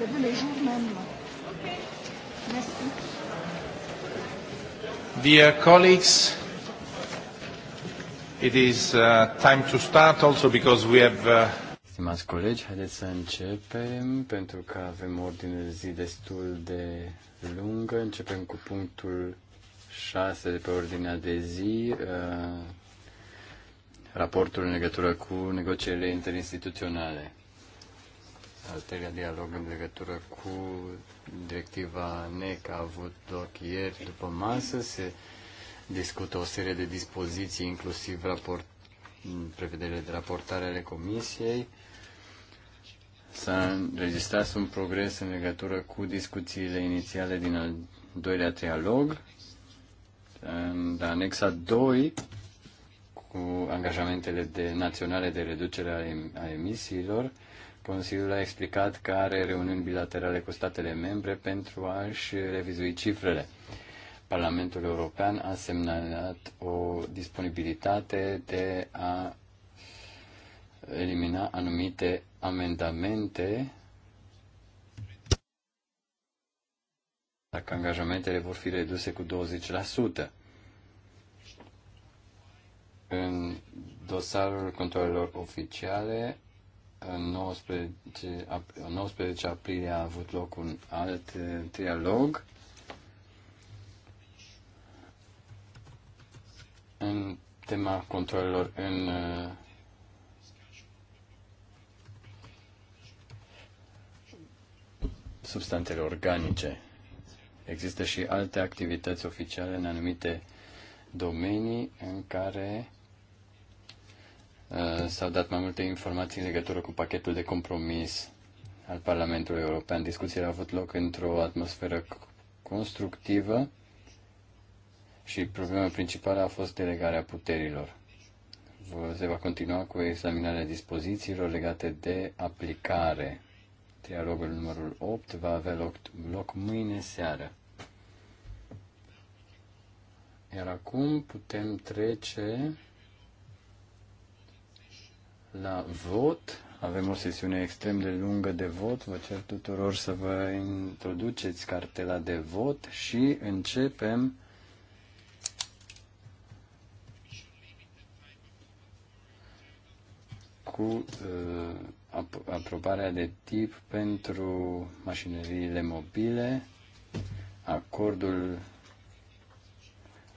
le vous le jour même. Merci. Dear colleagues, it is uh, time to start also because we have uh, Stimați colegi, haideți să începem, pentru că avem ordine de zi destul de lungă. Începem cu punctul 6 de pe ordinea de zi, uh, raportul în legătură cu negocierile interinstituționale al treilea dialog în legătură cu directiva NEC a avut loc ieri după masă. Se discută o serie de dispoziții, inclusiv raport, prevedere de raportare ale Comisiei. S-a înregistrat un progres în legătură cu discuțiile inițiale din al doilea trialog. În anexa 2, cu angajamentele de, naționale de reducere a emisiilor, Consiliul a explicat că are reuniuni bilaterale cu statele membre pentru a-și revizui cifrele. Parlamentul European a semnalat o disponibilitate de a elimina anumite amendamente dacă angajamentele vor fi reduse cu 20%. În dosarul controlelor oficiale în 19, 19 aprilie a avut loc un alt eh, trialog. În tema controlelor în eh, substanțele organice. Există și alte activități oficiale în anumite domenii în care Uh, s-au dat mai multe informații în legătură cu pachetul de compromis al Parlamentului European. Discuțiile au avut loc într-o atmosferă constructivă și problema principală a fost delegarea puterilor. Se va continua cu examinarea dispozițiilor legate de aplicare. Trialogul numărul 8 va avea loc, loc mâine seară. Iar acum putem trece la vot. Avem o sesiune extrem de lungă de vot. Vă cer tuturor să vă introduceți cartela de vot și începem cu uh, ap- aprobarea de tip pentru mașinăriile mobile. Acordul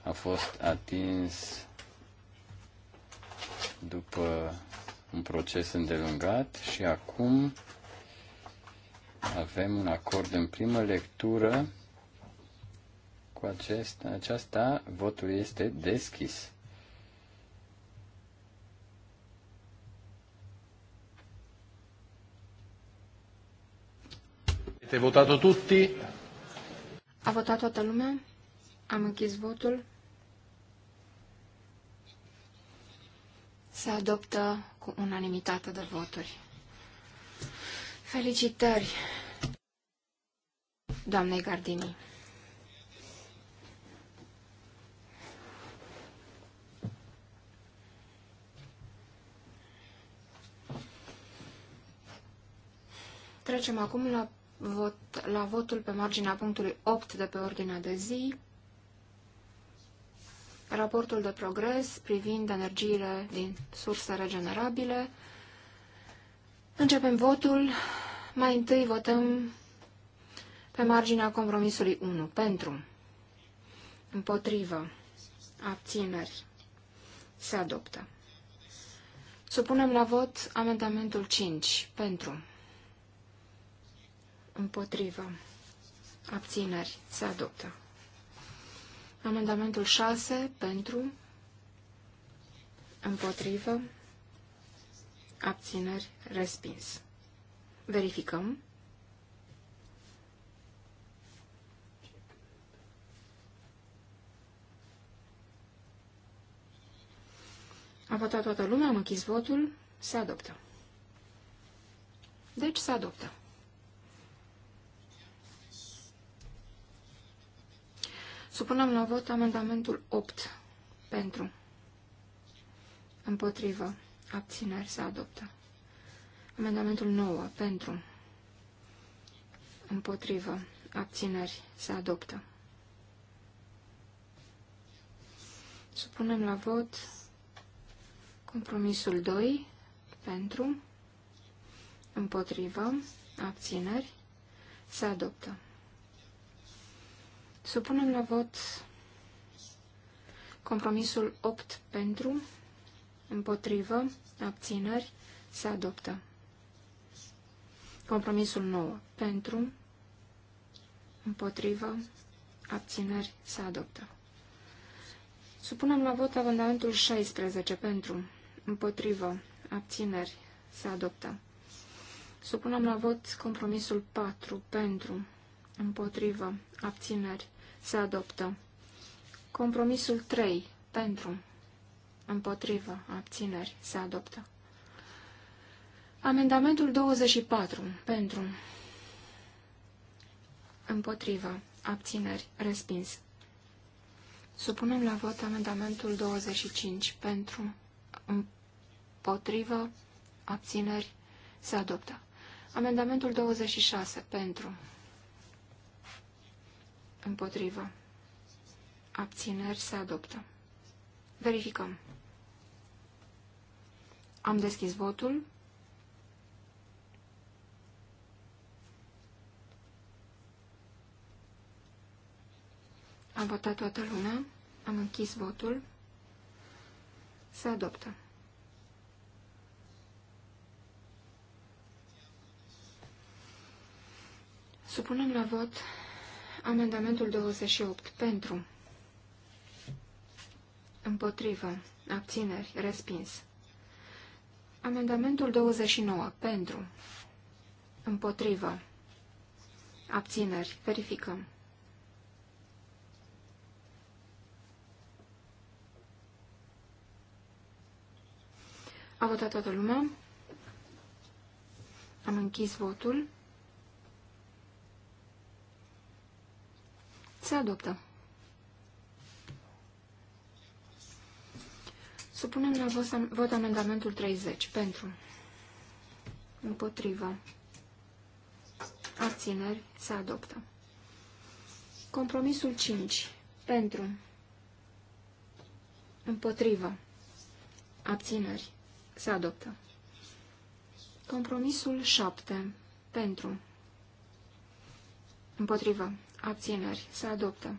a fost atins după un proces îndelungat și acum avem un acord în primă lectură cu acesta, aceasta, votul este deschis. Ați votat tutti? A votat toată lumea? Am închis votul. se adoptă cu unanimitate de voturi. Felicitări, doamnei Gardini. Trecem acum la, vot, la votul pe marginea punctului 8 de pe ordinea de zi, raportul de progres privind energiile din surse regenerabile. Începem votul. Mai întâi votăm pe marginea compromisului 1. Pentru. Împotrivă. Abțineri. Se adoptă. Supunem la vot amendamentul 5. Pentru. Împotrivă. Abțineri. Se adoptă. Amendamentul 6 pentru, împotrivă, abțineri, respins. Verificăm. A votat toată lumea, am închis votul, se adoptă. Deci se adoptă. Supunem la vot amendamentul 8 pentru. Împotrivă. Abțineri se adoptă. Amendamentul 9 pentru. Împotrivă. Abțineri se adoptă. Supunem la vot compromisul 2 pentru. Împotrivă. Abțineri se adoptă. Supunem la vot compromisul 8 pentru, împotrivă, abțineri, se adoptă. Compromisul 9 pentru, împotrivă, abțineri, se adoptă. Supunem la vot amendamentul 16 pentru, împotrivă, abțineri, se adoptă. Supunem la vot compromisul 4 pentru, împotrivă, abțineri, se adoptă. Compromisul 3. Pentru. Împotrivă. Abțineri. Se adoptă. Amendamentul 24. Pentru. Împotrivă. Abțineri. Respins. Supunem la vot amendamentul 25. Pentru. Împotrivă. Abțineri. Se adoptă. Amendamentul 26. Pentru. Împotrivă. Abțineri se adoptă. Verificăm. Am deschis votul. Am votat toată lumea. Am închis votul. Se adoptă. Supunem la vot Amendamentul 28. Pentru. Împotrivă. Abțineri. Respins. Amendamentul 29. Pentru. Împotrivă. Abțineri. Verificăm. A votat toată lumea. Am închis votul. Se adoptă. Supunem la vot, vot amendamentul 30. Pentru. Împotrivă. Abțineri. Se adoptă. Compromisul 5. Pentru. Împotrivă. Abțineri. Se adoptă. Compromisul 7. Pentru. Împotrivă abțineri, se adoptă.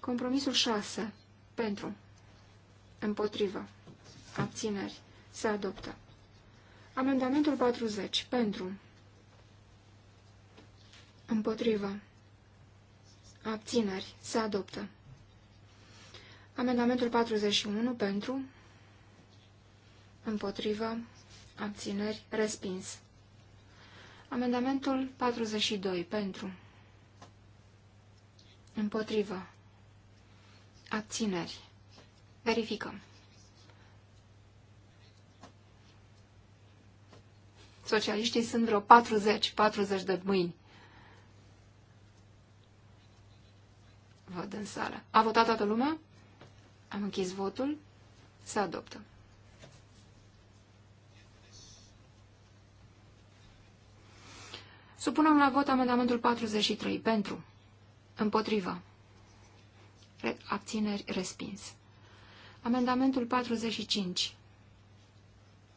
Compromisul 6, pentru, împotrivă, abțineri, se adoptă. Amendamentul 40, pentru, împotrivă, abțineri, se adoptă. Amendamentul 41, pentru, împotrivă, abțineri, respins. Amendamentul 42. Pentru. Împotrivă. Abțineri. Verificăm. Socialiștii sunt vreo 40, 40 de mâini. Văd în sală. A votat toată lumea? Am închis votul. Se adoptă. Supunem la vot amendamentul 43. Pentru. Împotrivă. Re abțineri respins. Amendamentul 45.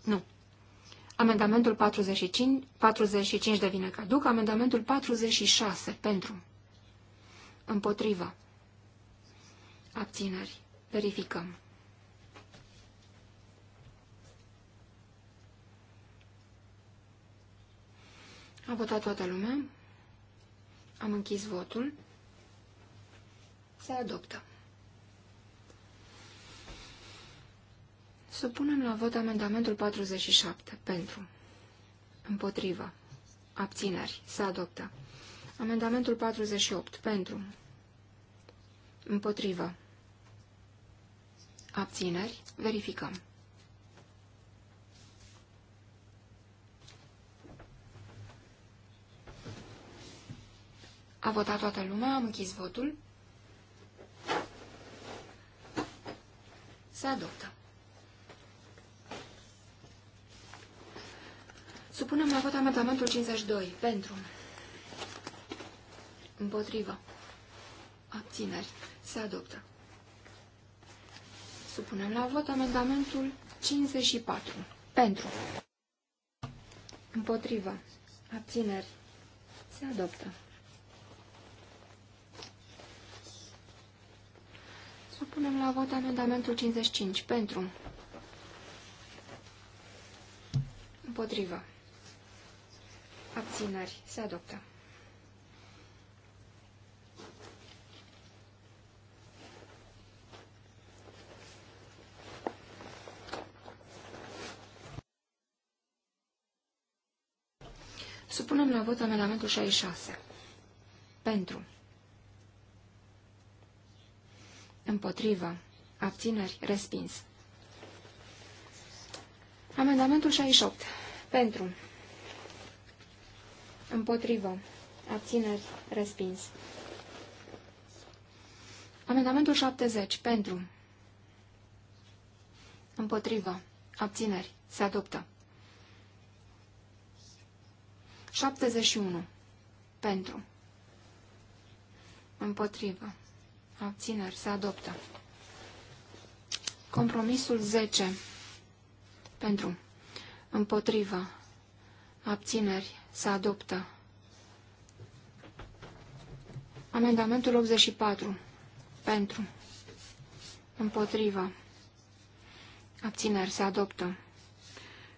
Nu. Amendamentul 45, 45 devine caduc. Amendamentul 46. Pentru. Împotrivă. Abțineri. Verificăm. A votat toată lumea. Am închis votul. Se adoptă. Supunem la vot amendamentul 47. Pentru. Împotrivă. Abțineri. Se adoptă. Amendamentul 48. Pentru. Împotrivă. Abțineri. Verificăm. A votat toată lumea, am închis votul. Se adoptă. Supunem la vot amendamentul 52. Pentru. Împotrivă. Abțineri. Se adoptă. Supunem la vot amendamentul 54. Pentru. Împotrivă. Abțineri. Se adoptă. Supunem la vot amendamentul 55. Pentru. Împotrivă. Abținări. Se adoptă. Supunem la vot amendamentul 66. Pentru. Împotrivă. Abțineri. Respins. Amendamentul 68. Pentru. Împotrivă. Abțineri. Respins. Amendamentul 70. Pentru. Împotrivă. Abțineri. Se adoptă. 71. Pentru. Împotrivă abțineri, se adoptă. Compromisul 10, pentru, împotrivă, abțineri, se adoptă. Amendamentul 84, pentru, împotrivă, abțineri, se adoptă.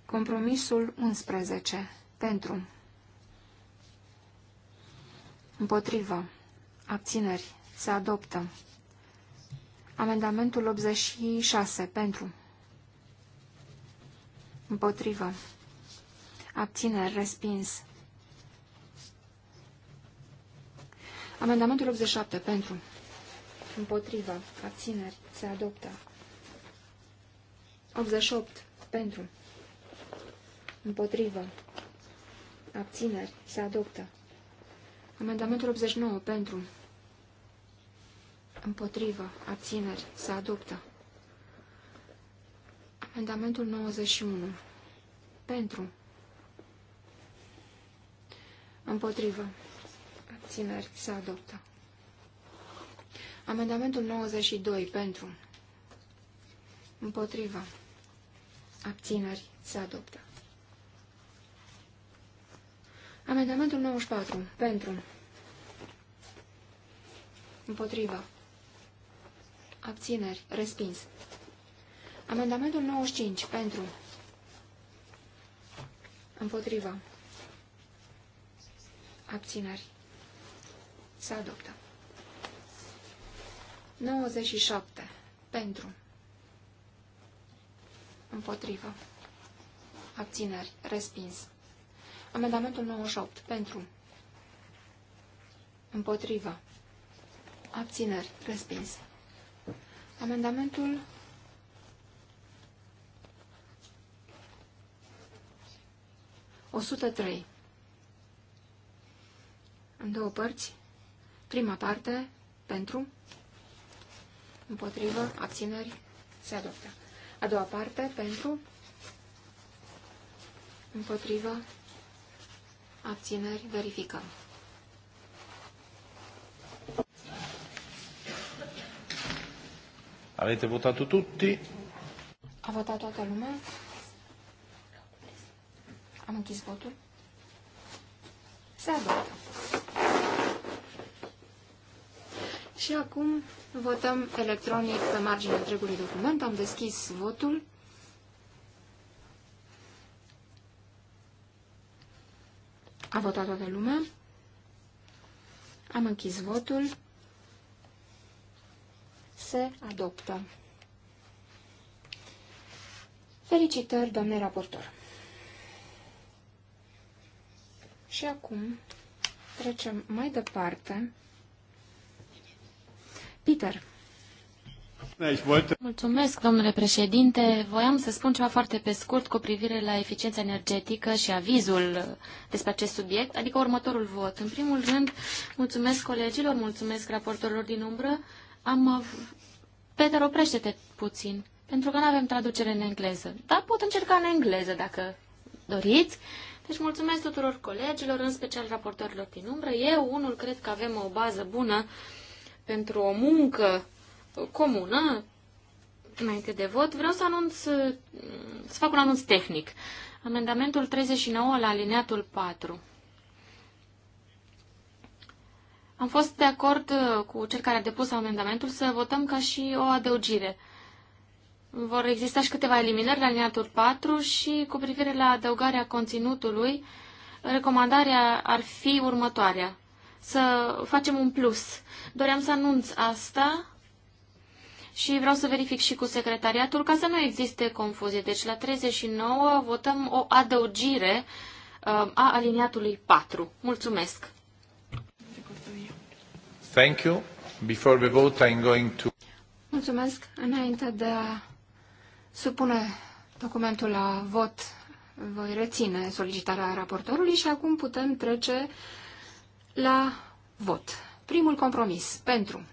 Compromisul 11, pentru, împotrivă, abțineri, se adoptă. Amendamentul 86. Pentru. Împotrivă. Abțineri. Respins. Amendamentul 87. Pentru. Împotrivă. Abțineri. Se adoptă. 88. Pentru. Împotrivă. Abțineri. Se adoptă. Amendamentul 89. Pentru. Împotrivă. Abțineri. Se adoptă. Amendamentul 91. Pentru. Împotrivă. Abțineri. Se adoptă. Amendamentul 92. Pentru. Împotrivă. Abțineri. Se adoptă. Amendamentul 94. Pentru. Împotrivă abțineri, respins. Amendamentul 95, pentru, împotriva, abțineri, se adoptă. 97, pentru, Împotriva. abțineri, respins. Amendamentul 98, pentru, Împotriva. abțineri, respins. Amendamentul o sută trei. În două părți. Prima parte, pentru, împotrivă, abțineri, se adoptă. A doua parte, pentru, împotrivă, abțineri, verificăm. Avete votato tutti? A votat toată lumea? Am închis votul. Se adoptă. Și acum votăm electronic pe marginea întregului document. Am deschis votul. A votat toată lumea. Am închis votul se adoptă. Felicitări, domnule raportor! Și acum trecem mai departe. Peter. Mulțumesc, domnule președinte. Voiam să spun ceva foarte pe scurt cu privire la eficiența energetică și avizul despre acest subiect, adică următorul vot. În primul rând, mulțumesc colegilor, mulțumesc raportorilor din umbră am... Uh, Peter, oprește-te puțin, pentru că nu avem traducere în engleză. Dar pot încerca în engleză, dacă doriți. Deci mulțumesc tuturor colegilor, în special raportorilor din umbră. Eu, unul, cred că avem o bază bună pentru o muncă comună, înainte de vot, vreau să anunț, să fac un anunț tehnic. Amendamentul 39 la alineatul 4. Am fost de acord uh, cu cel care a depus amendamentul să votăm ca și o adăugire. Vor exista și câteva eliminări la liniatul 4 și cu privire la adăugarea conținutului, recomandarea ar fi următoarea. Să facem un plus. Doream să anunț asta și vreau să verific și cu secretariatul ca să nu existe confuzie. Deci la 39 votăm o adăugire uh, a aliniatului 4. Mulțumesc! Thank you. Before we vote, I'm going to... Mulțumesc. Înainte de a supune documentul la vot, voi reține solicitarea raportorului și acum putem trece la vot. Primul compromis. Pentru.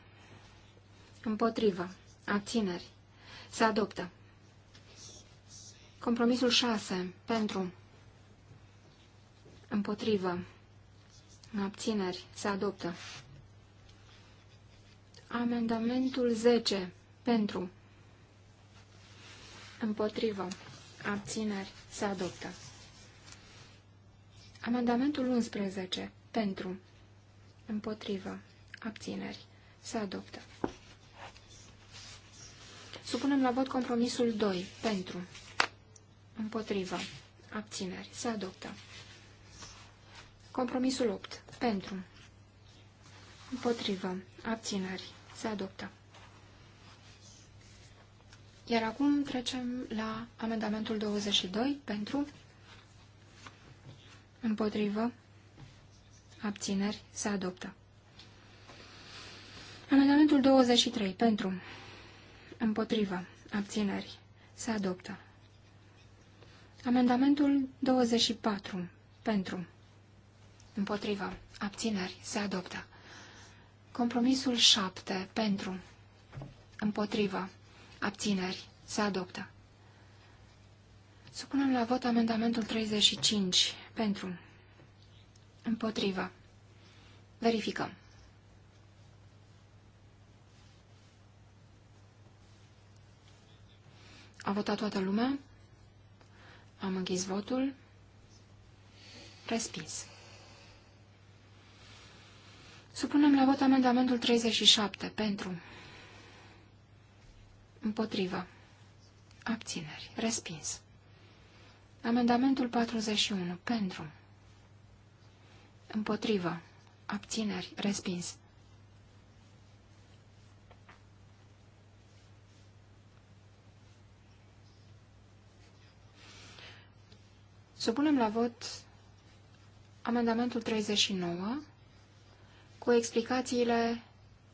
Împotrivă. Abțineri. Se adoptă. Compromisul 6. Pentru. Împotrivă. Abțineri. Se adoptă. Amendamentul 10. Pentru. Împotrivă. Abțineri. Se adoptă. Amendamentul 11. Pentru. Împotrivă. Abțineri. Se adoptă. Supunem la vot compromisul 2. Pentru. Împotrivă. Abțineri. Se adoptă. Compromisul 8. Pentru. Împotrivă. Abțineri. Se adoptă. Iar acum trecem la amendamentul 22 pentru împotrivă abțineri se adoptă. Amendamentul 23 pentru împotrivă abțineri se adoptă. Amendamentul 24 pentru împotrivă abțineri se adoptă. Compromisul 7. Pentru. Împotrivă. Abțineri. Se adoptă. Supunem la vot amendamentul 35. Pentru. Împotrivă. Verificăm. A votat toată lumea? Am închis votul. Respins. Supunem la vot amendamentul 37. Pentru. Împotrivă. Abțineri. Respins. Amendamentul 41. Pentru. Împotrivă. Abțineri. Respins. Supunem la vot amendamentul 39 cu explicațiile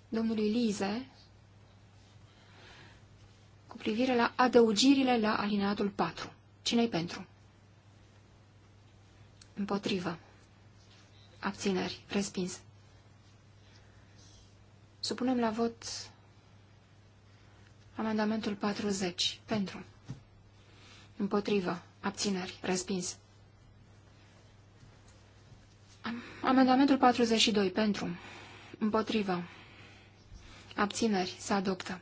domnului Lize cu privire la adăugirile la alineatul 4. Cine-i pentru? Împotrivă. Abțineri. Respins. Supunem la vot amendamentul 40. Pentru. Împotrivă. Abțineri. Respins. Amendamentul 42. Pentru. Împotrivă. Abțineri. Se adoptă.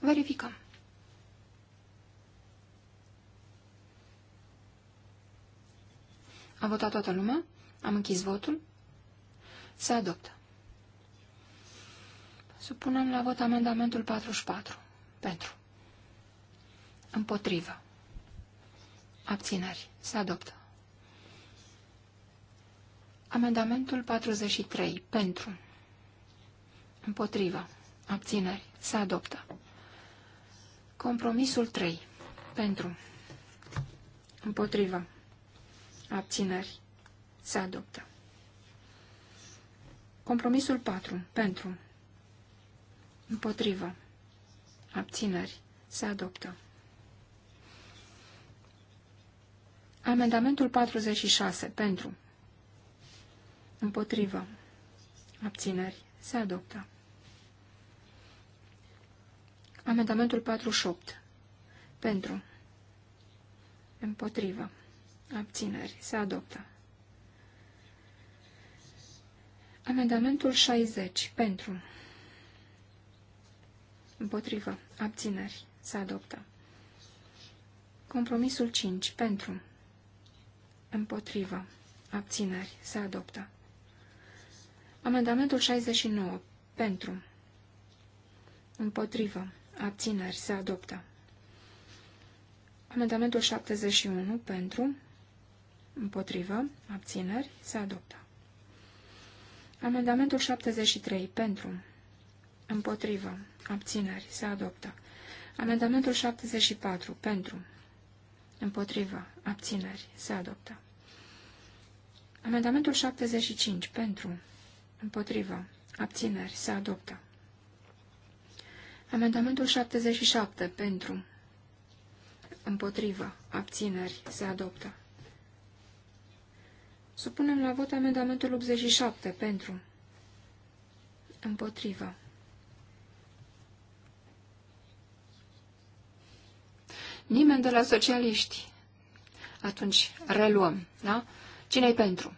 Verificăm. A votat toată lumea? Am închis votul? Se adoptă. Supunem la vot amendamentul 44. Pentru. Împotrivă. Abțineri. Se adoptă. Amendamentul 43. Pentru. Împotrivă. Abțineri. Se adoptă. Compromisul 3. Pentru. Împotrivă. Abțineri. Se adoptă. Compromisul 4. Pentru. Împotrivă. Abțineri. Se adoptă. Amendamentul 46. Pentru. Împotrivă. Abțineri. Se adoptă. Amendamentul 48. Pentru. Împotrivă. Abțineri. Se adoptă. Amendamentul 60. Pentru. Împotrivă. Abțineri. Se adoptă. Compromisul 5. Pentru. Împotrivă. Abțineri. Se adoptă. Amendamentul 69. Pentru. Împotrivă. Abțineri. Se adoptă. Amendamentul 71. Pentru. Împotrivă. Abțineri. Se adoptă. Amendamentul 73. Pentru. Împotrivă. Abțineri. Se adoptă. Amendamentul 74. Pentru. Împotrivă. Abțineri. Se adoptă. Amendamentul 75. Pentru. Împotrivă. Abțineri. Se adoptă. Amendamentul 77. Pentru. Împotrivă. Abțineri. Se adoptă. Supunem la vot amendamentul 87. Pentru. Împotrivă. Nimeni de la socialiști. Atunci reluăm, da? Cine-i pentru?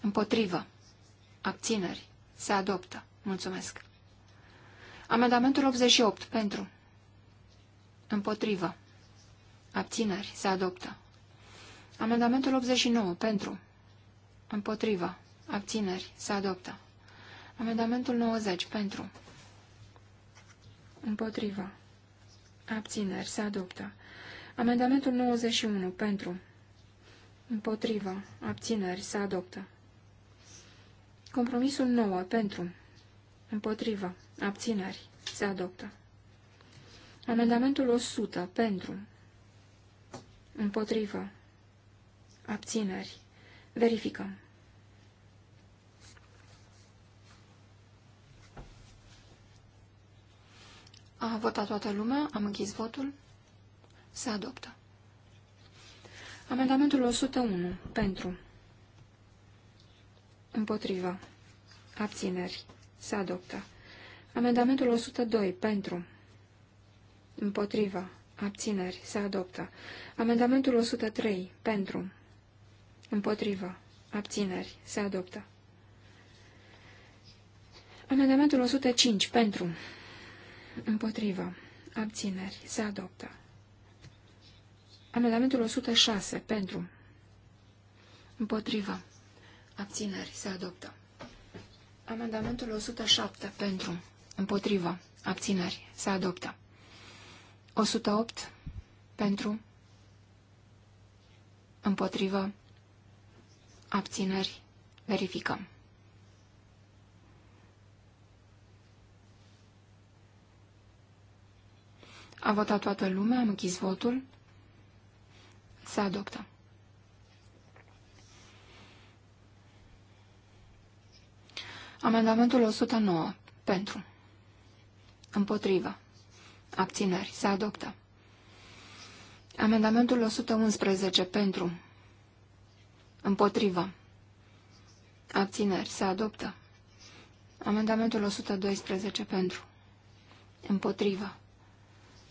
Împotrivă. Abțineri. Se adoptă. Mulțumesc. Amendamentul 88. Pentru. Împotrivă. Abțineri. Se adoptă. Amendamentul 89. Pentru. Împotrivă. Abțineri. Se adoptă. Amendamentul 90. Pentru. Împotrivă. Abțineri. Se adoptă. Amendamentul 91. Pentru. Împotrivă. Abțineri. Se adoptă. Compromisul nouă Pentru. Împotrivă. Abțineri. Se adoptă. Amendamentul 100. Pentru. Împotrivă. Abțineri. Verificăm. A votat toată lumea, am închis votul. Se adoptă. Amendamentul 101. Pentru. Împotrivă. Abțineri. Se adoptă. Amendamentul 102. Pentru. Împotrivă. Abțineri. Se adoptă. Amendamentul 103. Pentru. Împotrivă. Abțineri. Se adoptă. Amendamentul 105. Pentru. Împotrivă. Abțineri. Se adoptă. Amendamentul 106. Pentru. Împotrivă. Abțineri. Se adoptă. Amendamentul 107. Pentru. Împotrivă. Abțineri. Se adoptă. 108. Pentru. Împotrivă. Abțineri. Verificăm. A votat toată lumea, am închis votul. Se adoptă. Amendamentul 109. Pentru. Împotrivă. Abțineri. Se adoptă. Amendamentul 111. Pentru. Împotrivă. Abțineri. Se adoptă. Amendamentul 112. Pentru. Împotrivă.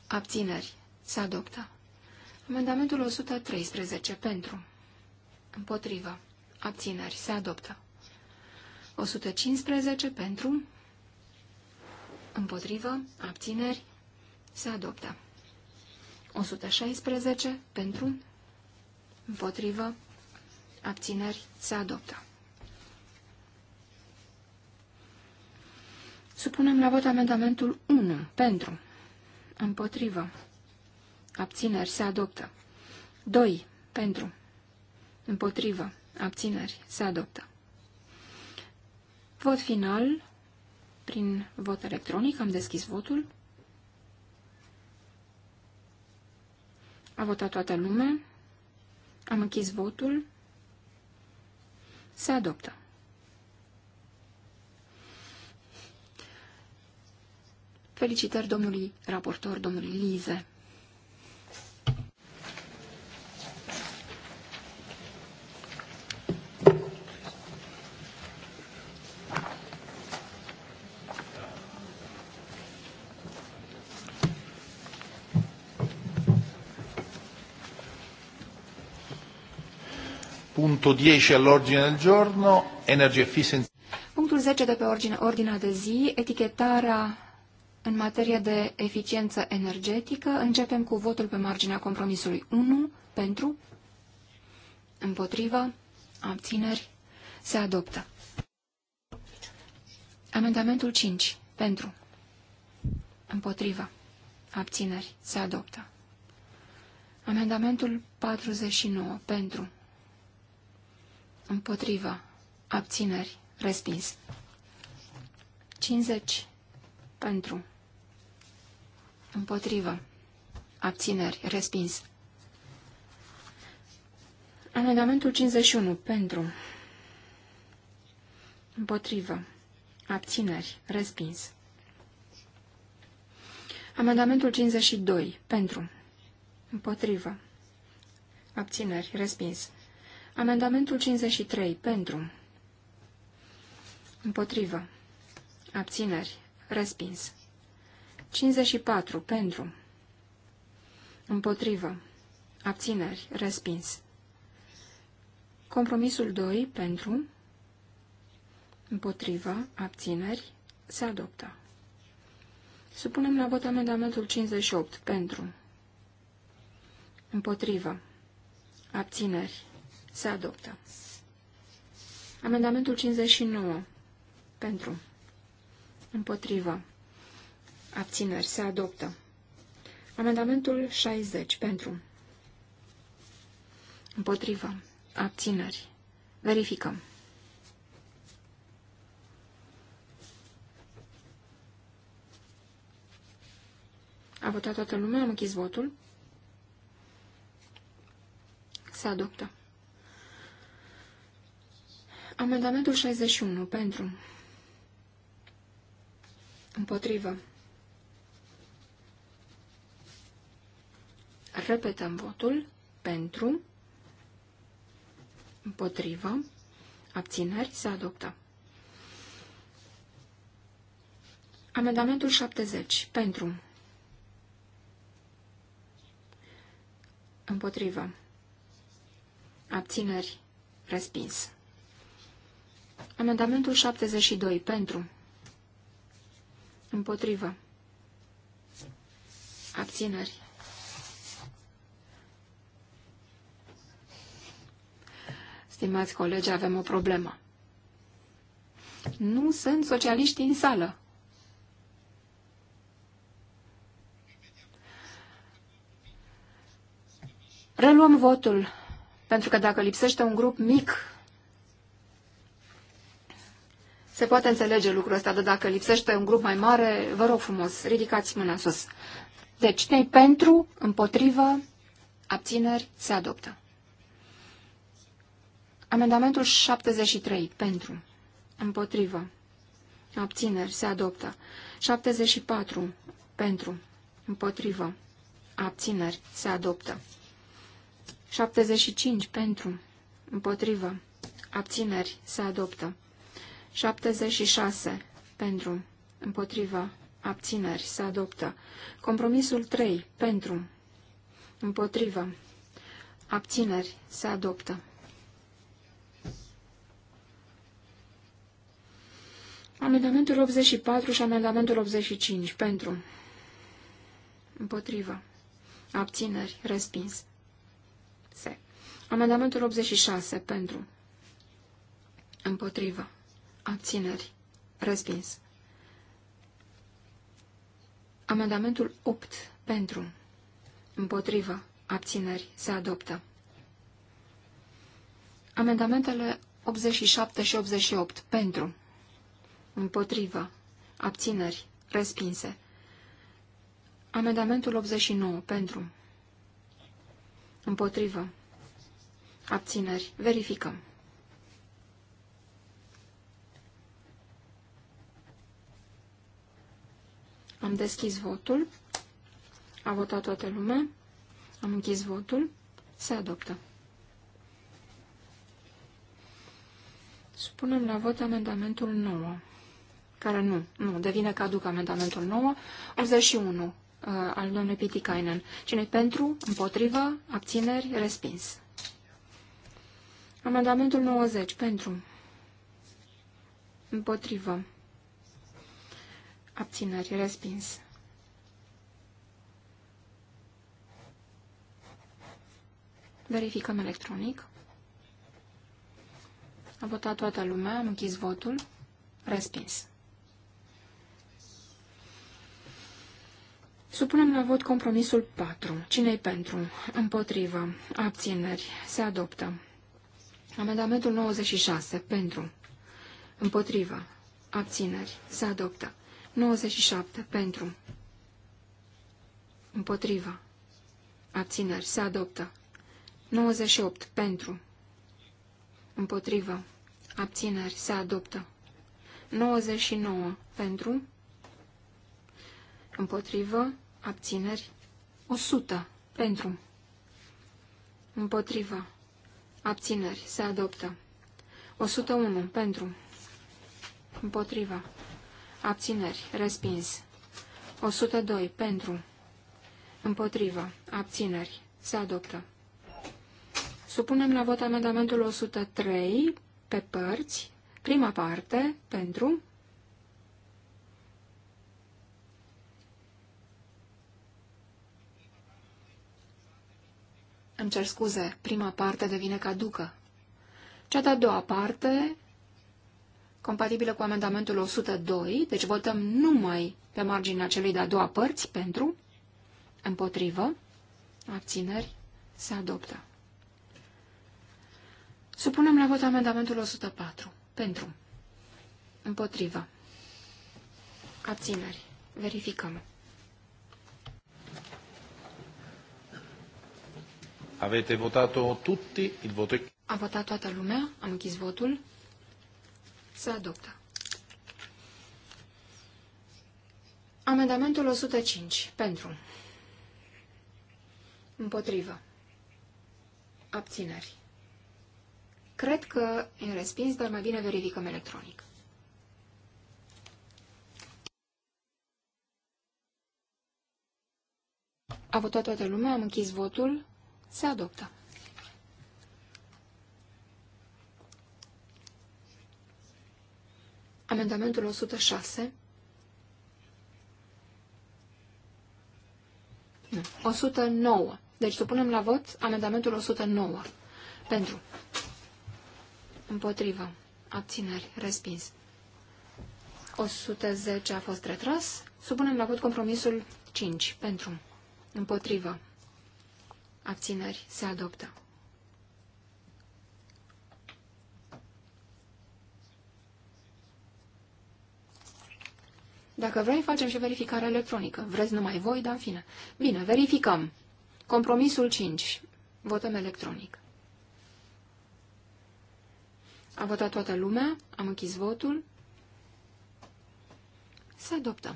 Abțineri. Se adoptă. Amendamentul 113. Pentru. Împotrivă. Abțineri. Se adoptă. 115 pentru, împotrivă, abțineri, se adoptă. 116 pentru, împotrivă, abțineri, se adoptă. Supunem la vot amendamentul 1 pentru, împotrivă, abțineri, se adoptă. 2 pentru, împotrivă, abțineri, se adoptă. Vot final prin vot electronic. Am deschis votul. A votat toată lumea. Am închis votul. Se adoptă. Felicitări domnului raportor, domnului Lize. Punctul 10 all'ordine del giorno, energie efficiency. Punctul 10 de pe ordine, ordinea de zi, etichetarea în materie de eficiență energetică. Începem cu votul pe marginea compromisului 1 pentru, împotriva, abțineri, se adoptă. Amendamentul 5 pentru, împotriva, abțineri, se adoptă. Amendamentul 49 pentru, Împotrivă. Abțineri. Respins. 50. Pentru. Împotrivă. Abțineri. Respins. Amendamentul 51. Pentru. Împotrivă. Abțineri. Respins. Amendamentul 52. Pentru. Împotrivă. Abțineri. Respins. Amendamentul 53. Pentru. Împotrivă. Abțineri. Respins. 54. Pentru. Împotrivă. Abțineri. Respins. Compromisul 2. Pentru. Împotrivă. Abțineri. Se adoptă. Supunem la vot amendamentul 58. Pentru. Împotrivă. Abțineri. Se adoptă. Amendamentul 59. Pentru. Împotrivă. Abțineri. Se adoptă. Amendamentul 60. Pentru. Împotrivă. Abțineri. Verificăm. A votat toată lumea, am închis votul. Se adoptă. Amendamentul 61. Pentru. Împotrivă. Repetăm votul. Pentru. Împotrivă. Abțineri. Se adoptă. Amendamentul 70. Pentru. Împotrivă. Abțineri. Respins. Amendamentul 72. Pentru. Împotrivă. Abțineri. Stimați colegi, avem o problemă. Nu sunt socialiști în sală. Reluăm votul, pentru că dacă lipsește un grup mic se poate înțelege lucrul ăsta, dar dacă lipsește un grup mai mare, vă rog frumos, ridicați mâna sus. Deci, cine pentru, împotrivă, abțineri, se adoptă. Amendamentul 73, pentru, împotrivă, abțineri, se adoptă. 74, pentru, împotrivă, abțineri, se adoptă. 75, pentru, împotrivă, abțineri, se adoptă. 76 pentru, împotriva, abțineri, se adoptă. Compromisul 3 pentru, împotriva, abțineri, se adoptă. Amendamentul 84 și amendamentul 85 pentru, împotriva, abțineri, respins. Se. Amendamentul 86 pentru, împotriva. Abțineri. Respins. Amendamentul 8. Pentru. Împotrivă. Abțineri. Se adoptă. Amendamentele 87 și 88. Pentru. Împotrivă. Abțineri. Respinse. Amendamentul 89. Pentru. Împotrivă. Abțineri. Verificăm. Am deschis votul. A votat toată lumea. Am închis votul. Se adoptă. Supunem la vot amendamentul 9, care nu, nu, devine caduc amendamentul 9, 81 uh, al domnului Pitikainen. Cine pentru, împotrivă, abțineri, respins. Amendamentul 90, pentru, împotrivă, abținări Respins. Verificăm electronic. A votat toată lumea, am închis votul. Respins. Supunem la vot compromisul 4. Cine-i pentru? Împotrivă. Abțineri. Se adoptă. Amendamentul 96. Pentru. Împotrivă. Abțineri. Se adoptă. 97. Pentru. Împotriva. Abțineri. Se adoptă. 98. Pentru. Împotrivă. Abțineri. Se adoptă. 99. Pentru. Împotrivă. Abțineri. 100. Pentru. Împotrivă. Abțineri. Se adoptă. 101. Pentru. Împotriva. Abțineri. Respins. 102. Pentru. Împotrivă. Abțineri. Se adoptă. Supunem la vot amendamentul 103 pe părți. Prima parte. Pentru. Îmi cer scuze, prima parte devine caducă. Cea de-a doua parte compatibilă cu amendamentul 102, deci votăm numai pe marginea celei de-a doua părți, pentru, împotrivă, abțineri, se adoptă. Supunem la vot amendamentul 104, pentru, împotrivă, abțineri, verificăm. Avete votat-o tutti, il voto Am A votat toată lumea, am închis votul. Se adoptă. Amendamentul 105. Pentru. Împotrivă. Abțineri. Cred că e respins, dar mai bine verificăm electronic. A votat toată lumea, am închis votul, se adoptă. Amendamentul 106. Nu. 109. Deci supunem la vot amendamentul 109. Pentru. Împotrivă. Abțineri. Respins. 110 a fost retras. Supunem la vot compromisul 5. Pentru. Împotrivă. Abțineri. Se adoptă. Dacă vrei, facem și verificare electronică. Vreți numai voi, dar în fine. Bine, verificăm. Compromisul 5. Votăm electronic. A votat toată lumea, am închis votul. Să adoptăm.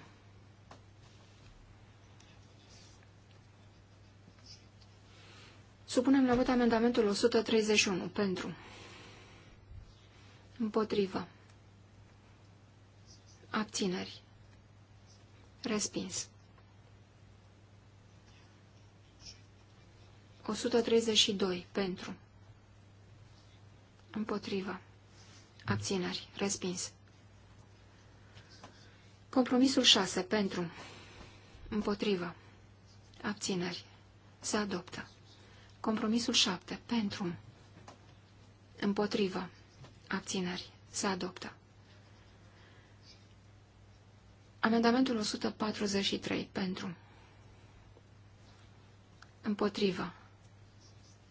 Supunem la vot amendamentul 131. Pentru. Împotrivă. Abțineri. Respins. 132. Pentru. Împotrivă. Abțineri. Respins. Compromisul 6. Pentru. Împotrivă. Abțineri. Se adoptă. Compromisul 7. Pentru. Împotrivă. Abțineri. Se adoptă. Amendamentul 143. Pentru. Împotrivă.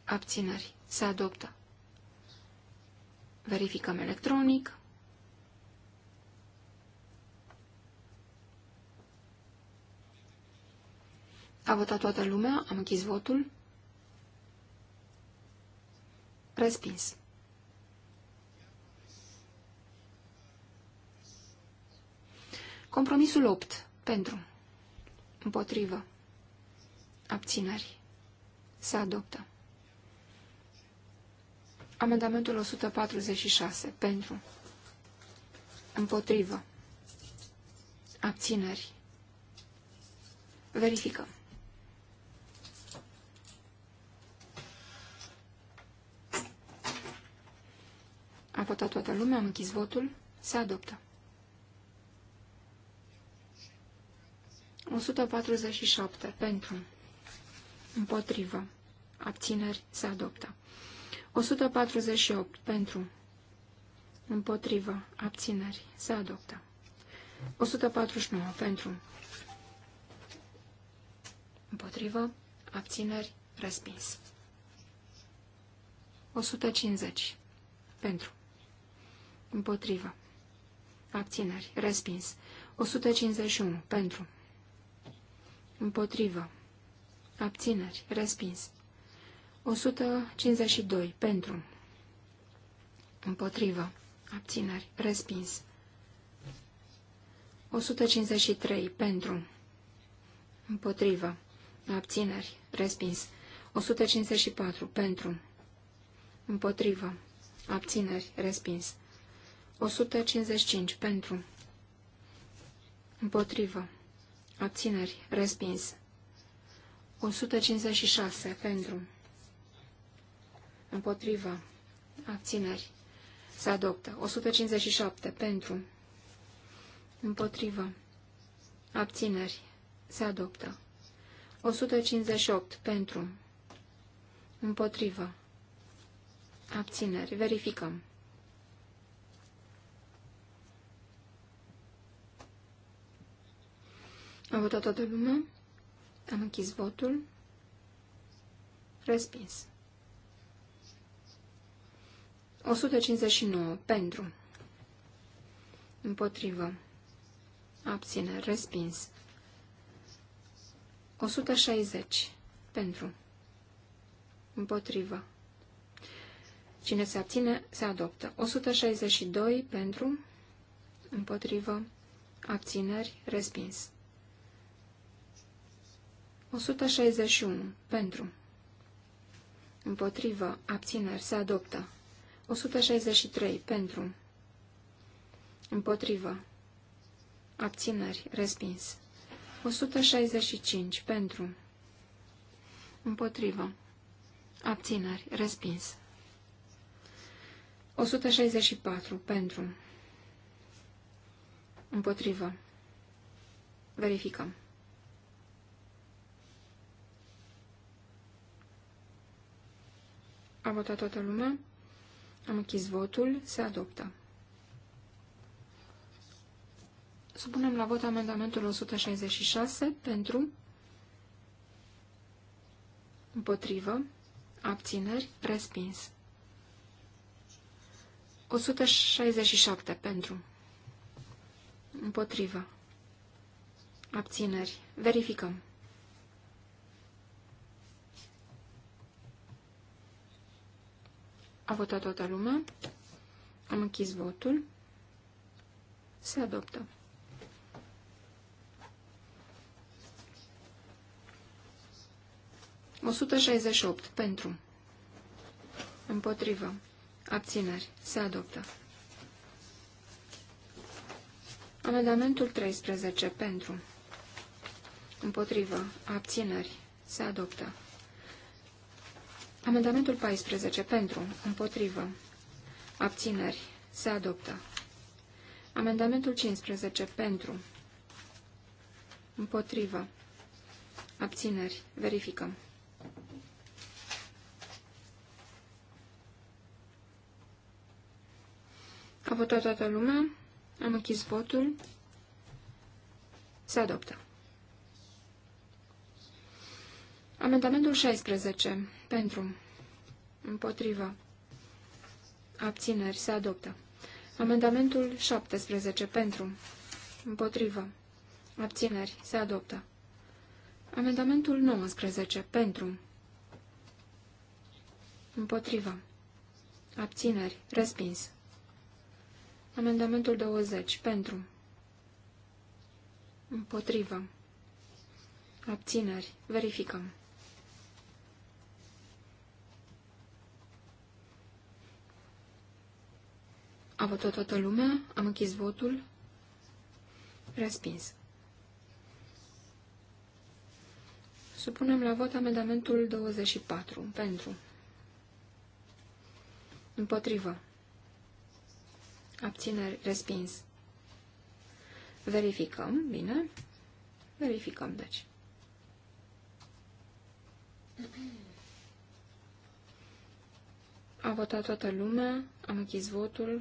Abțineri. Se adoptă. Verificăm electronic. A votat toată lumea, am închis votul. Respins. Compromisul 8. Pentru. Împotrivă. Abținări. Se adoptă. Amendamentul 146. Pentru. Împotrivă. Abținări. Verificăm. A votat toată lumea, am închis votul, se adoptă. 147. Pentru. Împotrivă. Abțineri se adoptă. 148. Pentru. Împotrivă. Abțineri se adoptă. 149. Pentru. Împotrivă. Abțineri respins. 150. Pentru. Împotrivă. Abțineri. Respins. 151. Pentru. Împotrivă. Abțineri. Respins. 152. Pentru. Împotrivă. Abțineri. Respins. 153. Pentru. Împotrivă. Abțineri. Respins. 154. Pentru. Împotrivă. Abțineri. Respins. 155. Pentru. Împotrivă. Abțineri. Respins. 156. Pentru. Împotrivă. Abțineri. Se adoptă. 157. Pentru. Împotrivă. Abțineri. Se adoptă. 158. Pentru. Împotrivă. Abțineri. Verificăm. A votat toată lumea. Am închis votul. Respins. 159. Pentru. Împotrivă. Abține. Respins. 160. Pentru. Împotrivă. Cine se abține, se adoptă. 162. Pentru. Împotrivă. Abțineri. Respins. 161. Pentru. Împotrivă. Abțineri. Se adoptă. 163. Pentru. Împotrivă. Abțineri. Respins. 165. Pentru. Împotrivă. Abțineri. Respins. 164. Pentru. Împotrivă. Verificăm. A votat toată lumea. Am închis votul. Se adoptă. Supunem la vot amendamentul 166 pentru, împotrivă, abțineri, respins. 167 pentru, împotrivă, abțineri, verificăm. A votat toată lumea. Am închis votul. Se adoptă. O 168 pentru. Împotrivă. Abțineri. Se adoptă. Amendamentul 13 pentru. Împotrivă. Abțineri. Se adoptă. Amendamentul 14. Pentru. Împotrivă. Abțineri. Se adoptă. Amendamentul 15. Pentru. Împotrivă. Abțineri. Verificăm. A votat toată lumea. Am închis votul. Se adoptă. Amendamentul 16. Pentru. Împotriva. Abțineri. Se adoptă. Amendamentul 17. Pentru. Împotrivă. Abțineri. Se adoptă. Amendamentul 19. Pentru. Împotrivă. Abțineri. Respins. Amendamentul 20. Pentru. Împotrivă. Abțineri. Verificăm. A votat toată lumea. Am închis votul. Respins. Supunem la vot amendamentul 24. Pentru. Împotrivă. Abțineri. Respins. Verificăm. Bine. Verificăm, deci. A votat toată lumea. Am închis votul.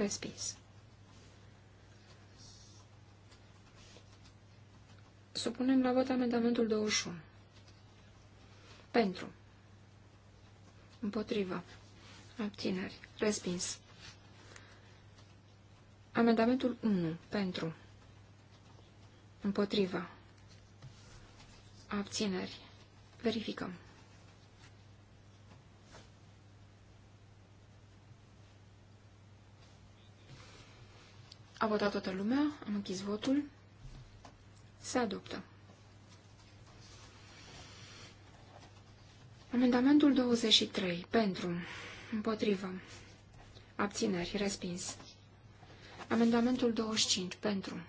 Respins. Supunem la vot amendamentul 21. Pentru. Împotrivă. Abțineri. Respins. Amendamentul 1. Pentru. Împotrivă. Abțineri. Verificăm. A votat toată lumea, am închis votul, se adoptă. Amendamentul 23. Pentru. Împotrivă. Abțineri. Respins. Amendamentul 25. Pentru.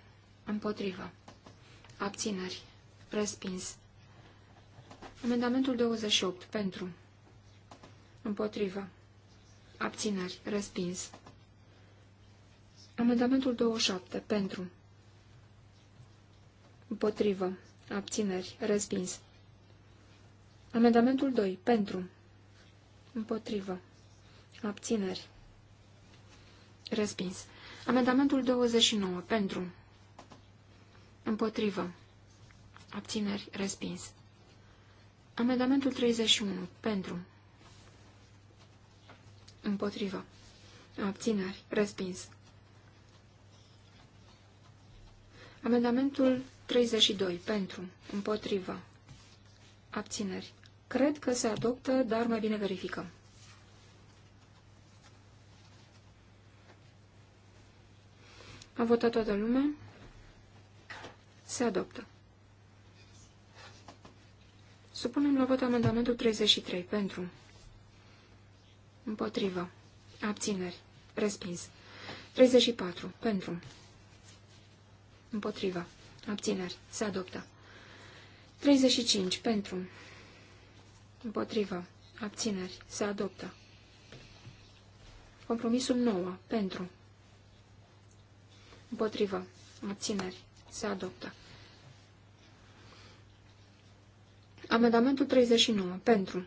Împotrivă. Abțineri. Respins. Amendamentul 28. Pentru. Împotrivă. Abțineri. Respins. Amendamentul 27. Pentru. Împotrivă. Abțineri. Respins. Amendamentul 2. Pentru. Împotrivă. Abțineri. Respins. Amendamentul 29. Pentru. Împotrivă. Abțineri. Respins. Amendamentul 31. Pentru. Împotrivă. Abțineri. Respins. Amendamentul 32. Pentru. Împotrivă. Abțineri. Cred că se adoptă, dar mai bine verificăm. A votat toată lumea. Se adoptă. Supunem la vot amendamentul 33. Pentru. Împotrivă. Abțineri. Respins. 34. Pentru. Împotriva. Abțineri. Se adoptă. 35. Pentru. Împotriva. Abțineri. Se adoptă. Compromisul 9. Pentru. Împotriva. Abțineri. Se adoptă. Amendamentul 39. Pentru.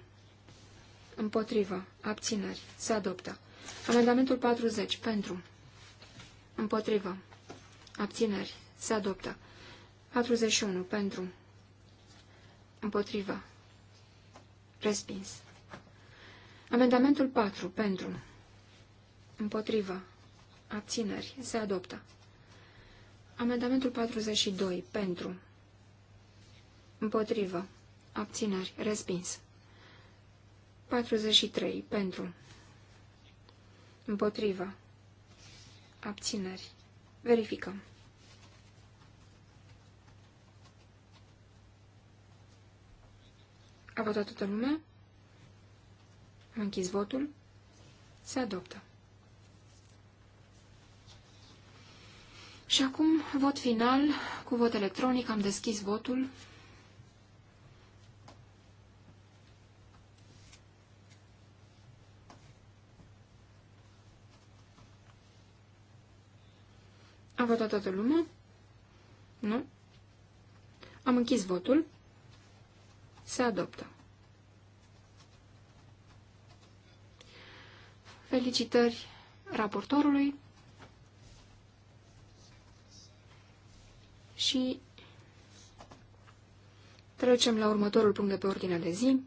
Împotriva. Abțineri. Se adoptă. Amendamentul 40. Pentru. Împotriva. Abțineri. Se adoptă. 41. Pentru. Împotrivă. Respins. Amendamentul 4. Pentru. Împotrivă. Abțineri. Se adoptă. Amendamentul 42. Pentru. Împotrivă. Abțineri. Respins. 43. Pentru. Împotrivă. Abțineri. Verificăm. A votat toată lumea? Am închis votul. Se adoptă. Și acum vot final cu vot electronic. Am deschis votul. A votat toată lumea? Nu? Am închis votul. Se adoptă. Felicitări raportorului și trecem la următorul punct de pe ordinea de zi.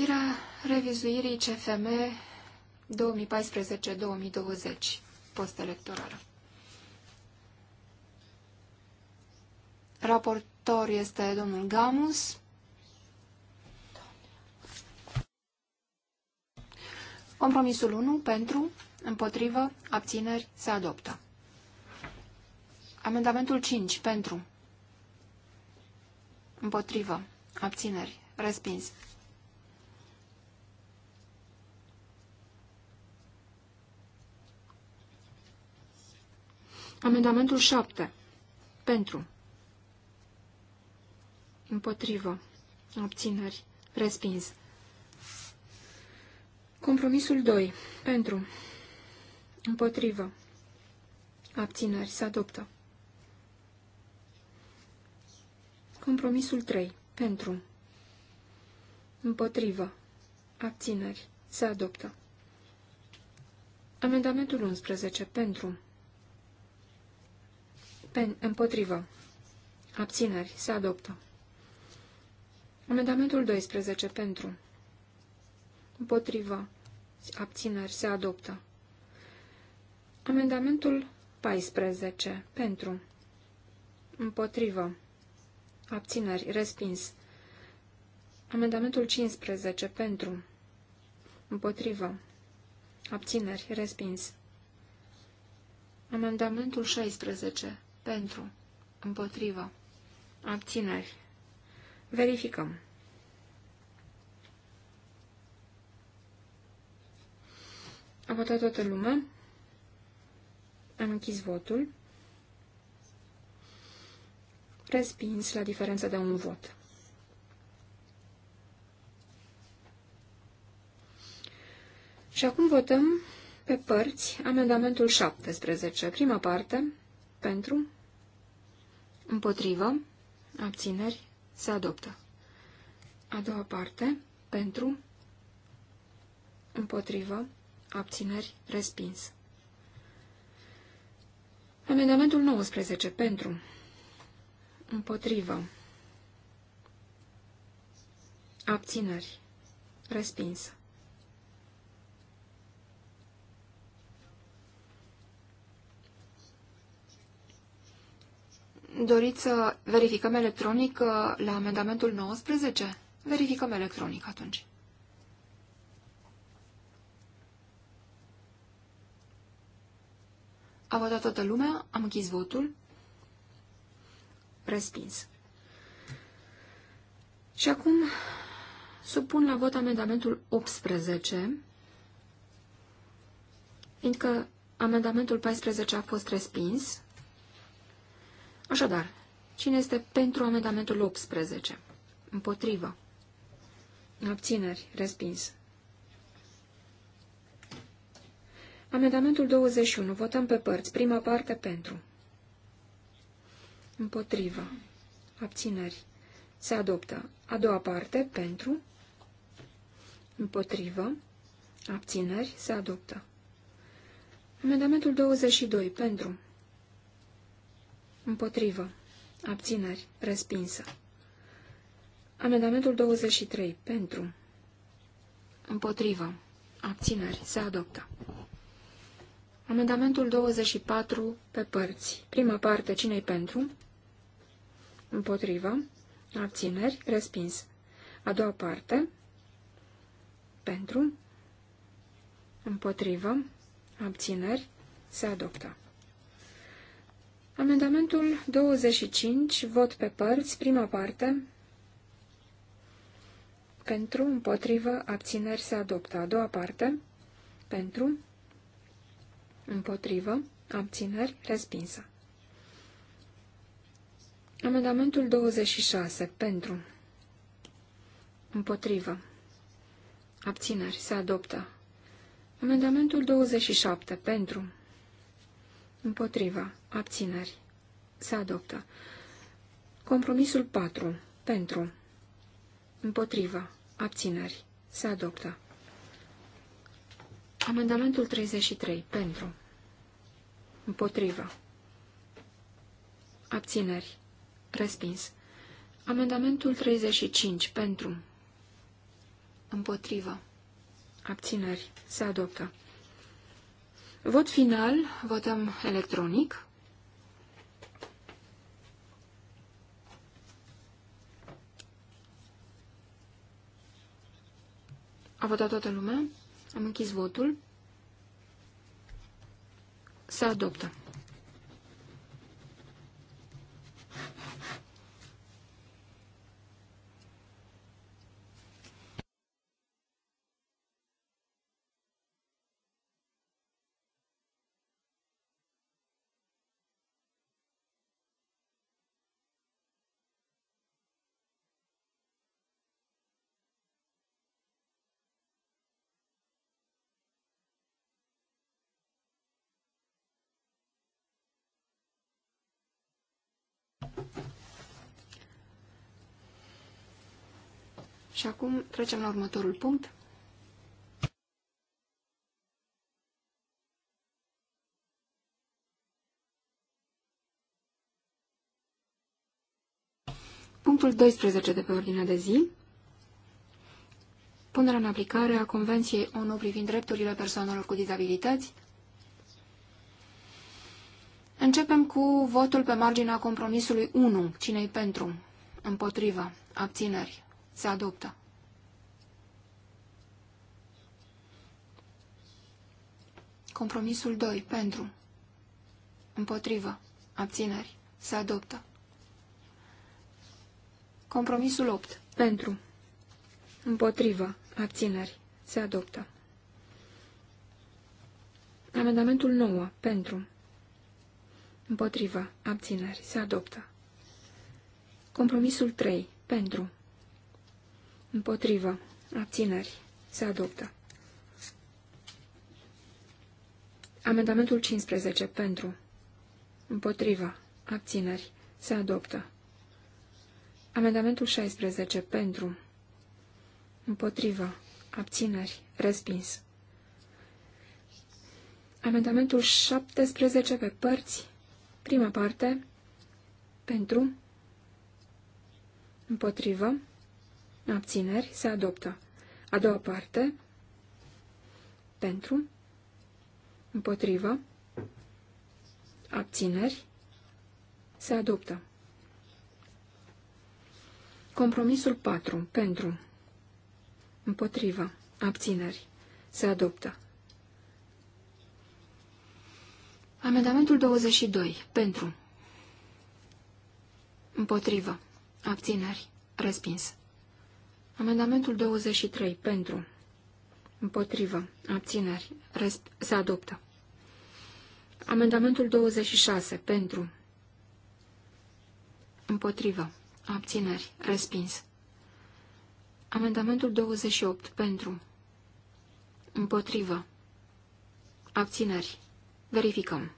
pregătirea revizuirii CFM 2014-2020 postelectorală. Raportor este domnul Gamus. Compromisul 1 pentru, împotrivă, abțineri se adoptă. Amendamentul 5 pentru, împotrivă, abțineri, respins. Amendamentul 7. Pentru. Împotrivă. Abțineri. Respins. Compromisul 2. Pentru. Împotrivă. Abțineri. Se adoptă. Compromisul 3. Pentru. Împotrivă. Abțineri. Se adoptă. Amendamentul 11. Pentru. Pen, împotrivă. Abțineri. Se adoptă. Amendamentul 12. Pentru. Împotrivă. Abțineri. Se adoptă. Amendamentul 14. Pentru. Împotrivă. Abțineri. Respins. Amendamentul 15. Pentru. Împotrivă. Abțineri. Respins. Amendamentul 16. Pentru. Împotrivă. Abțineri. Verificăm. A votat toată lumea. Am închis votul. Respins la diferență de un vot. Și acum votăm pe părți amendamentul 17, prima parte, pentru. Împotrivă. Abțineri. Se adoptă. A doua parte. Pentru. Împotrivă. Abțineri. Respins. Amendamentul 19. Pentru. Împotrivă. Abțineri. respinsă. Doriți să verificăm electronic uh, la amendamentul 19? Verificăm electronic atunci. A votat toată lumea, am închis votul. Respins. Și acum supun la vot amendamentul 18, fiindcă amendamentul 14 a fost respins, Așadar, cine este pentru amendamentul 18? Împotrivă. Abțineri. Respins. Amendamentul 21. Votăm pe părți. Prima parte pentru. Împotrivă. Abțineri. Se adoptă. A doua parte pentru. Împotrivă. Abțineri. Se adoptă. Amendamentul 22. Pentru. Împotrivă. Abțineri. Respinsă. Amendamentul 23. Pentru. Împotrivă. Abțineri. Se adoptă. Amendamentul 24. Pe părți. Prima parte. Cine-i pentru? Împotrivă. Abțineri. Respins. A doua parte. Pentru. Împotrivă. Abțineri. Se adoptă. Amendamentul 25, vot pe părți, prima parte. Pentru, împotrivă, abțineri se adoptă. A doua parte. Pentru, împotrivă, abțineri, respinsă. Amendamentul 26, pentru, împotrivă, abțineri, se adoptă. Amendamentul 27, pentru, împotriva, Abțineri. Se adoptă. Compromisul 4. Pentru. Împotrivă. Abțineri. Se adoptă. Amendamentul 33. Pentru. Împotrivă. Abțineri. Respins. Amendamentul 35. Pentru. Împotrivă. Abțineri. Se adoptă. Vot final. Votăm electronic. A votat toată lumea. Am închis votul. Se adoptă. Și acum trecem la următorul punct. Punctul 12 de pe ordinea de zi. Punerea în aplicare a Convenției ONU privind drepturile persoanelor cu dizabilități. Începem cu votul pe marginea compromisului 1. cine pentru? Împotriva. Abțineri. Se adoptă. Compromisul 2. Pentru. Împotrivă. Abțineri. Se adoptă. Compromisul 8. Pentru. Împotrivă. Abțineri. Se adoptă. Amendamentul 9. Pentru. Împotrivă. Abțineri. Se adoptă. Compromisul 3. Pentru. Împotrivă. Abțineri. Se adoptă. Amendamentul 15. Pentru. Împotrivă. Abțineri. Se adoptă. Amendamentul 16. Pentru. Împotrivă. Abțineri. Respins. Amendamentul 17 pe părți. Prima parte. Pentru. Împotrivă. Abțineri se adoptă. A doua parte. Pentru. Împotrivă. Abțineri se adoptă. Compromisul 4. Pentru. Împotrivă. Abțineri. Se adoptă. Amendamentul 22. Pentru. Împotrivă. Abțineri. Respins. Amendamentul 23. Pentru. Împotrivă. Abțineri. Resp se adoptă. Amendamentul 26. Pentru. Împotrivă. Abțineri. Respins. Amendamentul 28. Pentru. Împotrivă. Abțineri. Verificăm.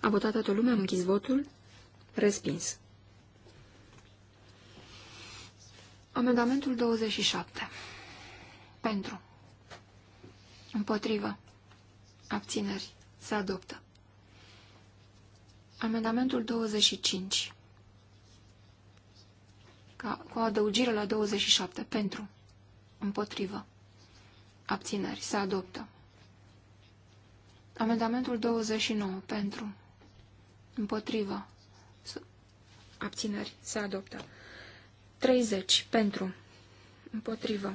A votat toată lumea, am închis votul. Respins. Amendamentul 27. Pentru. Împotrivă. Abțineri. Se adoptă. Amendamentul 25. Ca, cu adăugire la 27. Pentru. Împotrivă. Abțineri. Se adoptă. Amendamentul 29. Pentru. Împotrivă. Abțineri. Se adoptă. 30. Pentru. Împotrivă.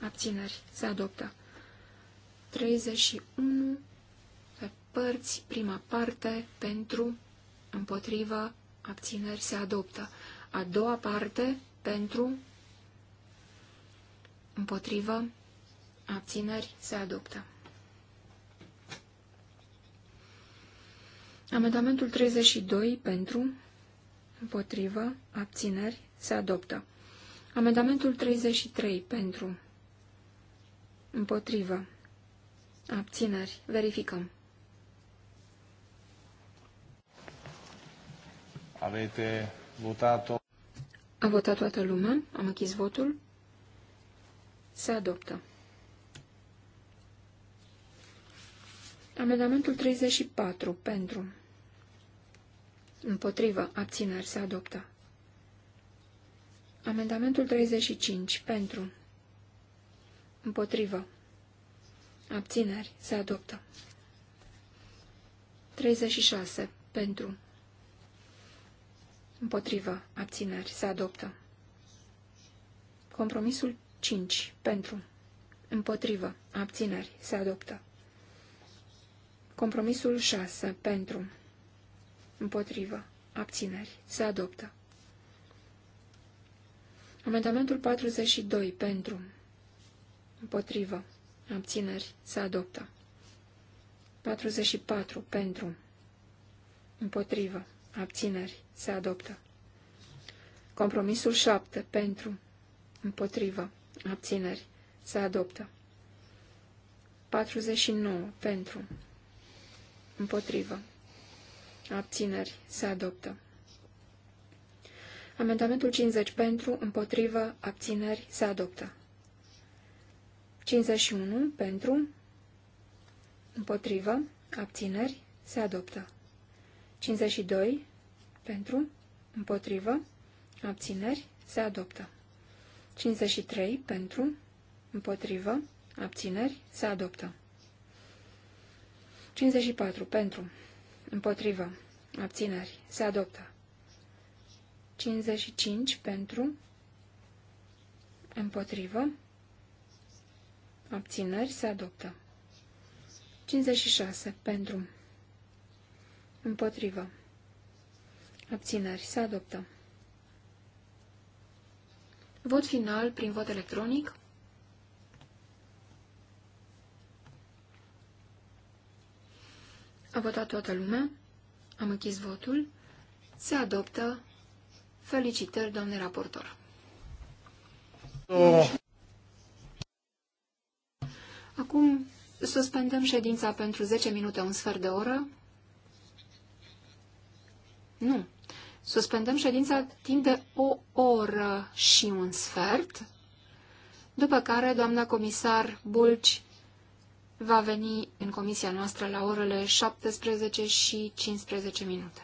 Abțineri. Se adoptă. 31. Pe părți. Prima parte. Pentru. Împotrivă. Abțineri. Se adoptă. A doua parte. Pentru. Împotrivă. Abțineri. Se adoptă. Amendamentul 32 pentru, împotrivă, abțineri, se adoptă. Amendamentul 33 pentru, împotrivă, abțineri, verificăm. Avete votat-o? A votat toată lumea, am închis votul, se adoptă. Amendamentul 34. Pentru. Împotrivă. Abțineri. Se adoptă. Amendamentul 35. Pentru. Împotrivă. Abțineri. Se adoptă. 36. Pentru. Împotrivă. Abțineri. Se adoptă. Compromisul 5. Pentru. Împotrivă. Abțineri. Se adoptă. Compromisul 6. Pentru. Împotrivă. Abțineri. Se adoptă. Amendamentul 42. Pentru. Împotrivă. Abțineri. Se adoptă. 44. Pentru. Împotrivă. Abțineri. Se adoptă. Compromisul 7. Pentru. Împotrivă. Abțineri. Se adoptă. 49. Pentru. Împotrivă. Abțineri. Se adoptă. Amendamentul 50 pentru, împotrivă, abțineri, se adoptă. 51 pentru, împotrivă, abțineri, se adoptă. 52 pentru, împotrivă, abțineri, se adoptă. 53 pentru, împotrivă, abțineri, se adoptă. 54. Pentru. Împotrivă. Abțineri. Se adoptă. 55. Pentru. Împotrivă. Abțineri. Se adoptă. 56. Pentru. Împotrivă. Abțineri. Se adoptă. Vot final prin vot electronic. A votat toată lumea. Am închis votul. Se adoptă. Felicitări, doamne raportor. Oh. Acum suspendăm ședința pentru 10 minute, un sfert de oră. Nu. Suspendăm ședința timp de o oră și un sfert, după care doamna comisar Bulci va veni în comisia noastră la orele 17 și 15 minute.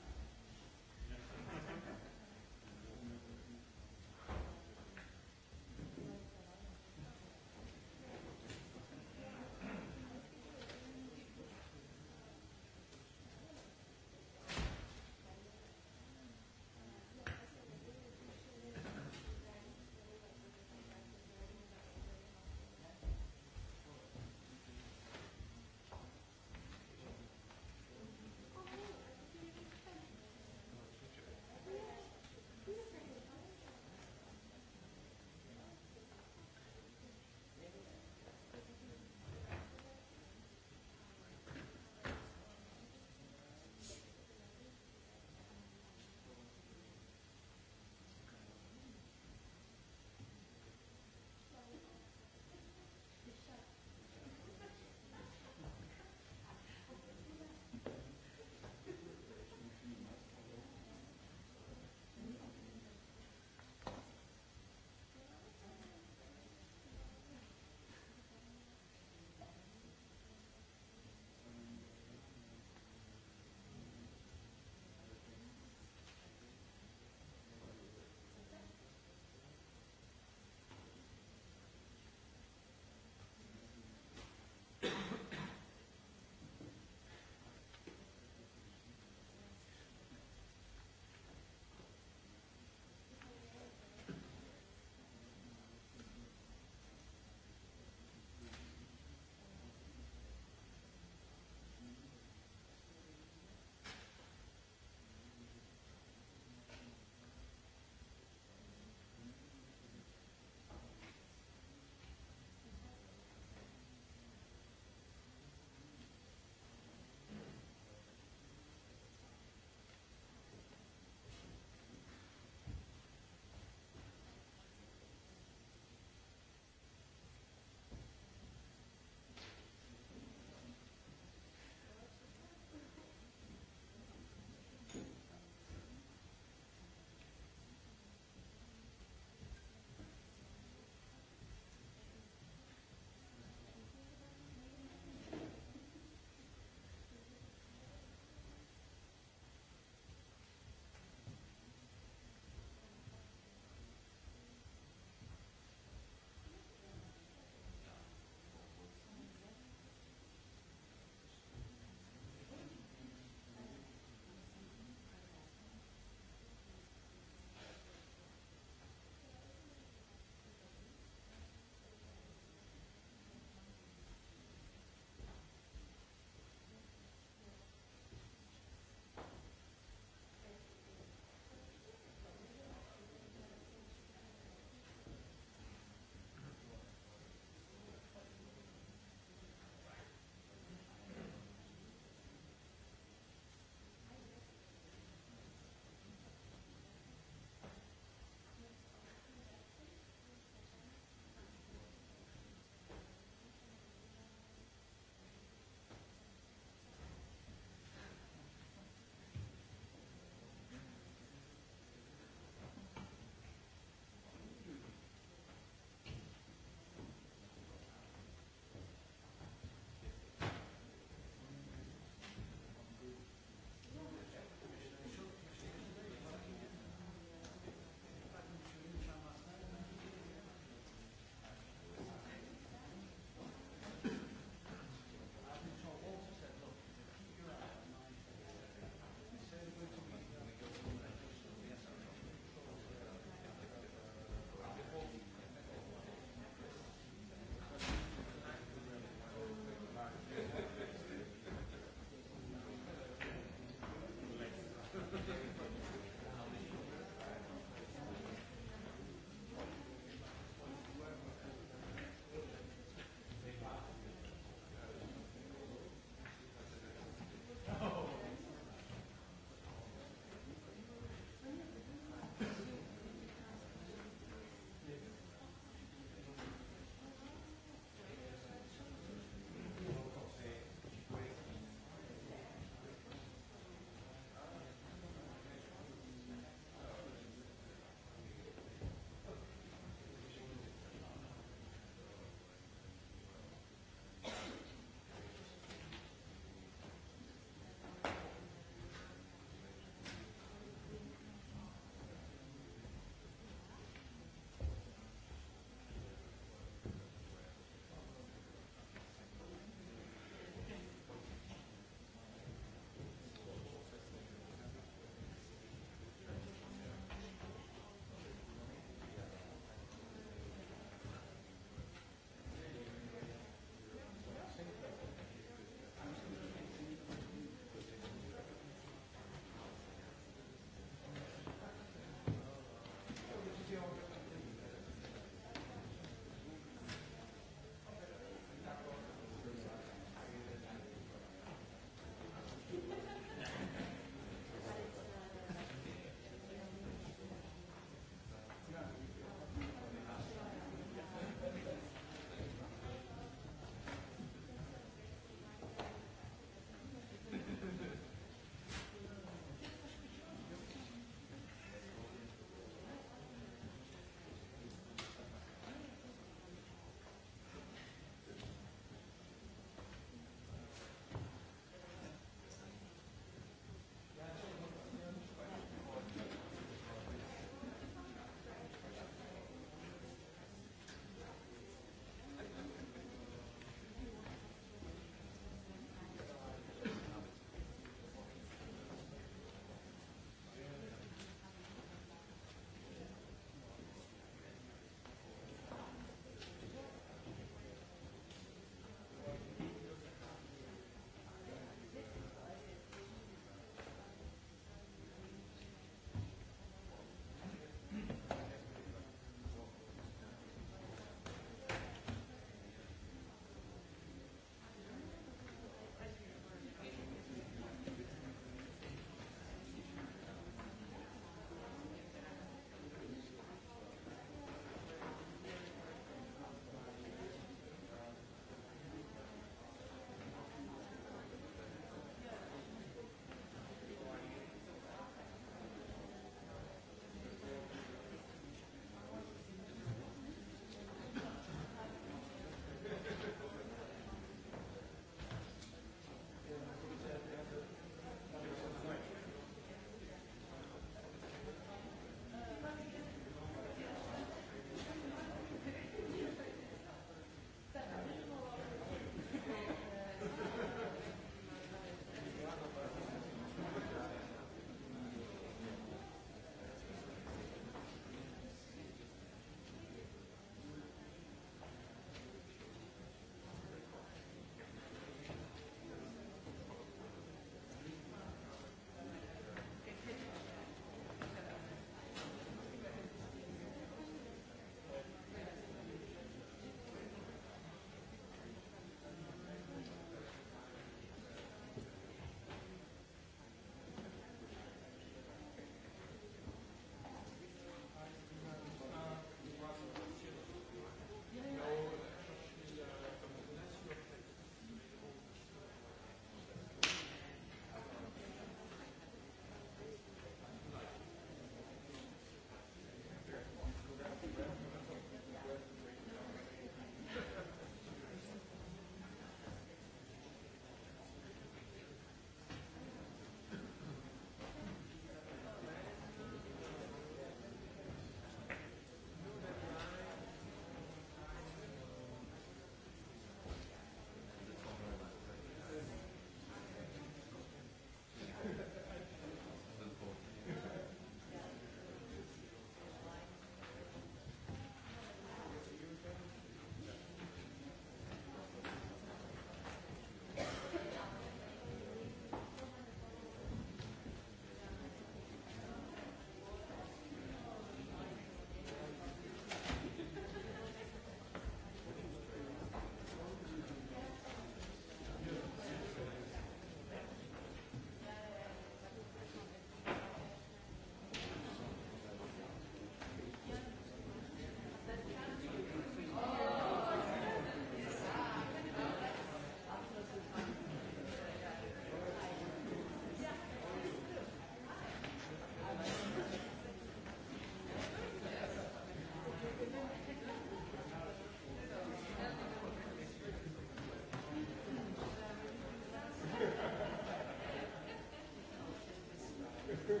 Sure.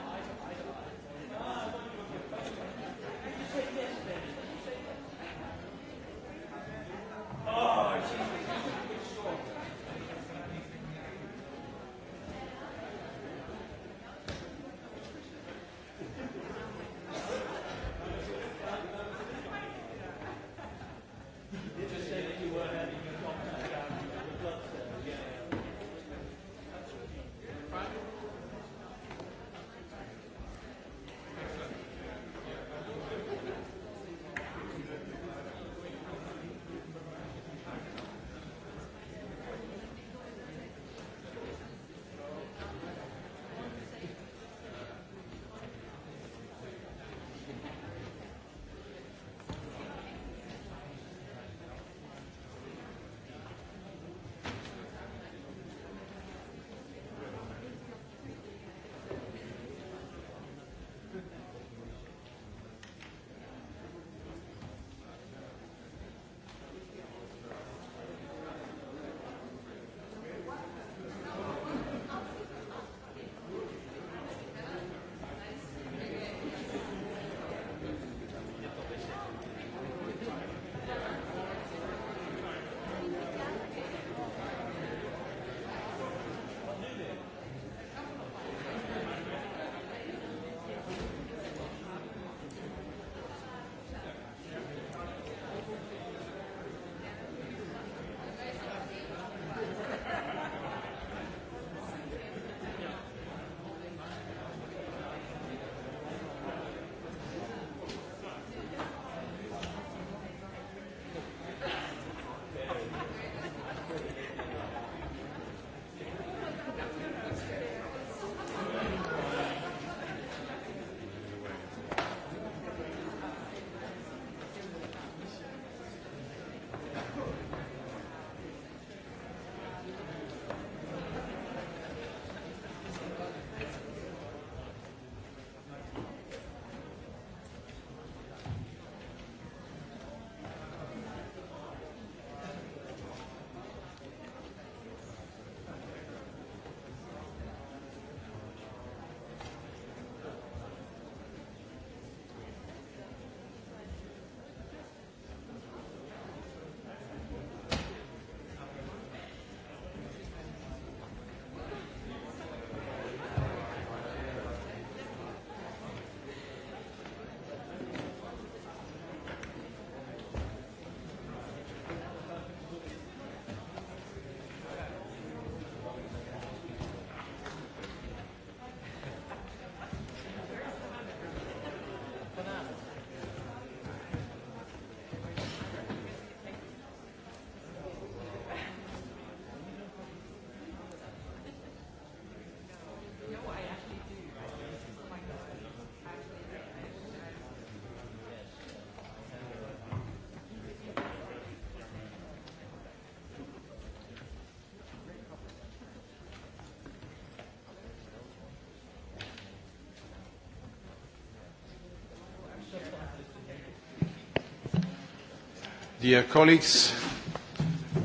Dear colleagues,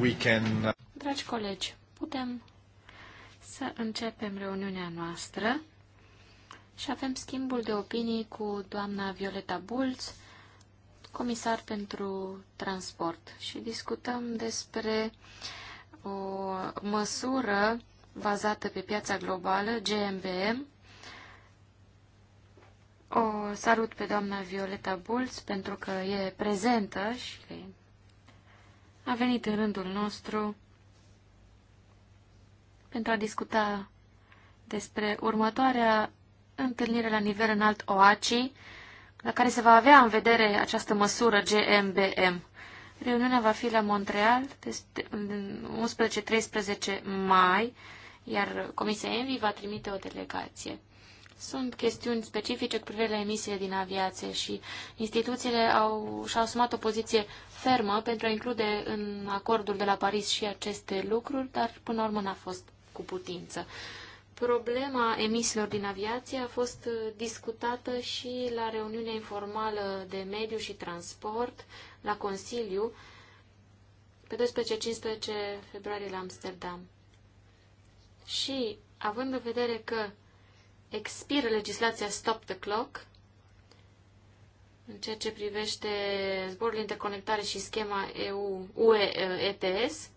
we can... Dragi colegi, putem să începem reuniunea noastră și avem schimbul de opinii cu doamna Violeta Bulț, comisar pentru transport și discutăm despre o măsură bazată pe piața globală, GMBM. O salut pe doamna Violeta Bulț pentru că e prezentă și venit în rândul nostru pentru a discuta despre următoarea întâlnire la nivel înalt OACI, la care se va avea în vedere această măsură GMBM. Reuniunea va fi la Montreal, 11-13 mai, iar Comisia Envi va trimite o delegație. Sunt chestiuni specifice cu privire la emisiile din aviație și instituțiile au, și-au asumat o poziție fermă pentru a include în acordul de la Paris și aceste lucruri, dar până la urmă n-a fost cu putință. Problema emisiilor din aviație a fost uh, discutată și la reuniunea informală de mediu și transport la Consiliu pe 12-15 februarie la Amsterdam. Și, având în vedere că expiră legislația Stop the Clock în ceea ce privește zborul interconectare și schema EU, UE uh, ETS,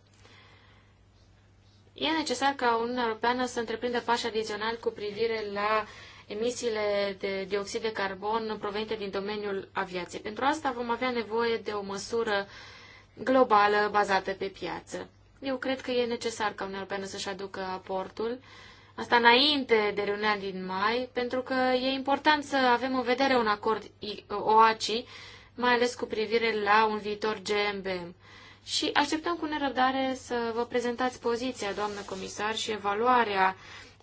e necesar ca Uniunea Europeană să întreprindă pași adiționali cu privire la emisiile de dioxid de carbon provenite din domeniul aviației. Pentru asta vom avea nevoie de o măsură globală bazată pe piață. Eu cred că e necesar ca Uniunea Europeană să-și aducă aportul Asta înainte de reuniunea din mai, pentru că e important să avem în vedere un acord OACI, mai ales cu privire la un viitor GMBM. Și așteptăm cu nerăbdare să vă prezentați poziția, doamnă comisar, și evaluarea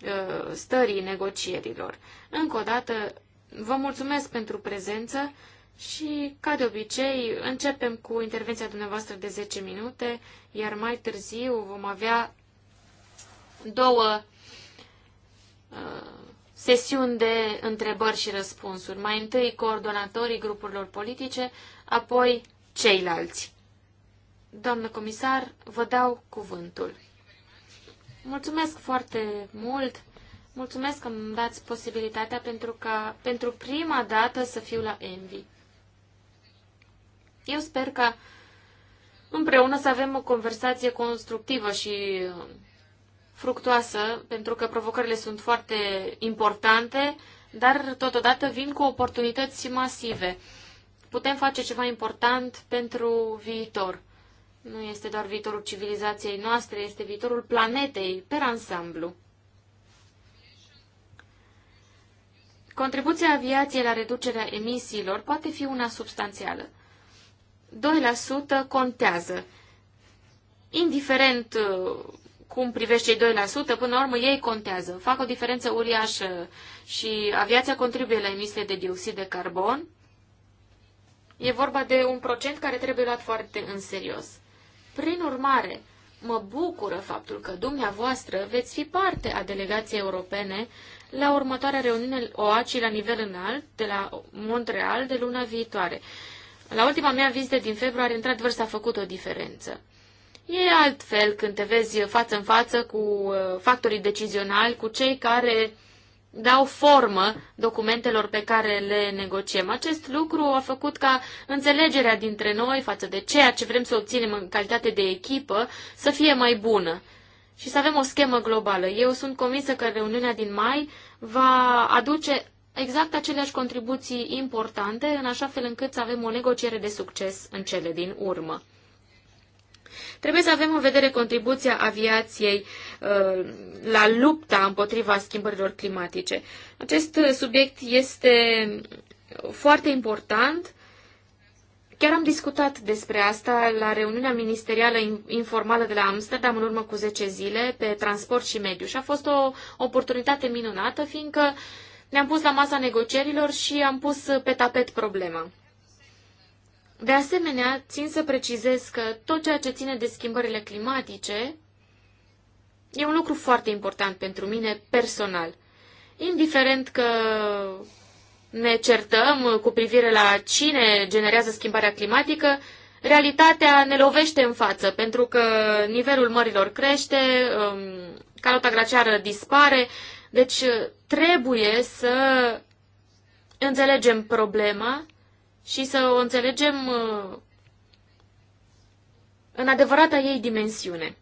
uh, stării negocierilor. Încă o dată, vă mulțumesc pentru prezență și, ca de obicei, începem cu intervenția dumneavoastră de 10 minute, iar mai târziu vom avea două Uh, sesiuni de întrebări și răspunsuri. Mai întâi coordonatorii grupurilor politice, apoi ceilalți. Doamnă comisar, vă dau cuvântul. Mulțumesc foarte mult. Mulțumesc că îmi dați posibilitatea pentru ca pentru prima dată să fiu la Envy. Eu sper că împreună să avem o conversație constructivă și uh, fructoasă, pentru că provocările sunt foarte importante, dar totodată vin cu oportunități masive. Putem face ceva important pentru viitor. Nu este doar viitorul civilizației noastre, este viitorul planetei, per ansamblu. Contribuția aviației la reducerea emisiilor poate fi una substanțială. 2% contează. Indiferent uh, cum privești cei 2%, până la urmă ei contează. Fac o diferență uriașă și aviația contribuie la emisiile de dioxid de carbon. E vorba de un procent care trebuie luat foarte în serios. Prin urmare, mă bucură faptul că dumneavoastră veți fi parte a delegației europene la următoarea reuniune OACI la nivel înalt de la Montreal de luna viitoare. La ultima mea vizită din februarie, într-adevăr, s-a făcut o diferență. E altfel când te vezi față în față cu uh, factorii decizionali, cu cei care dau formă documentelor pe care le negociem. Acest lucru a făcut ca înțelegerea dintre noi față de ceea ce vrem să obținem în calitate de echipă să fie mai bună și să avem o schemă globală. Eu sunt convinsă că reuniunea din mai va aduce exact aceleași contribuții importante, în așa fel încât să avem o negociere de succes în cele din urmă. Trebuie să avem în vedere contribuția aviației uh, la lupta împotriva schimbărilor climatice. Acest subiect este foarte important. Chiar am discutat despre asta la reuniunea ministerială informală de la Amsterdam în urmă cu 10 zile pe transport și mediu și a fost o oportunitate minunată fiindcă ne-am pus la masa negocierilor și am pus pe tapet problema. De asemenea, țin să precizez că tot ceea ce ține de schimbările climatice e un lucru foarte important pentru mine personal. Indiferent că ne certăm cu privire la cine generează schimbarea climatică, realitatea ne lovește în față, pentru că nivelul mărilor crește, um, calota glaciară dispare, deci trebuie să înțelegem problema și să o înțelegem uh, în adevărata ei dimensiune.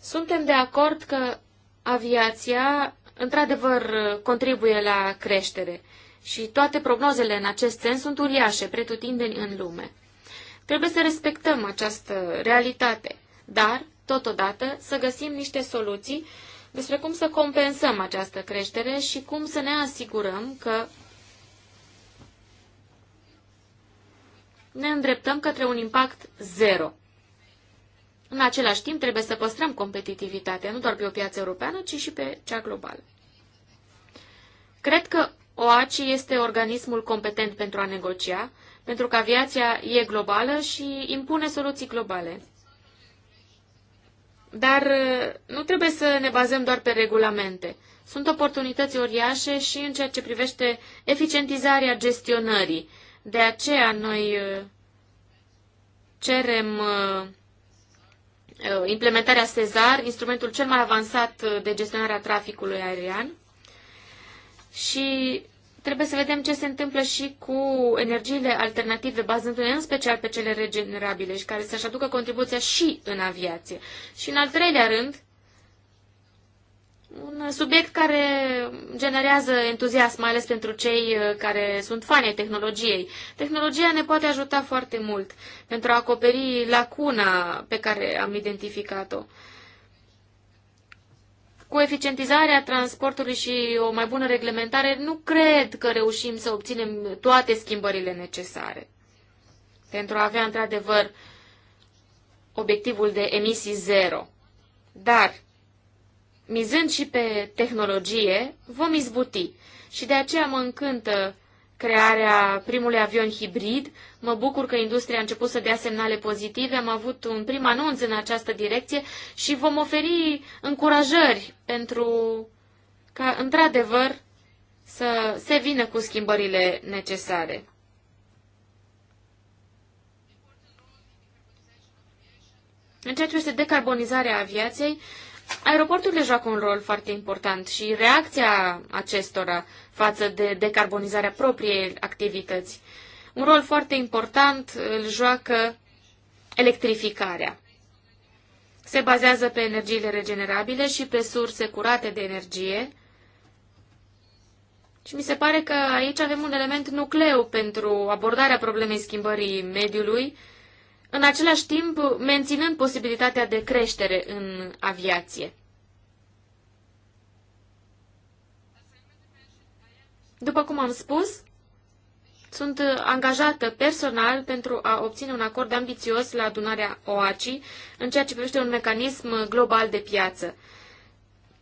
Suntem de acord că aviația, într-adevăr, contribuie la creștere și toate prognozele în acest sens sunt uriașe, pretutindeni în lume. Trebuie să respectăm această realitate, dar, totodată, să găsim niște soluții despre cum să compensăm această creștere și cum să ne asigurăm că ne îndreptăm către un impact zero. În același timp, trebuie să păstrăm competitivitatea, nu doar pe o piață europeană, ci și pe cea globală. Cred că OACI este organismul competent pentru a negocia, pentru că aviația e globală și impune soluții globale. Dar uh, nu trebuie să ne bazăm doar pe regulamente. Sunt oportunități uriașe și în ceea ce privește eficientizarea gestionării. De aceea noi uh, cerem uh, implementarea Cezar, instrumentul cel mai avansat de gestionare a traficului aerian. Și Trebuie să vedem ce se întâmplă și cu energiile alternative, bazându-ne în special pe cele regenerabile și care să-și aducă contribuția și în aviație. Și în al treilea rând, un subiect care generează entuziasm, mai ales pentru cei uh, care sunt fani ai tehnologiei. Tehnologia ne poate ajuta foarte mult pentru a acoperi lacuna pe care am identificat-o. Cu eficientizarea transportului și o mai bună reglementare, nu cred că reușim să obținem toate schimbările necesare. Pentru a avea, într-adevăr, obiectivul de emisii zero. Dar, mizând și pe tehnologie, vom izbuti. Și de aceea mă încântă crearea primului avion hibrid. Mă bucur că industria a început să dea semnale pozitive. Am avut un prim anunț în această direcție și vom oferi încurajări pentru ca, într-adevăr, să se vină cu schimbările necesare. În ceea ce este decarbonizarea aviației, aeroporturile joacă un rol foarte important și reacția acestora față de decarbonizarea propriei activități. Un rol foarte important îl joacă electrificarea. Se bazează pe energiile regenerabile și pe surse curate de energie. Și mi se pare că aici avem un element nucleu pentru abordarea problemei schimbării mediului, în același timp menținând posibilitatea de creștere în aviație. După cum am spus, sunt uh, angajată personal pentru a obține un acord ambițios la adunarea OACI în ceea ce privește un mecanism uh, global de piață.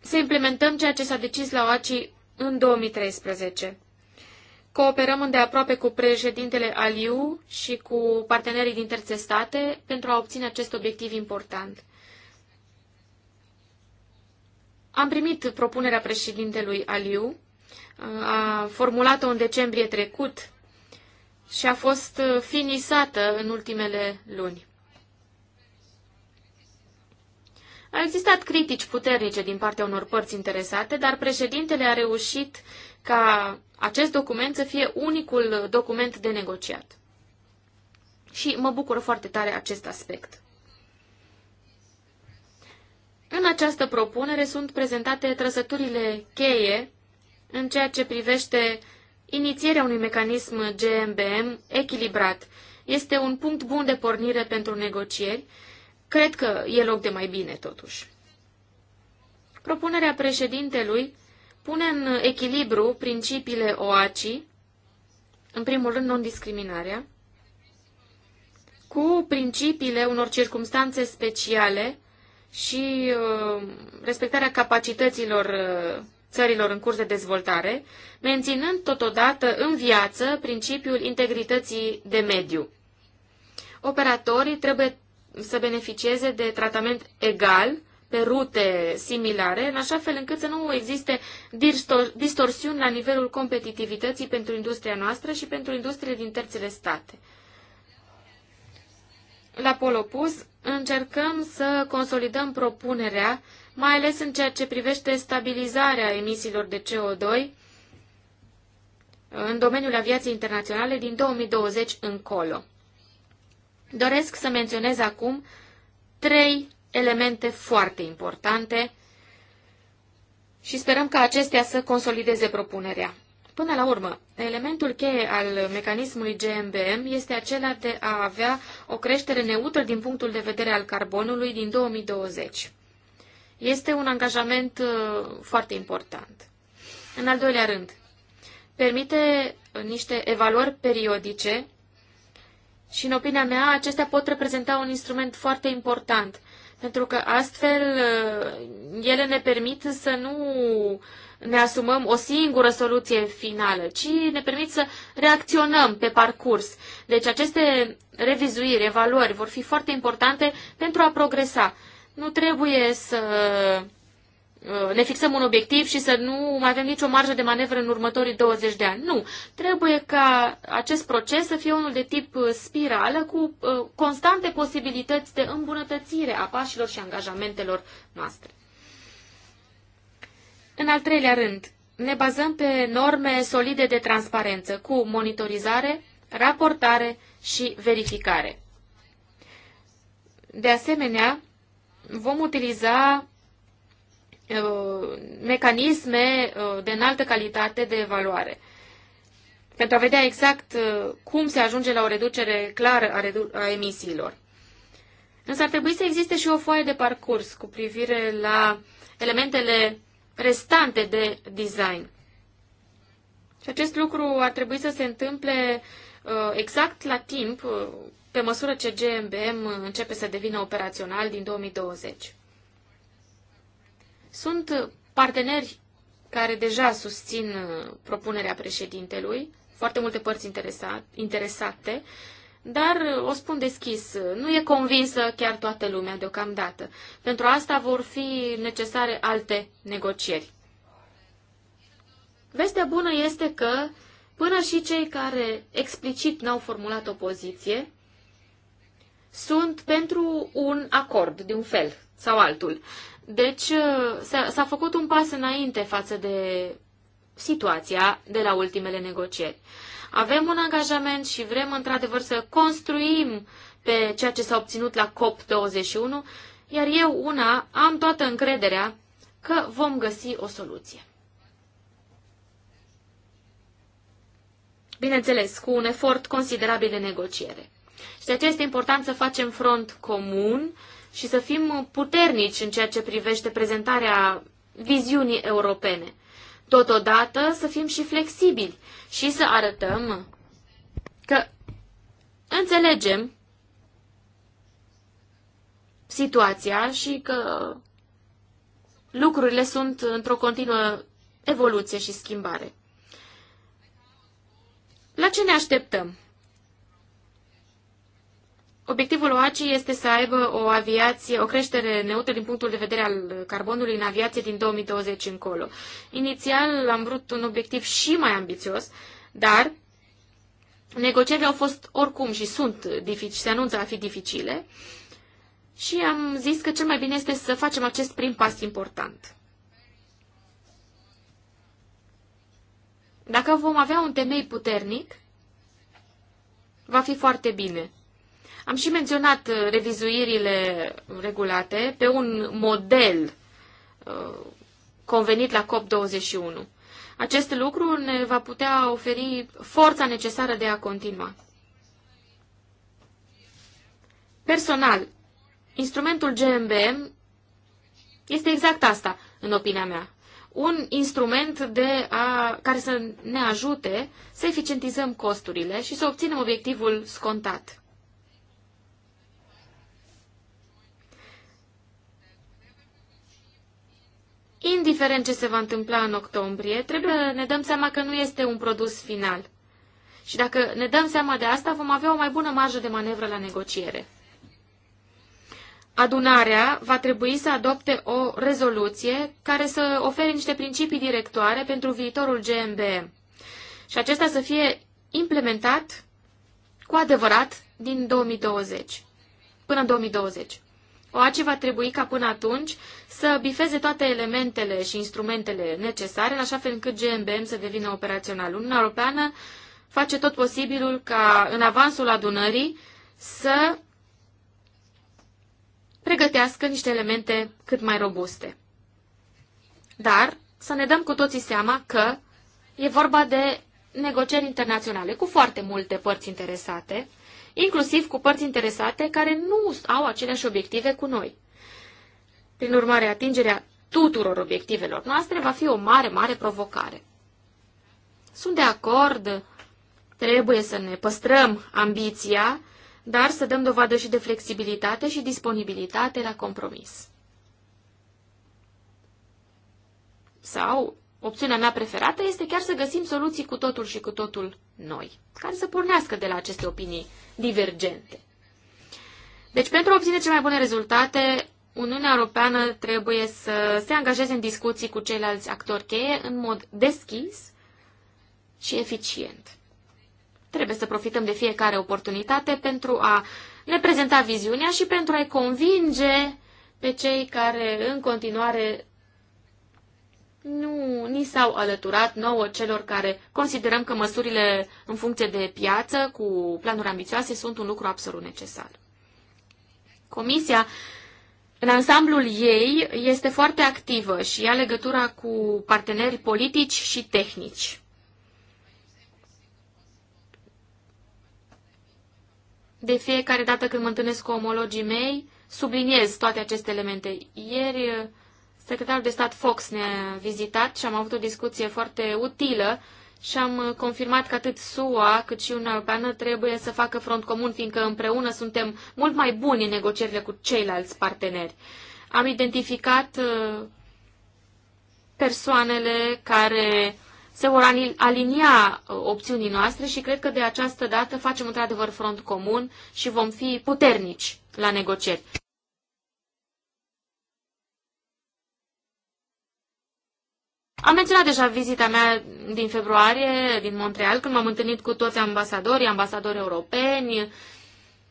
Să implementăm ceea ce s-a decis la OACI în 2013. Cooperăm îndeaproape cu președintele Aliu și cu partenerii din terțe state pentru a obține acest obiectiv important. Am primit propunerea președintelui Aliu a formulat-o în decembrie trecut și a fost uh, finisată în ultimele luni. Au existat critici puternice din partea unor părți interesate, dar președintele a reușit ca acest document să fie unicul document de negociat. Și mă bucur foarte tare acest aspect. În această propunere sunt prezentate trăsăturile cheie în ceea ce privește inițierea unui mecanism GMBM echilibrat. Este un punct bun de pornire pentru negocieri. Cred că e loc de mai bine, totuși. Propunerea președintelui pune în echilibru principiile OACI, în primul rând non-discriminarea, cu principiile unor circumstanțe speciale și uh, respectarea capacităților uh, țărilor în curs de dezvoltare, menținând totodată în viață principiul integrității de mediu. Operatorii trebuie să beneficieze de tratament egal pe rute similare, în așa fel încât să nu existe distorsiuni la nivelul competitivității pentru industria noastră și pentru industriile din terțele state. La Polopus încercăm să consolidăm propunerea mai ales în ceea ce privește stabilizarea emisiilor de CO2 în domeniul aviației internaționale din 2020 încolo. Doresc să menționez acum trei elemente foarte importante și sperăm ca acestea să consolideze propunerea. Până la urmă, elementul cheie al mecanismului GMBM este acela de a avea o creștere neutră din punctul de vedere al carbonului din 2020. Este un angajament uh, foarte important. În al doilea rând, permite uh, niște evaluări periodice și, în opinia mea, acestea pot reprezenta un instrument foarte important, pentru că astfel uh, ele ne permit să nu ne asumăm o singură soluție finală, ci ne permit să reacționăm pe parcurs. Deci aceste revizuiri, evaluări vor fi foarte importante pentru a progresa. Nu trebuie să uh, ne fixăm un obiectiv și să nu mai avem nicio marjă de manevră în următorii 20 de ani. Nu. Trebuie ca acest proces să fie unul de tip uh, spirală cu uh, constante posibilități de îmbunătățire a pașilor și angajamentelor noastre. În al treilea rând, ne bazăm pe norme solide de transparență cu monitorizare, raportare și verificare. De asemenea, vom utiliza uh, mecanisme uh, de înaltă calitate de evaluare pentru a vedea exact uh, cum se ajunge la o reducere clară a, emisiilor. Însă ar trebui să existe și o foaie de parcurs cu privire la elementele restante de design. Și acest lucru ar trebui să se întâmple exact la timp pe măsură ce GMBM începe să devină operațional din 2020. Sunt parteneri care deja susțin uh, propunerea președintelui, foarte multe părți interesate, dar uh, o spun deschis, uh, nu e convinsă chiar toată lumea deocamdată. Pentru asta vor fi necesare alte negocieri. Vestea bună este că până și cei care explicit n-au formulat o poziție sunt pentru un acord de un fel sau altul. Deci uh, s-a făcut un pas înainte față de situația de la ultimele negocieri. Avem un angajament și vrem într-adevăr să construim pe ceea ce s-a obținut la COP21, iar eu una am toată încrederea că vom găsi o soluție. Bineînțeles, cu un efort considerabil de negociere. Și de aceea este important să facem front comun și să fim puternici în ceea ce privește prezentarea viziunii europene. Totodată să fim și flexibili și să arătăm că înțelegem situația și că lucrurile sunt într-o continuă evoluție și schimbare. La ce ne așteptăm? Obiectivul OACI este să aibă o aviație, o creștere neutră din punctul de vedere al carbonului în aviație din 2020 încolo. Inițial am vrut un obiectiv și mai ambițios, dar negocierile au fost oricum și sunt dificile, se anunță a fi dificile și am zis că cel mai bine este să facem acest prim pas important. Dacă vom avea un temei puternic, va fi foarte bine. Am și menționat uh, revizuirile regulate pe un model uh, convenit la COP21. Acest lucru ne va putea oferi forța necesară de a continua. Personal, instrumentul GMBM este exact asta, în opinia mea. Un instrument de a, care să ne ajute să eficientizăm costurile și să obținem obiectivul scontat. indiferent ce se va întâmpla în octombrie, trebuie să ne dăm seama că nu este un produs final. Și dacă ne dăm seama de asta, vom avea o mai bună marjă de manevră la negociere. Adunarea va trebui să adopte o rezoluție care să ofere niște principii directoare pentru viitorul GMBM și acesta să fie implementat cu adevărat din 2020, până în 2020. OACE va trebui ca până atunci să bifeze toate elementele și instrumentele necesare, în așa fel încât GMBM să devină operațional. Uniunea Europeană face tot posibilul ca în avansul adunării să pregătească niște elemente cât mai robuste. Dar să ne dăm cu toții seama că e vorba de negocieri internaționale cu foarte multe părți interesate, inclusiv cu părți interesate care nu au aceleași obiective cu noi. Prin urmare, atingerea tuturor obiectivelor noastre va fi o mare, mare provocare. Sunt de acord, trebuie să ne păstrăm ambiția, dar să dăm dovadă și de flexibilitate și disponibilitate la compromis. Sau opțiunea mea preferată este chiar să găsim soluții cu totul și cu totul noi, care să pornească de la aceste opinii divergente. Deci, pentru a obține cele mai bune rezultate, Uniunea Europeană trebuie să se angajeze în discuții cu ceilalți actori cheie în mod deschis și eficient. Trebuie să profităm de fiecare oportunitate pentru a ne prezenta viziunea și pentru a-i convinge pe cei care în continuare nu ni s-au alăturat nouă celor care considerăm că măsurile în funcție de piață cu planuri ambițioase sunt un lucru absolut necesar. Comisia, în ansamblul ei, este foarte activă și ia legătura cu parteneri politici și tehnici. De fiecare dată când mă întâlnesc cu omologii mei, subliniez toate aceste elemente. Ieri Secretarul de stat Fox ne-a vizitat și am avut o discuție foarte utilă și am uh, confirmat că atât SUA cât și Uniunea Europeană trebuie să facă front comun, fiindcă împreună suntem mult mai buni în negocierile cu ceilalți parteneri. Am identificat uh, persoanele care se vor alinia uh, opțiunii noastre și cred că de această dată facem într-adevăr front comun și vom fi puternici la negocieri. Am menționat deja vizita mea din februarie, din Montreal, când m-am întâlnit cu toți ambasadorii, ambasadori europeni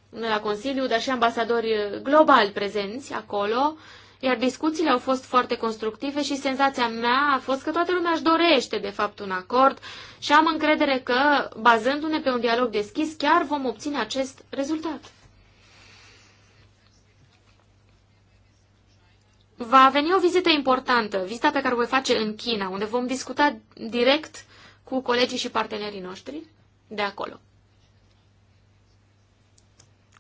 de la Consiliu, dar și ambasadori globali prezenți acolo, iar discuțiile au fost foarte constructive și senzația mea a fost că toată lumea își dorește, de fapt, un acord și am încredere că, bazându-ne pe un dialog deschis, chiar vom obține acest rezultat. va veni o vizită importantă, vizita pe care o voi face în China, unde vom discuta direct cu colegii și partenerii noștri de acolo.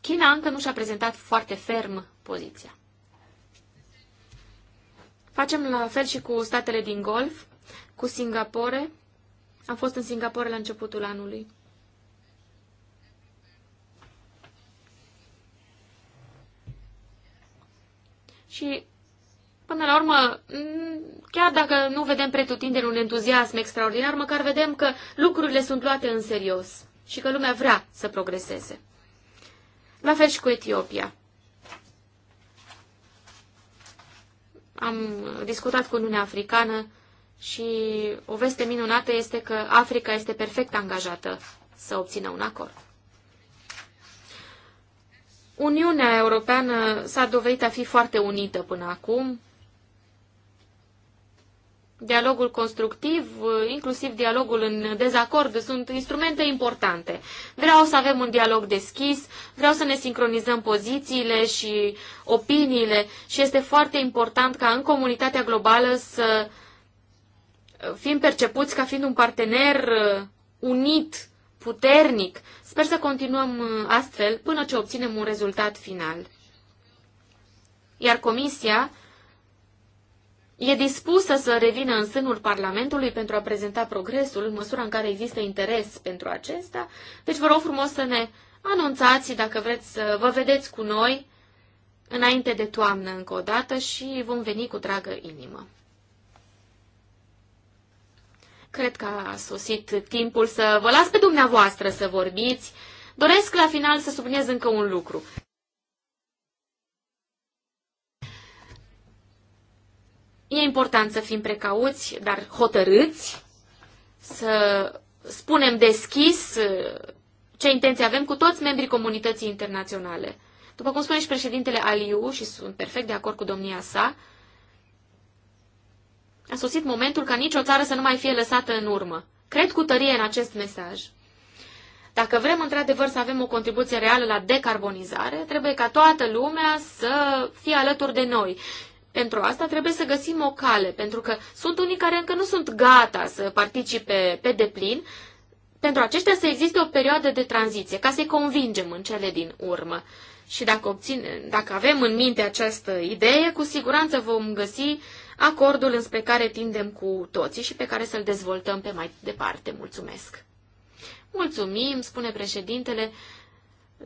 China încă nu și-a prezentat foarte ferm poziția. Facem la fel și cu statele din Golf, cu Singapore. Am fost în Singapore la începutul anului. Și Până la urmă, chiar dacă nu vedem pretutindeni un entuziasm extraordinar, măcar vedem că lucrurile sunt luate în serios și că lumea vrea să progreseze. La fel și cu Etiopia. Am discutat cu Uniunea Africană și o veste minunată este că Africa este perfect angajată să obțină un acord. Uniunea Europeană s-a dovedit a fi foarte unită până acum, dialogul constructiv, inclusiv dialogul în dezacord, sunt instrumente importante. Vreau să avem un dialog deschis, vreau să ne sincronizăm pozițiile și opiniile și este foarte important ca în comunitatea globală să fim percepuți ca fiind un partener uh, unit, puternic. Sper să continuăm uh, astfel până ce obținem un rezultat final. Iar Comisia e dispusă să revină în sânul Parlamentului pentru a prezenta progresul în măsura în care există interes pentru acesta. Deci vă rog frumos să ne anunțați dacă vreți să vă vedeți cu noi înainte de toamnă încă o dată și vom veni cu dragă inimă. Cred că a sosit timpul să vă las pe dumneavoastră să vorbiți. Doresc la final să subliniez încă un lucru. E important să fim precauți, dar hotărâți, să spunem deschis uh, ce intenții avem cu toți membrii comunității internaționale. După cum spune și președintele Aliu, și sunt perfect de acord cu domnia sa, a sosit momentul ca nicio țară să nu mai fie lăsată în urmă. Cred cu tărie în acest mesaj. Dacă vrem într-adevăr să avem o contribuție reală la decarbonizare, trebuie ca toată lumea să fie alături de noi pentru asta trebuie să găsim o cale, pentru că sunt unii care încă nu sunt gata să participe pe deplin. Pentru aceștia să existe o perioadă de tranziție, ca să-i convingem în cele din urmă. Și dacă, obține, dacă avem în minte această idee, cu siguranță vom găsi acordul înspre care tindem cu toții și pe care să-l dezvoltăm pe mai departe. Mulțumesc! Mulțumim, spune președintele.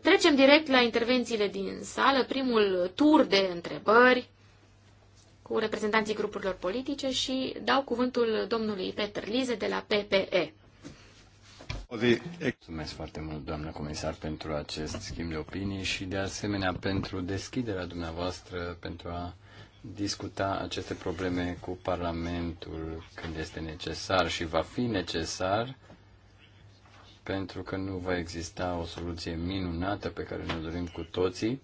Trecem direct la intervențiile din sală, primul tur de întrebări cu reprezentanții grupurilor politice și dau cuvântul domnului Peter Lize de la PPE. Mulțumesc foarte mult, doamnă comisar, pentru acest schimb de opinii și, de asemenea, pentru deschiderea dumneavoastră pentru a discuta aceste probleme cu Parlamentul când este necesar și va fi necesar, pentru că nu va exista o soluție minunată pe care ne dorim cu toții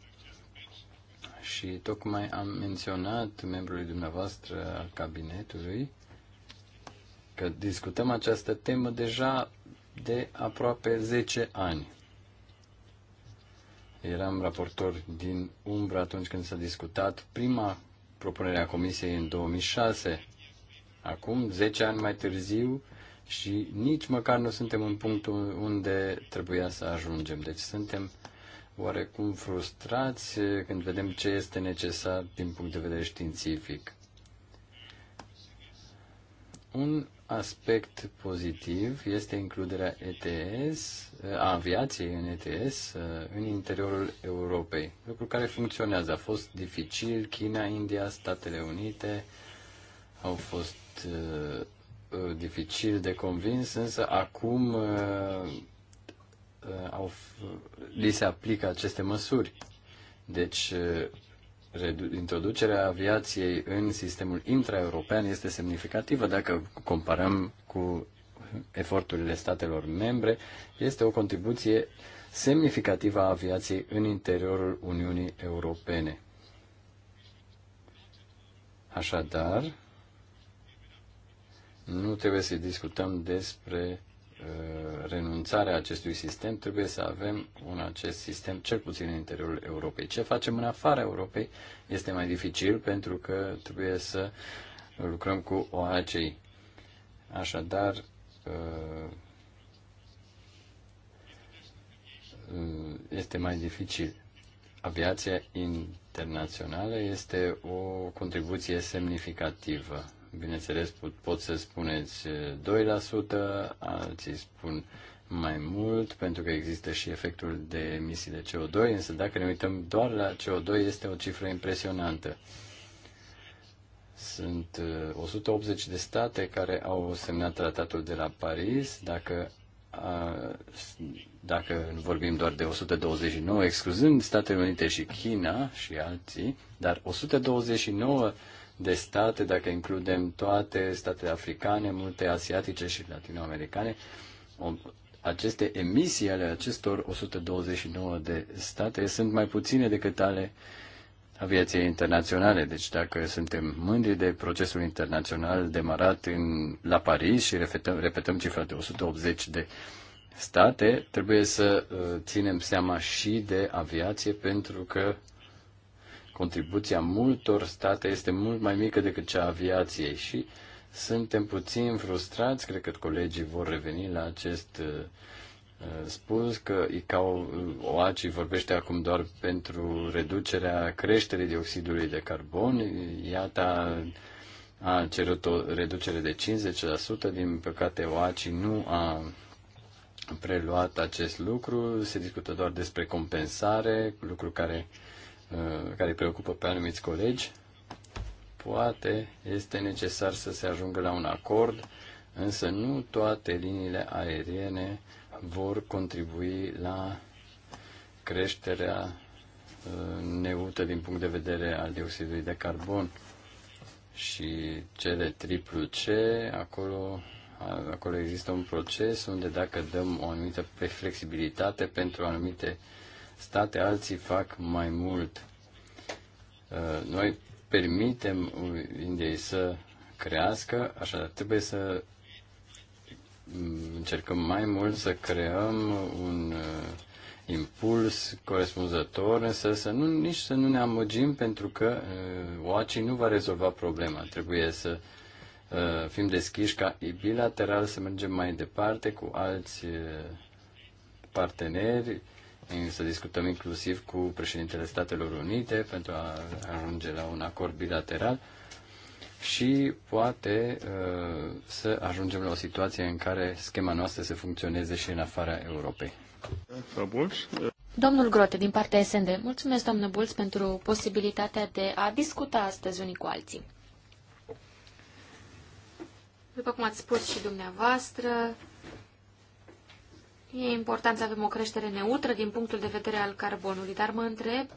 și tocmai am menționat membrului dumneavoastră al cabinetului că discutăm această temă deja de aproape 10 ani. Eram raportor din umbră atunci când s-a discutat prima propunere a Comisiei în 2006. Acum, 10 ani mai târziu, și nici măcar nu suntem în punctul unde trebuia să ajungem. Deci suntem oarecum frustrați când vedem ce este necesar din punct de vedere științific. Un aspect pozitiv este includerea ETS, a aviației în ETS în interiorul Europei, lucru care funcționează. A fost dificil, China, India, Statele Unite au fost uh, dificil de convins, însă acum uh, Uh, au, li se aplică aceste măsuri. Deci, uh, introducerea aviației în sistemul intraeuropean este semnificativă dacă comparăm cu eforturile statelor membre, este o contribuție semnificativă a aviației în interiorul Uniunii Europene. Așadar, nu trebuie să discutăm despre Uh, renunțarea acestui sistem, trebuie să avem un acest sistem cel puțin în interiorul Europei. Ce facem în afara Europei este mai dificil pentru că trebuie să lucrăm cu OACI. Așadar, uh, este mai dificil. Aviația internațională este o contribuție semnificativă Bineînțeles, pot, pot să spuneți 2%, eh, alții spun mai mult, pentru că există și efectul de emisii de CO2, însă dacă ne uităm doar la CO2, este o cifră impresionantă. Sunt 180 eh, de state care au semnat tratatul de la Paris. Dacă, dacă vorbim doar de 129, excluzând Statele Unite și China și alții, dar 129 de state, dacă includem toate statele africane, multe asiatice și latinoamericane, aceste emisii ale acestor 129 de state sunt mai puține decât ale aviației internaționale. Deci dacă suntem mândri de procesul internațional demarat în, la Paris și repetăm, repetăm cifra de 180 de state, trebuie să uh, ținem seama și de aviație pentru că contribuția multor state este mult mai mică decât cea a aviației și suntem puțin frustrați, cred că colegii vor reveni la acest uh, uh, spus că ICAO uh, OACI vorbește acum doar pentru reducerea creșterii dioxidului de carbon. Iată, a cerut o reducere de 50%, din păcate OACI nu a preluat acest lucru, se discută doar despre compensare, lucru care uh, Uh, care preocupă pe anumiți colegi. Poate este necesar să se ajungă la un acord, însă nu toate liniile aeriene vor contribui la creșterea uh, neută din punct de vedere al dioxidului de carbon. Și cele triplu C, acolo, acolo există un proces unde dacă dăm o anumită flexibilitate pentru anumite uh, state, alții fac mai mult. Uh, noi permitem Indiei să crească, așa trebuie să mm, încercăm mai mult să creăm un uh, impuls corespunzător, însă să nu, nici să nu ne amăgim pentru că OACI uh, nu va rezolva problema. Trebuie să fim deschiși ca bilateral să mergem mai departe cu alți uh, parteneri să discutăm inclusiv cu președintele Statelor Unite pentru a ajunge la un acord bilateral și poate uh, să ajungem la o situație în care schema noastră să funcționeze și în afara Europei. Domnul Grote, din partea SND, mulțumesc, domnule Bulț, pentru posibilitatea de a discuta astăzi unii cu alții. După cum ați spus și dumneavoastră, E important să avem o creștere neutră din punctul de vedere al carbonului, dar mă întreb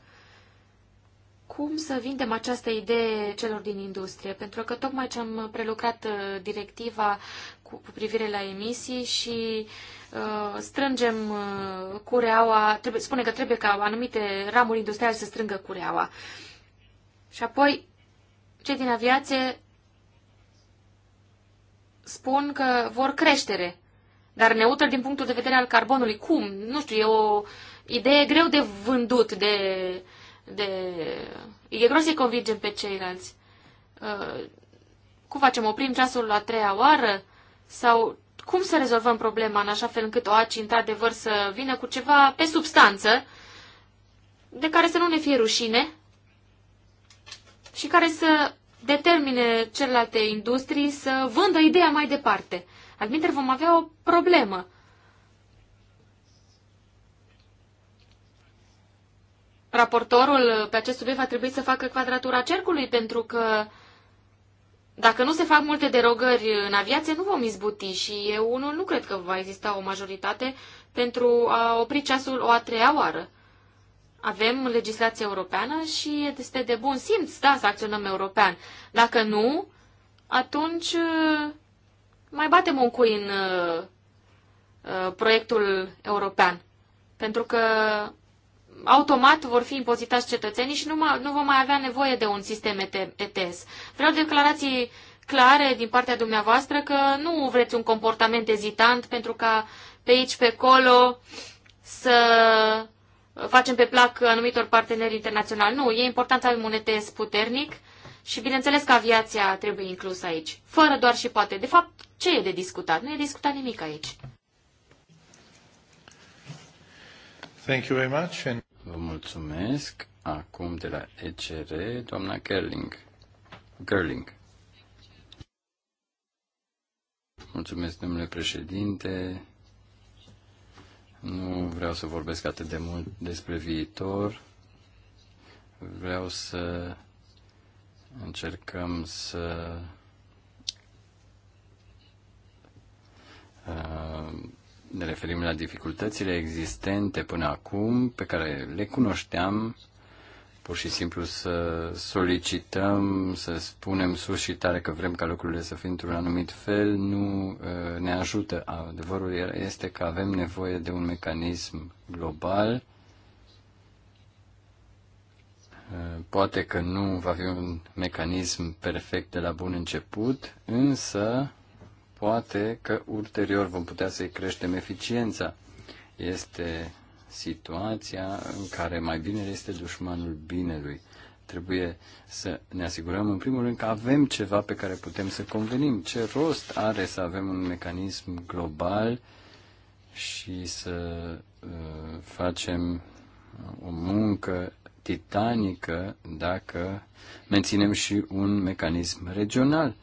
cum să vindem această idee celor din industrie, pentru că tocmai ce am prelucrat uh, directiva cu, cu privire la emisii și uh, strângem uh, cureaua, trebuie, spune că trebuie ca anumite ramuri industriale să strângă cureaua. Și apoi, cei din aviație spun că vor creștere dar neutră din punctul de vedere al carbonului, cum? Nu știu, e o idee greu de vândut, de... de... E greu să-i convingem pe ceilalți. Uh, cum facem? Oprim ceasul la treia oară? Sau cum să rezolvăm problema în așa fel încât o aci într-adevăr, să vină cu ceva pe substanță, de care să nu ne fie rușine și care să determine celelalte industrii să vândă ideea mai departe. Admiter, vom avea o problemă. Raportorul pe acest subiect va trebui să facă quadratura cercului, pentru că dacă nu se fac multe derogări în aviație, nu vom izbuti și eu nu, nu cred că va exista o majoritate pentru a opri ceasul o a treia oară. Avem legislație europeană și este de bun simț, da, să acționăm european. Dacă nu, atunci mai batem un cui în uh, uh, proiectul european. Pentru că automat vor fi impozitați cetățenii și nu, ma, nu vom mai avea nevoie de un sistem ETS. Vreau declarații clare din partea dumneavoastră că nu vreți un comportament ezitant pentru ca pe aici, pe acolo să facem pe plac anumitor parteneri internaționali. Nu, e important să avem un ETS puternic și bineînțeles că aviația trebuie inclusă aici. Fără doar și poate. De fapt, ce e de discutat? Nu e discutat nimic aici. Thank you very much. And... Vă mulțumesc. Acum de la ECR, doamna Gerling. Gerling. Mulțumesc, domnule președinte. Nu vreau să vorbesc atât de mult despre viitor. Vreau să încercăm să Uh, ne referim la dificultățile existente până acum, pe care le cunoșteam, pur și simplu să solicităm, să spunem sus și tare că vrem ca lucrurile să fie într-un anumit fel, nu uh, ne ajută. Adevărul este că avem nevoie de un mecanism global. Uh, poate că nu va fi un mecanism perfect de la bun început, însă poate că ulterior vom putea să-i creștem eficiența. Este situația în care mai bine este dușmanul binelui. Trebuie să ne asigurăm, în primul rând, că avem ceva pe care putem să convenim. Ce rost are să avem un mecanism global și să uh, facem o muncă titanică dacă menținem și un mecanism regional?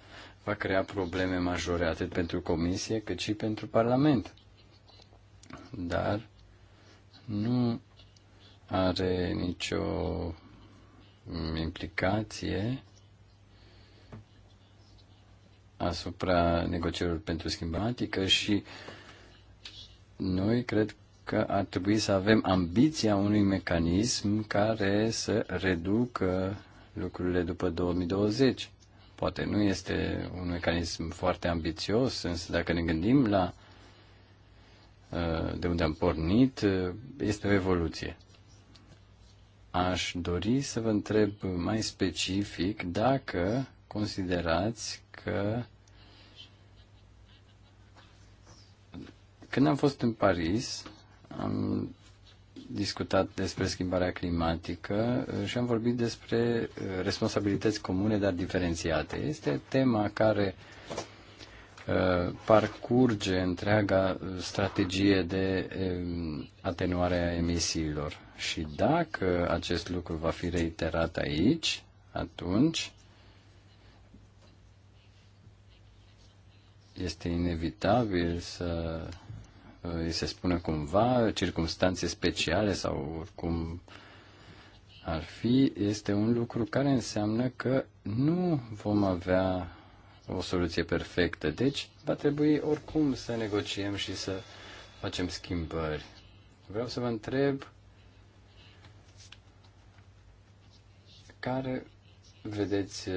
va crea probleme majore atât pentru Comisie cât și pentru Parlament. Dar nu are nicio implicație asupra negocierilor pentru schimbatică și noi cred că ar trebui să avem ambiția unui mecanism care să reducă lucrurile după 2020. Poate nu este un mecanism foarte ambițios, însă dacă ne gândim la uh, de unde am pornit, uh, este o evoluție. Aș dori să vă întreb mai specific dacă considerați că când am fost în Paris, am discutat despre schimbarea climatică uh, și am vorbit despre uh, responsabilități comune, dar diferențiate. Este tema care uh, parcurge întreaga strategie de um, atenuare a emisiilor. Și dacă acest lucru va fi reiterat aici, atunci este inevitabil să îi se spune cumva circumstanțe speciale sau oricum ar fi, este un lucru care înseamnă că nu vom avea o soluție perfectă. Deci va trebui oricum să negociem și să facem schimbări. Vreau să vă întreb care vedeți,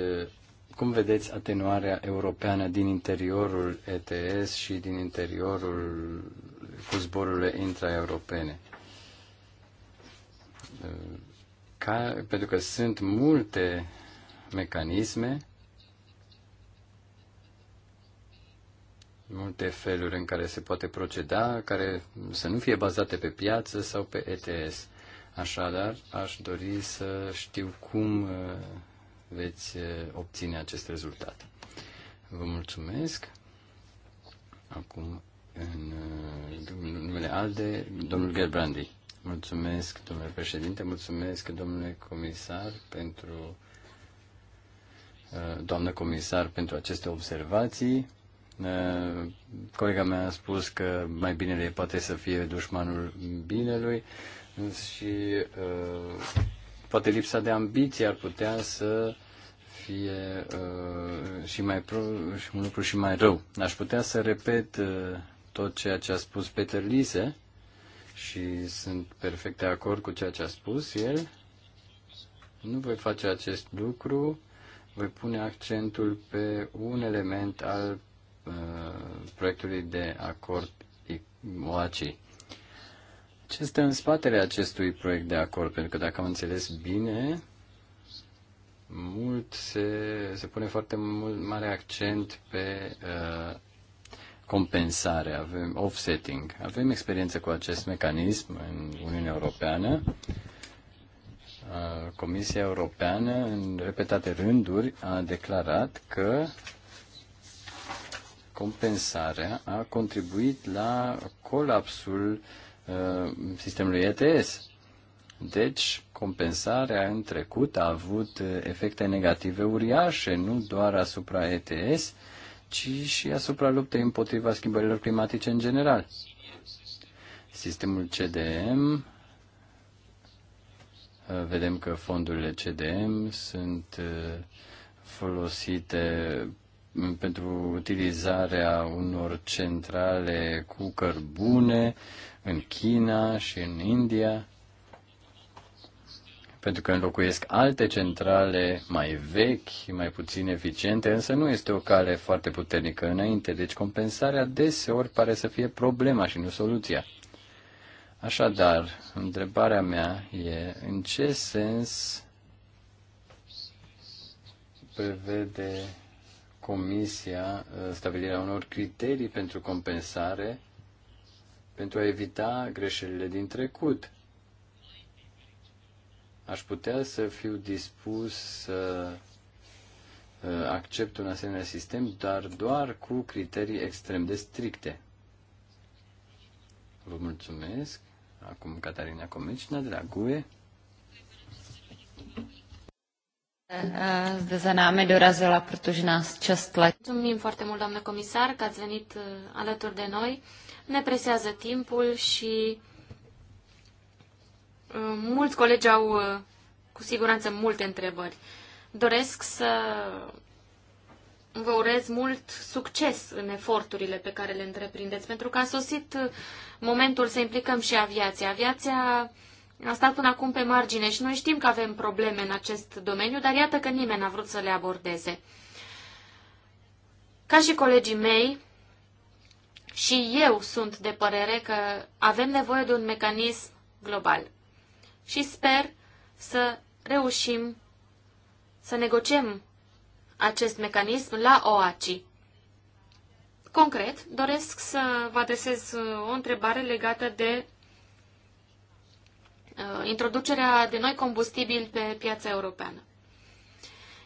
cum vedeți atenuarea europeană din interiorul ETS și din interiorul cu zborurile intraeuropene. Ca, pentru că sunt multe mecanisme, multe feluri în care se poate proceda, care să nu fie bazate pe piață sau pe ETS. Așadar, aș dori să știu cum uh, veți uh, obține acest rezultat. Vă mulțumesc. Acum Uh, în numele ALDE, domnul Gerbrandi. Mulțumesc, domnule președinte, mulțumesc, domnule comisar, pentru uh, doamnă comisar, pentru aceste observații. Uh, colega mea a spus că mai binele poate să fie dușmanul binelui și poate lipsa de ambiție ar putea să fie uh, și mai pro și un lucru și mai rău. Aș putea să repet uh, tot ceea ce a spus Peter Lise și sunt perfect de acord cu ceea ce a spus el. Nu voi face acest lucru, voi pune accentul pe un element al uh, proiectului de acord OACI. Ce stă în spatele acestui proiect de acord? Pentru că dacă am înțeles bine, mult se, se pune foarte mult mare accent pe uh, compensare, avem offsetting. Avem experiență cu acest mecanism în Uniunea Europeană. Comisia Europeană, în repetate rânduri, a declarat că compensarea a contribuit la colapsul sistemului ETS. Deci, compensarea în trecut a avut efecte negative uriașe, nu doar asupra ETS, ci și asupra luptei împotriva schimbărilor climatice în general. Sistemul CDM, uh, vedem că fondurile CDM sunt uh, folosite mm, pentru utilizarea unor centrale cu cărbune în China și în India pentru că înlocuiesc alte centrale mai vechi, mai puțin eficiente, însă nu este o cale foarte puternică înainte. Deci compensarea deseori pare să fie problema și nu soluția. Așadar, întrebarea mea e în ce sens prevede Comisia uh, stabilirea unor criterii pentru compensare pentru a evita greșelile din trecut aș putea să fiu dispus să uh, accept un asemenea sistem, dar doar cu criterii extrem de stricte. Vă mulțumesc. Acum Catarina Comicina de la GUE. Zde za námi dorazila, protože nás čas Mulțumim foarte mult, doamnă comisar, că ați venit uh, alături de noi. Ne presează timpul și Mulți colegi au uh, cu siguranță multe întrebări. Doresc să vă urez mult succes în eforturile pe care le întreprindeți, pentru că a sosit uh, momentul să implicăm și aviația. Aviația a stat până acum pe margine și noi știm că avem probleme în acest domeniu, dar iată că nimeni n-a vrut să le abordeze. Ca și colegii mei, și eu sunt de părere că avem nevoie de un mecanism global și sper să reușim să negociem acest mecanism la OACI. Concret, doresc să vă adresez uh, o întrebare legată de uh, introducerea de noi combustibili pe piața europeană.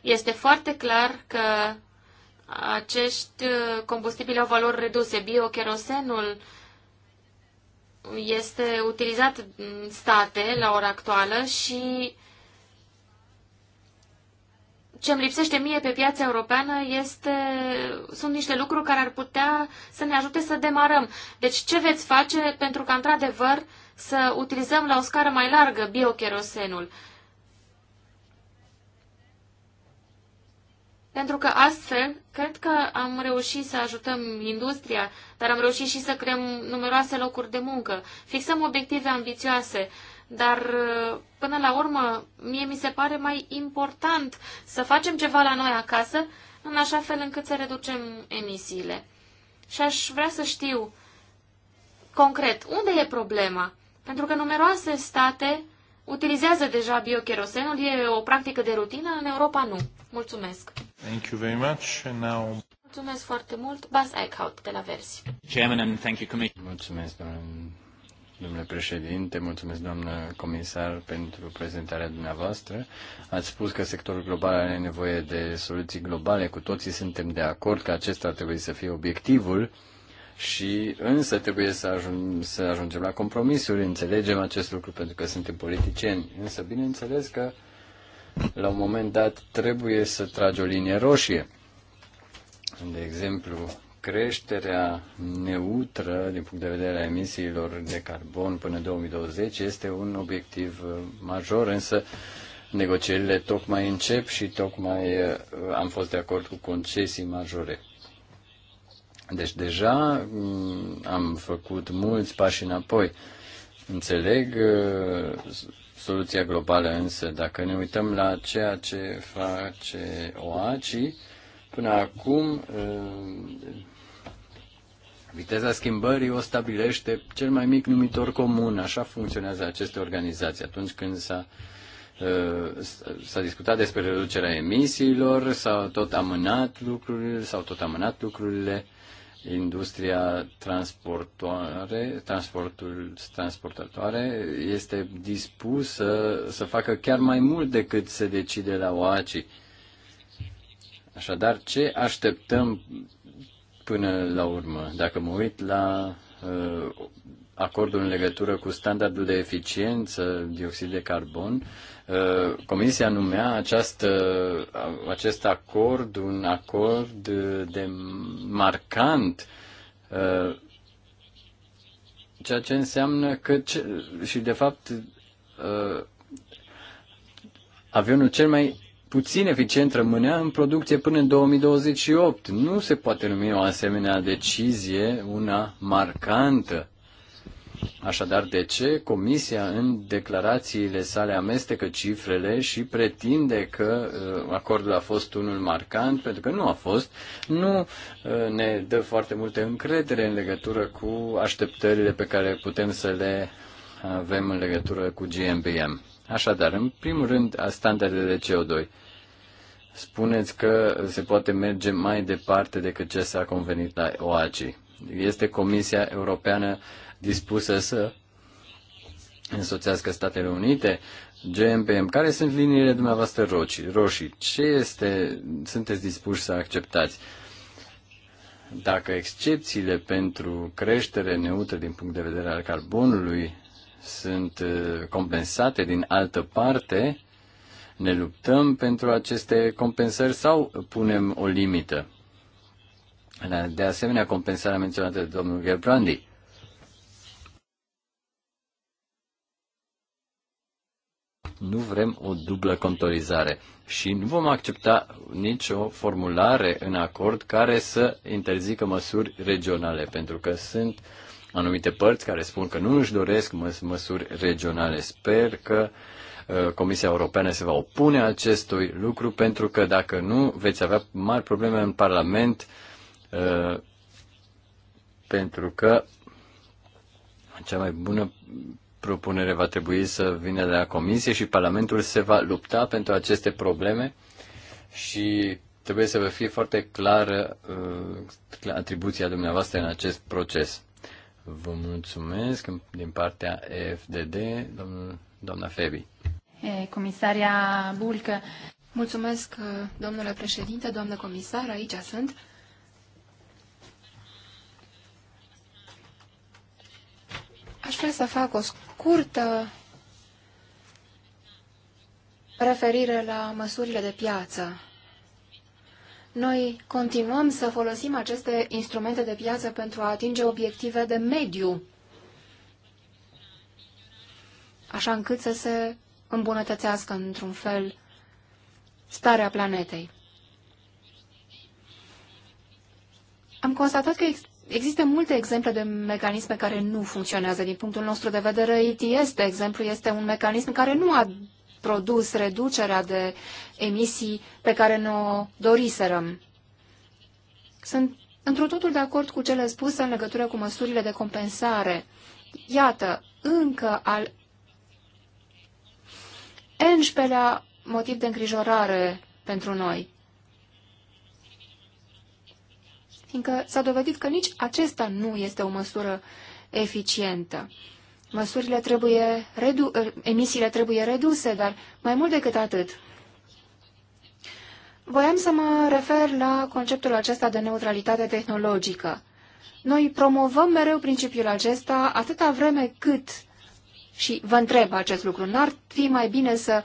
Este foarte clar că acești uh, combustibili au valori reduse. Biocherosenul este utilizat în state la ora actuală și ce îmi lipsește mie pe piața europeană este, sunt niște lucruri care ar putea să ne ajute să demarăm. Deci ce veți face pentru ca într-adevăr să utilizăm la o scară mai largă biocherosenul? pentru că astfel cred că am reușit să ajutăm industria, dar am reușit și să creăm numeroase locuri de muncă. Fixăm obiective ambițioase, dar până la urmă mie mi se pare mai important să facem ceva la noi acasă, în așa fel încât să reducem emisiile. Și aș vrea să știu concret unde e problema, pentru că numeroase state utilizează deja biocherosenul, e o practică de rutină, în Europa nu. Mulțumesc! Thank you very much. And now... Mulțumesc foarte mult. Bas Eichhout de la Versi. Chairman and thank you, Commissioner. Mulțumesc, domnule președinte, mulțumesc, doamnă comisar, pentru prezentarea dumneavoastră. Ați spus că sectorul global are nevoie de soluții globale. Cu toții suntem de acord că acesta trebuie să fie obiectivul și însă trebuie să, ajung, să ajungem la compromisuri, înțelegem acest lucru pentru că suntem politicieni. Însă bineînțeles că uh, la un moment dat trebuie să tragi o linie roșie. De exemplu, creșterea neutră din punct de vedere a emisiilor de carbon până 2020 este un obiectiv uh, major, însă negocierile tocmai încep și tocmai uh, am fost de acord cu concesii majore. Deci deja mm, am făcut mulți pași înapoi. Înțeleg uh, soluția globală, însă dacă ne uităm la ceea ce face OACI, până acum uh, viteza schimbării o stabilește cel mai mic numitor comun. Așa funcționează aceste organizații. Atunci când s-a uh, s-a discutat despre reducerea emisiilor, s-au tot amânat lucrurile, s-au tot amânat lucrurile industria transportoare, transportul, transportatoare este dispusă să facă chiar mai mult decât se decide la OACI. Așadar, ce așteptăm până la urmă? Dacă mă uit la uh, acordul în legătură cu standardul de eficiență dioxid de carbon, Uh, Comisia numea această, uh, acest acord un acord uh, de marcant, ceea ce înseamnă că și de fapt avionul cel mai puțin eficient rămânea în producție până în 2028. Nu se poate numi o asemenea decizie una marcantă. Așadar, de ce Comisia în declarațiile sale amestecă cifrele și pretinde că uh, acordul a fost unul marcant, pentru că nu a fost, nu uh, ne dă foarte multe încredere în legătură cu așteptările pe care putem să le avem în legătură cu GMBM. Așadar, în primul rând, a standardele CO2. Spuneți că se poate merge mai departe decât ce s-a convenit la OACI. Este Comisia Europeană uh, dispusă să însoțească Statele Unite, GMPM, care sunt liniile dumneavoastră roșii? roșii? Ce este, sunteți dispuși să acceptați? Dacă excepțiile pentru creștere neutră din punct de vedere al carbonului sunt uh, compensate din altă parte, ne luptăm pentru aceste compensări sau punem o limită? De asemenea, compensarea menționată de domnul Gerbrandi. Nu vrem o dublă contorizare și nu vom accepta nicio formulare în acord care să interzică măsuri regionale, pentru că sunt anumite părți care spun că nu își doresc măs- măsuri regionale. Sper că uh, Comisia Europeană se va opune acestui lucru, pentru că dacă nu, veți avea mari probleme în Parlament, uh, pentru că cea mai bună propunere va trebui să vină de la Comisie și Parlamentul se va lupta pentru aceste probleme și trebuie să vă fie foarte clară uh, atribuția dumneavoastră în acest proces. Vă mulțumesc din partea FDD, domn, doamna Febi. Comisaria Bulcă. Mulțumesc, domnule președinte, doamnă comisar, aici sunt. Aș vrea să fac o scurtă referire la măsurile de piață. Noi continuăm să folosim aceste instrumente de piață pentru a atinge obiective de mediu, așa încât să se îmbunătățească într-un fel starea planetei. Am constatat că Există multe exemple de mecanisme care nu funcționează. Din punctul nostru de vedere, ETS, de exemplu, este un mecanism care nu a produs reducerea de emisii pe care ne-o doriserăm. Sunt într totul de acord cu cele spuse în legătură cu măsurile de compensare. Iată, încă al enșpelea motiv de îngrijorare pentru noi. fiindcă s-a dovedit că nici acesta nu este o măsură eficientă. Măsurile trebuie redu eh, emisiile trebuie reduse, dar mai mult decât atât. Voiam să mă refer la conceptul acesta de neutralitate tehnologică. Noi promovăm mereu principiul acesta atâta vreme cât și vă întreb acest lucru, n-ar fi mai bine să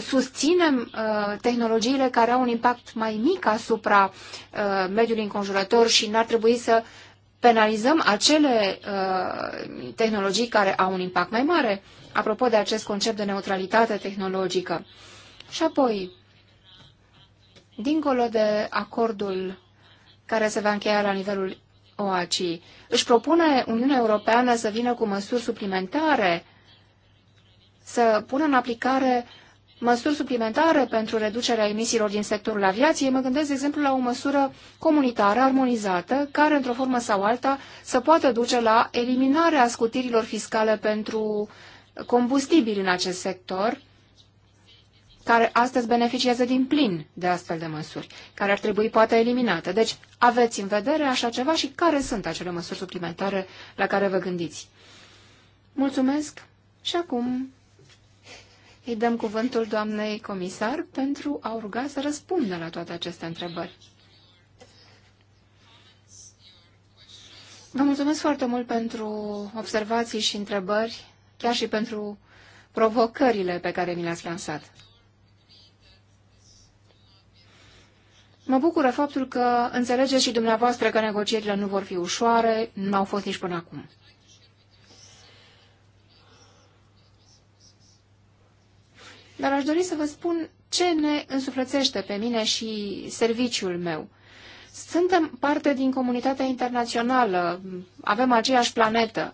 susținem uh, tehnologiile care au un impact mai mic asupra uh, mediului înconjurător și n-ar trebui să penalizăm acele uh, tehnologii care au un impact mai mare, apropo de acest concept de neutralitate tehnologică. Și apoi, dincolo de acordul care se va încheia la nivelul OACI, își propune Uniunea Europeană să vină cu măsuri suplimentare să pună în aplicare măsuri suplimentare pentru reducerea emisiilor din sectorul aviației, mă gândesc, de exemplu, la o măsură comunitară, armonizată, care, într-o formă sau alta, să poată duce la eliminarea scutirilor fiscale pentru combustibili în acest sector, care astăzi beneficiază din plin de astfel de măsuri, care ar trebui poate eliminate. Deci, aveți în vedere așa ceva și care sunt acele măsuri suplimentare la care vă gândiți. Mulțumesc și acum îi dăm cuvântul doamnei comisar pentru a urga să răspundă la toate aceste întrebări. Vă mulțumesc foarte mult pentru observații și întrebări, chiar și pentru provocările pe care mi le-ați lansat. Mă bucură faptul că înțelegeți și dumneavoastră că negocierile nu vor fi ușoare, nu au fost nici până acum. dar aș dori să vă spun ce ne însuflățește pe mine și serviciul meu. Suntem parte din comunitatea internațională, avem aceeași planetă.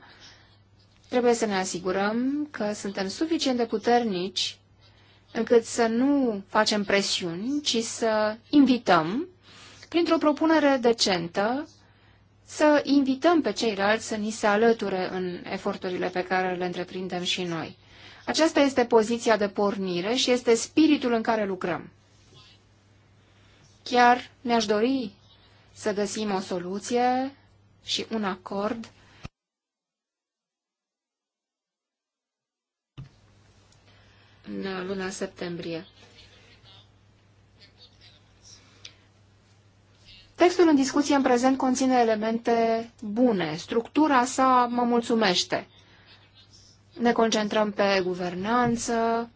Trebuie să ne asigurăm că suntem suficient de puternici încât să nu facem presiuni, ci să invităm, printr-o propunere decentă, să invităm pe ceilalți să ni se alăture în eforturile pe care le întreprindem și noi. Aceasta este poziția de pornire și este spiritul în care lucrăm. Chiar mi-aș dori să găsim o soluție și un acord în luna septembrie. Textul în discuție în prezent conține elemente bune. Structura sa mă mulțumește. Ne concentrăm pe guvernanță,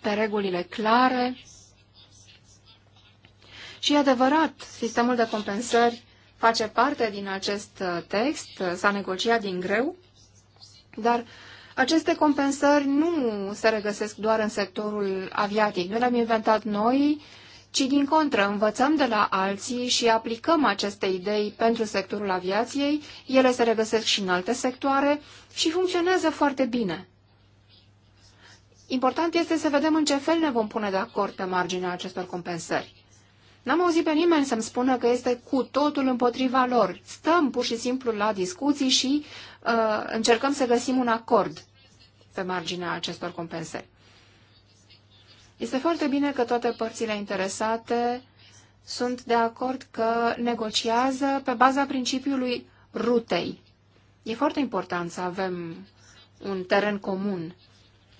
pe regulile clare. Și e adevărat, sistemul de compensări face parte din acest uh, text, s-a negociat din greu, dar aceste compensări nu se regăsesc doar în sectorul aviatic. Nu le-am inventat noi, uh, ci din contră învățăm de la alții și aplicăm aceste idei pentru sectorul aviației, ele se regăsesc și în alte sectoare și funcționează foarte bine. Important este să vedem în ce fel ne vom pune de acord pe marginea acestor compensări. N-am auzit pe nimeni să-mi spună că este cu totul împotriva lor. Stăm pur și simplu la discuții și uh, încercăm să găsim un acord pe marginea acestor compensări. Este foarte bine că toate părțile interesate sunt de acord că negociază pe baza principiului rutei. E foarte important să avem un teren comun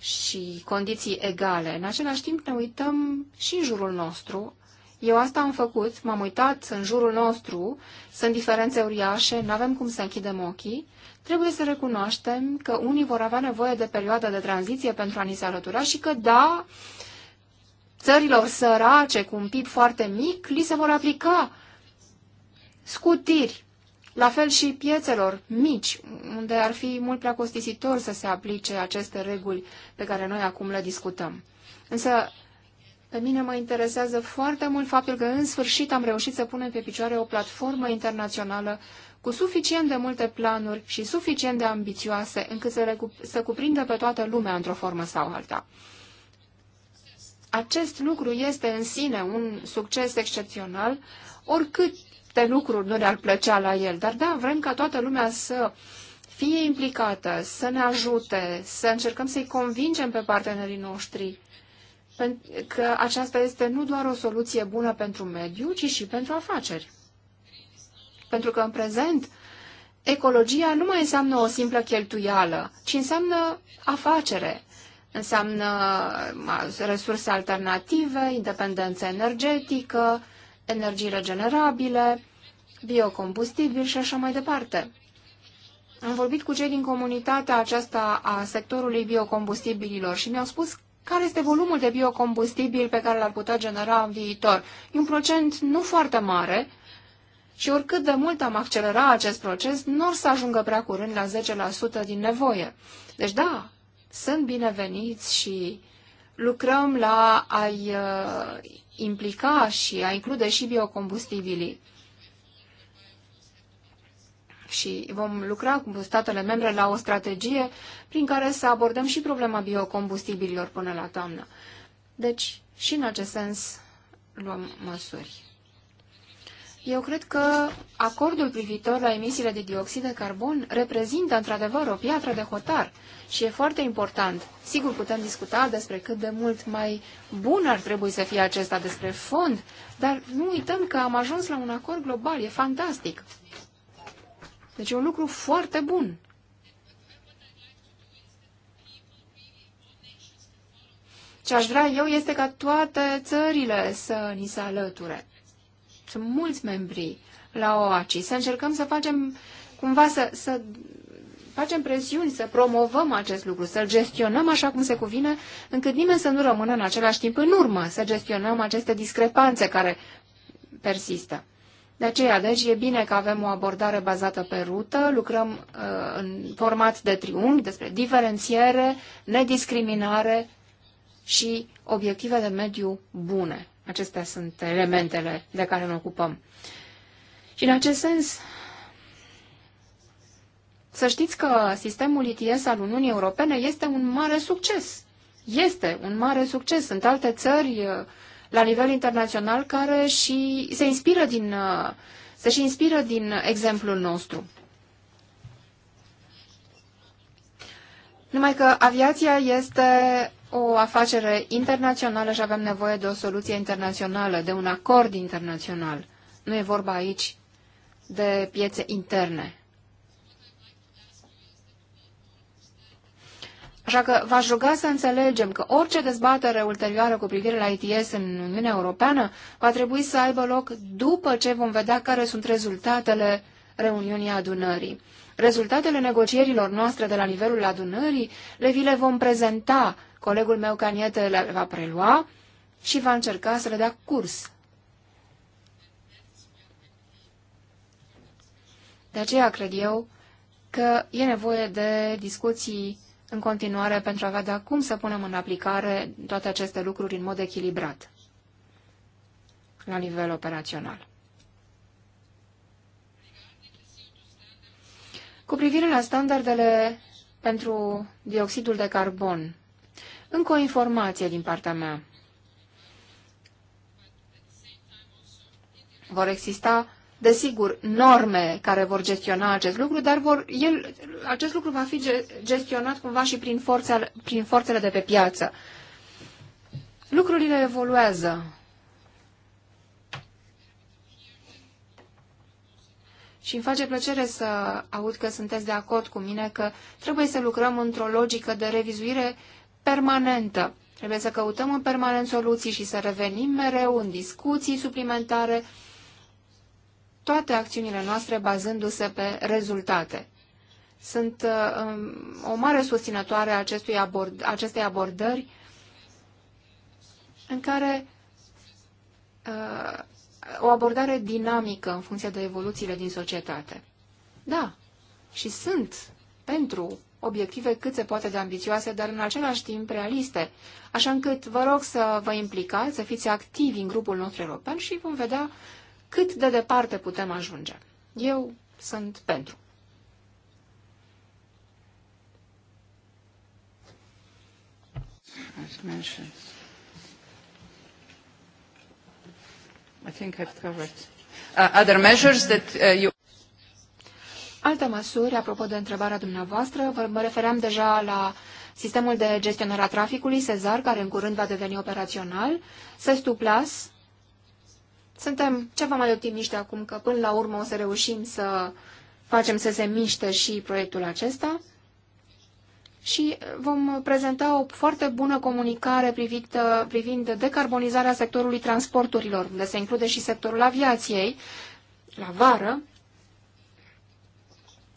și condiții egale. În același timp ne uităm și în jurul nostru. Eu asta am făcut, m-am uitat în jurul nostru, sunt diferențe uriașe, nu avem cum să închidem ochii. Trebuie să recunoaștem că unii vor avea nevoie de perioada de tranziție pentru a ni se alătura și că, da, țărilor sărace cu un PIB foarte mic, li se vor aplica scutiri. La fel și piețelor mici, unde ar fi mult prea costisitor să se aplice aceste reguli pe care noi acum le discutăm. Însă, pe mine mă interesează foarte mult faptul că în sfârșit am reușit să punem pe picioare o platformă internațională cu suficient de multe planuri și suficient de ambițioase încât să, să cuprindă pe toată lumea într-o formă sau alta. Acest lucru este în sine un succes excepțional, oricât de lucruri nu ne-ar plăcea la el. Dar da, vrem ca toată lumea să fie implicată, să ne ajute, să încercăm să-i convingem pe partenerii noștri că aceasta este nu doar o soluție bună pentru mediu, ci și pentru afaceri. Pentru că în prezent, ecologia nu mai înseamnă o simplă cheltuială, ci înseamnă afacere, înseamnă resurse alternative, independență energetică, energii regenerabile, biocombustibil și așa mai departe. Am vorbit cu cei din comunitatea aceasta a sectorului biocombustibililor și mi-au spus care este volumul de biocombustibil pe care l-ar putea genera în viitor. E un procent nu foarte mare și oricât de mult am accelera acest proces, nu o să ajungă prea curând la 10% din nevoie. Deci da, sunt bineveniți și lucrăm la a-i uh, implica și a include și biocombustibilii. Și vom lucra cu statele membre la o strategie prin care să abordăm și problema biocombustibililor până la toamnă. Deci, și în acest sens luăm măsuri. Eu cred că acordul privitor la emisiile de dioxid de carbon reprezintă într-adevăr o piatră de hotar și e foarte important. Sigur, putem discuta despre cât de mult mai bun ar trebui să fie acesta despre fond, dar nu uităm că am ajuns la un acord global, e fantastic. Deci e un lucru foarte bun. Ce aș vrea eu este ca toate țările să ni se alăture sunt mulți membri la OACI, să încercăm să facem cumva să, să facem presiuni, să promovăm acest lucru, să-l gestionăm așa cum se cuvine, încât nimeni să nu rămână în același timp în urmă, să gestionăm aceste discrepanțe care persistă. De aceea, deci, e bine că avem o abordare bazată pe rută, lucrăm uh, în format de triunghi despre diferențiere, nediscriminare și obiective de mediu bune. Acestea sunt elementele de care ne ocupăm. Și în acest sens, să știți că sistemul ITS al Uniunii Europene este un mare succes. Este un mare succes. Sunt alte țări uh, la nivel internațional care și se inspiră din, uh, se și inspiră din exemplul nostru. Numai că aviația este o afacere internațională și avem nevoie de o soluție internațională, de un acord internațional. Nu e vorba aici de piețe interne. Așa că v-aș ruga să înțelegem că orice dezbatere ulterioară cu privire la ITS în Uniunea Europeană va trebui să aibă loc după ce vom vedea care sunt rezultatele reuniunii adunării. Rezultatele negocierilor noastre de la nivelul adunării le vi le vom prezenta Colegul meu, Caniete, le va prelua și va încerca să le dea curs. De aceea cred eu că e nevoie de discuții în continuare pentru a vedea cum să punem în aplicare toate aceste lucruri în mod echilibrat la nivel operațional. Cu privire la standardele pentru dioxidul de carbon, încă o informație din partea mea. Vor exista, desigur, norme care vor gestiona acest lucru, dar vor, el, acest lucru va fi gestionat cumva și prin, forța, prin forțele de pe piață. Lucrurile evoluează. Și îmi face plăcere să aud că sunteți de acord cu mine că trebuie să lucrăm într-o logică de revizuire permanentă. Trebuie să căutăm în permanent soluții și să revenim mereu în discuții suplimentare, toate acțiunile noastre bazându-se pe rezultate. Sunt um, o mare susținătoare a acestui abord, acestei abordări în care uh, o abordare dinamică în funcție de evoluțiile din societate. Da, și sunt pentru obiective cât se poate de ambițioase, dar în același timp realiste. Așa încât vă rog să vă implicați, să fiți activi în grupul nostru european și vom vedea cât de departe putem ajunge. Eu sunt pentru. I think I've covered uh, other measures that uh, you Alte măsuri, apropo de întrebarea dumneavoastră, mă refeream deja la sistemul de gestionare a traficului, Sezar, care în curând va deveni operațional, Sestu Plus. Suntem ceva mai optimiști acum că până la urmă o să reușim să facem să se miște și proiectul acesta și vom prezenta o foarte bună comunicare privind, privind decarbonizarea sectorului transporturilor, unde se include și sectorul aviației, la vară,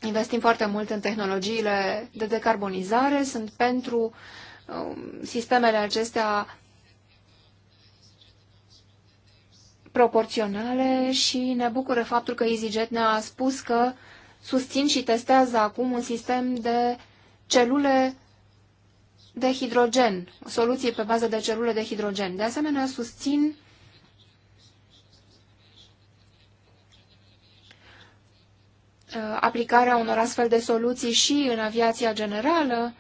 investim foarte mult în tehnologiile de decarbonizare, sunt pentru um, sistemele acestea proporționale și ne bucură faptul că EasyJet ne-a spus că susțin și testează acum un sistem de celule de hidrogen, soluții pe bază de celule de hidrogen. De asemenea, susțin Uh, aplicarea unor astfel de soluții și în aviația generală.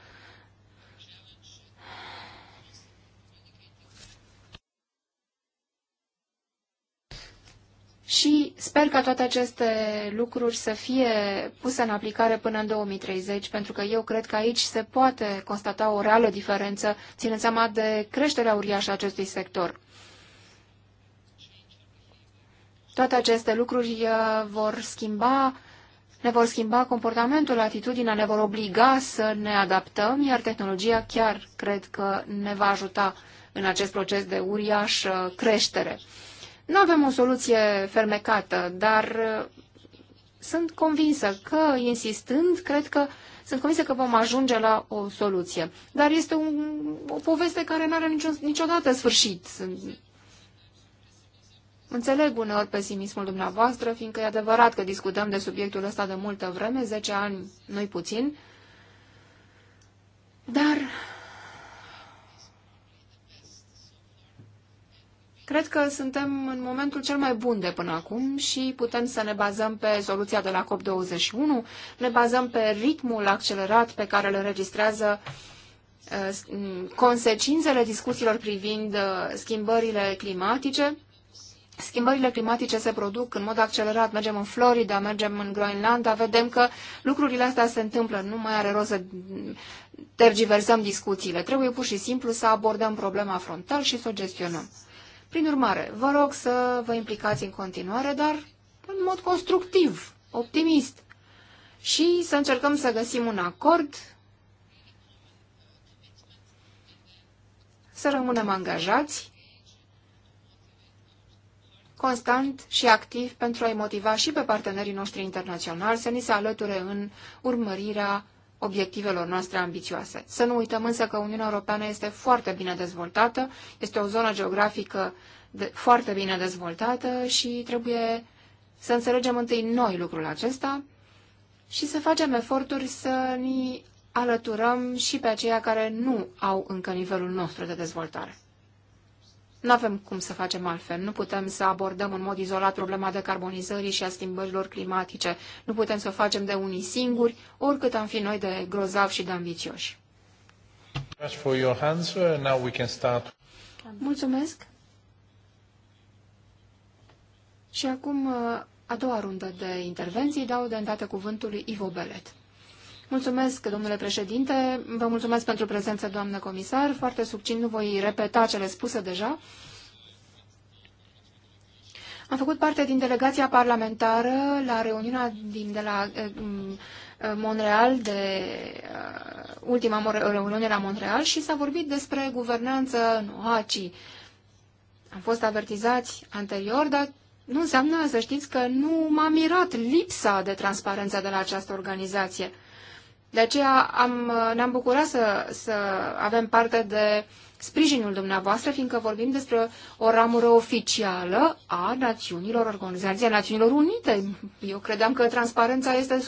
Și sper ca toate aceste lucruri să fie puse în aplicare până în 2030, pentru că eu cred că aici se poate constata o reală diferență, ținând seama de creșterea uriașă a acestui sector. Toate aceste lucruri uh, vor schimba ne vor schimba comportamentul, atitudinea, ne vor obliga să ne adaptăm, iar tehnologia chiar cred că ne va ajuta în acest proces de uriaș uh, creștere. Nu avem o soluție fermecată, dar uh, sunt convinsă că, insistând, cred că sunt convinsă că vom ajunge la o soluție. Dar este un, o poveste care nu are niciodată sfârșit. Înțeleg uneori pesimismul dumneavoastră, fiindcă e adevărat că discutăm de subiectul ăsta de multă vreme, 10 ani, nu puțin, dar Cred că suntem în momentul cel mai bun de până acum și putem să ne bazăm pe soluția de la COP21, ne bazăm pe ritmul accelerat pe care îl înregistrează uh, consecințele discuțiilor privind uh, schimbările climatice Schimbările climatice se produc în mod accelerat. Mergem în Florida, mergem în Groenlanda, vedem că lucrurile astea se întâmplă. Nu mai are rost să tergiversăm discuțiile. Trebuie pur și simplu să abordăm problema frontal și să o gestionăm. Prin urmare, vă rog să vă implicați în continuare, dar în mod constructiv, optimist. Și să încercăm să găsim un acord, să rămânem angajați constant și activ pentru a-i motiva și pe partenerii noștri internaționali să ni se alăture în urmărirea obiectivelor noastre ambițioase. Să nu uităm însă că Uniunea Europeană este foarte bine dezvoltată, este o zonă geografică de, foarte bine dezvoltată și trebuie să înțelegem întâi noi lucrul acesta și să facem eforturi să ni alăturăm și pe aceia care nu au încă nivelul nostru de dezvoltare. Nu avem cum să facem altfel. Nu putem să abordăm în mod izolat problema decarbonizării și a schimbărilor climatice. Nu putem să o facem de unii singuri, oricât am fi noi de grozavi și de ambițioși. Uh, Mulțumesc. Și acum, uh, a doua rundă de intervenții, dau de îndată cuvântul lui Ivo Belet. Mulțumesc, domnule președinte, vă mulțumesc pentru prezență, doamnă comisar. Foarte subțin, nu voi repeta cele spuse deja. Am făcut parte din delegația parlamentară la reuniunea din, de la eh, mm, Montreal, de eh, ultima reuniune la Montreal și s-a vorbit despre guvernanță în OACI. Am fost avertizați anterior, dar nu înseamnă, să știți, că nu m-a mirat lipsa de transparență de la această organizație. De aceea am, ne-am bucurat să, să avem parte de sprijinul dumneavoastră, fiindcă vorbim despre o ramură oficială a Națiunilor, Organizația Națiunilor Unite. Eu credeam că transparența este 100%,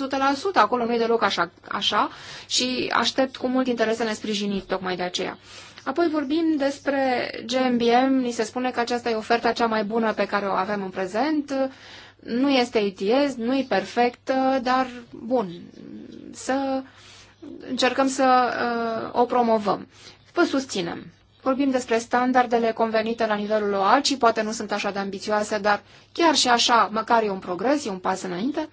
acolo nu e deloc așa, așa și aștept cu mult interes să ne sprijiniți tocmai de aceea. Apoi vorbim despre GMBM, ni se spune că aceasta e oferta cea mai bună pe care o avem în prezent. Nu este ETS, nu e perfect, dar bun, să încercăm să uh, o promovăm. Vă susținem. Vorbim despre standardele convenite la nivelul OACI, și poate nu sunt așa de ambițioase, dar chiar și așa, măcar e un progres, e un pas înainte.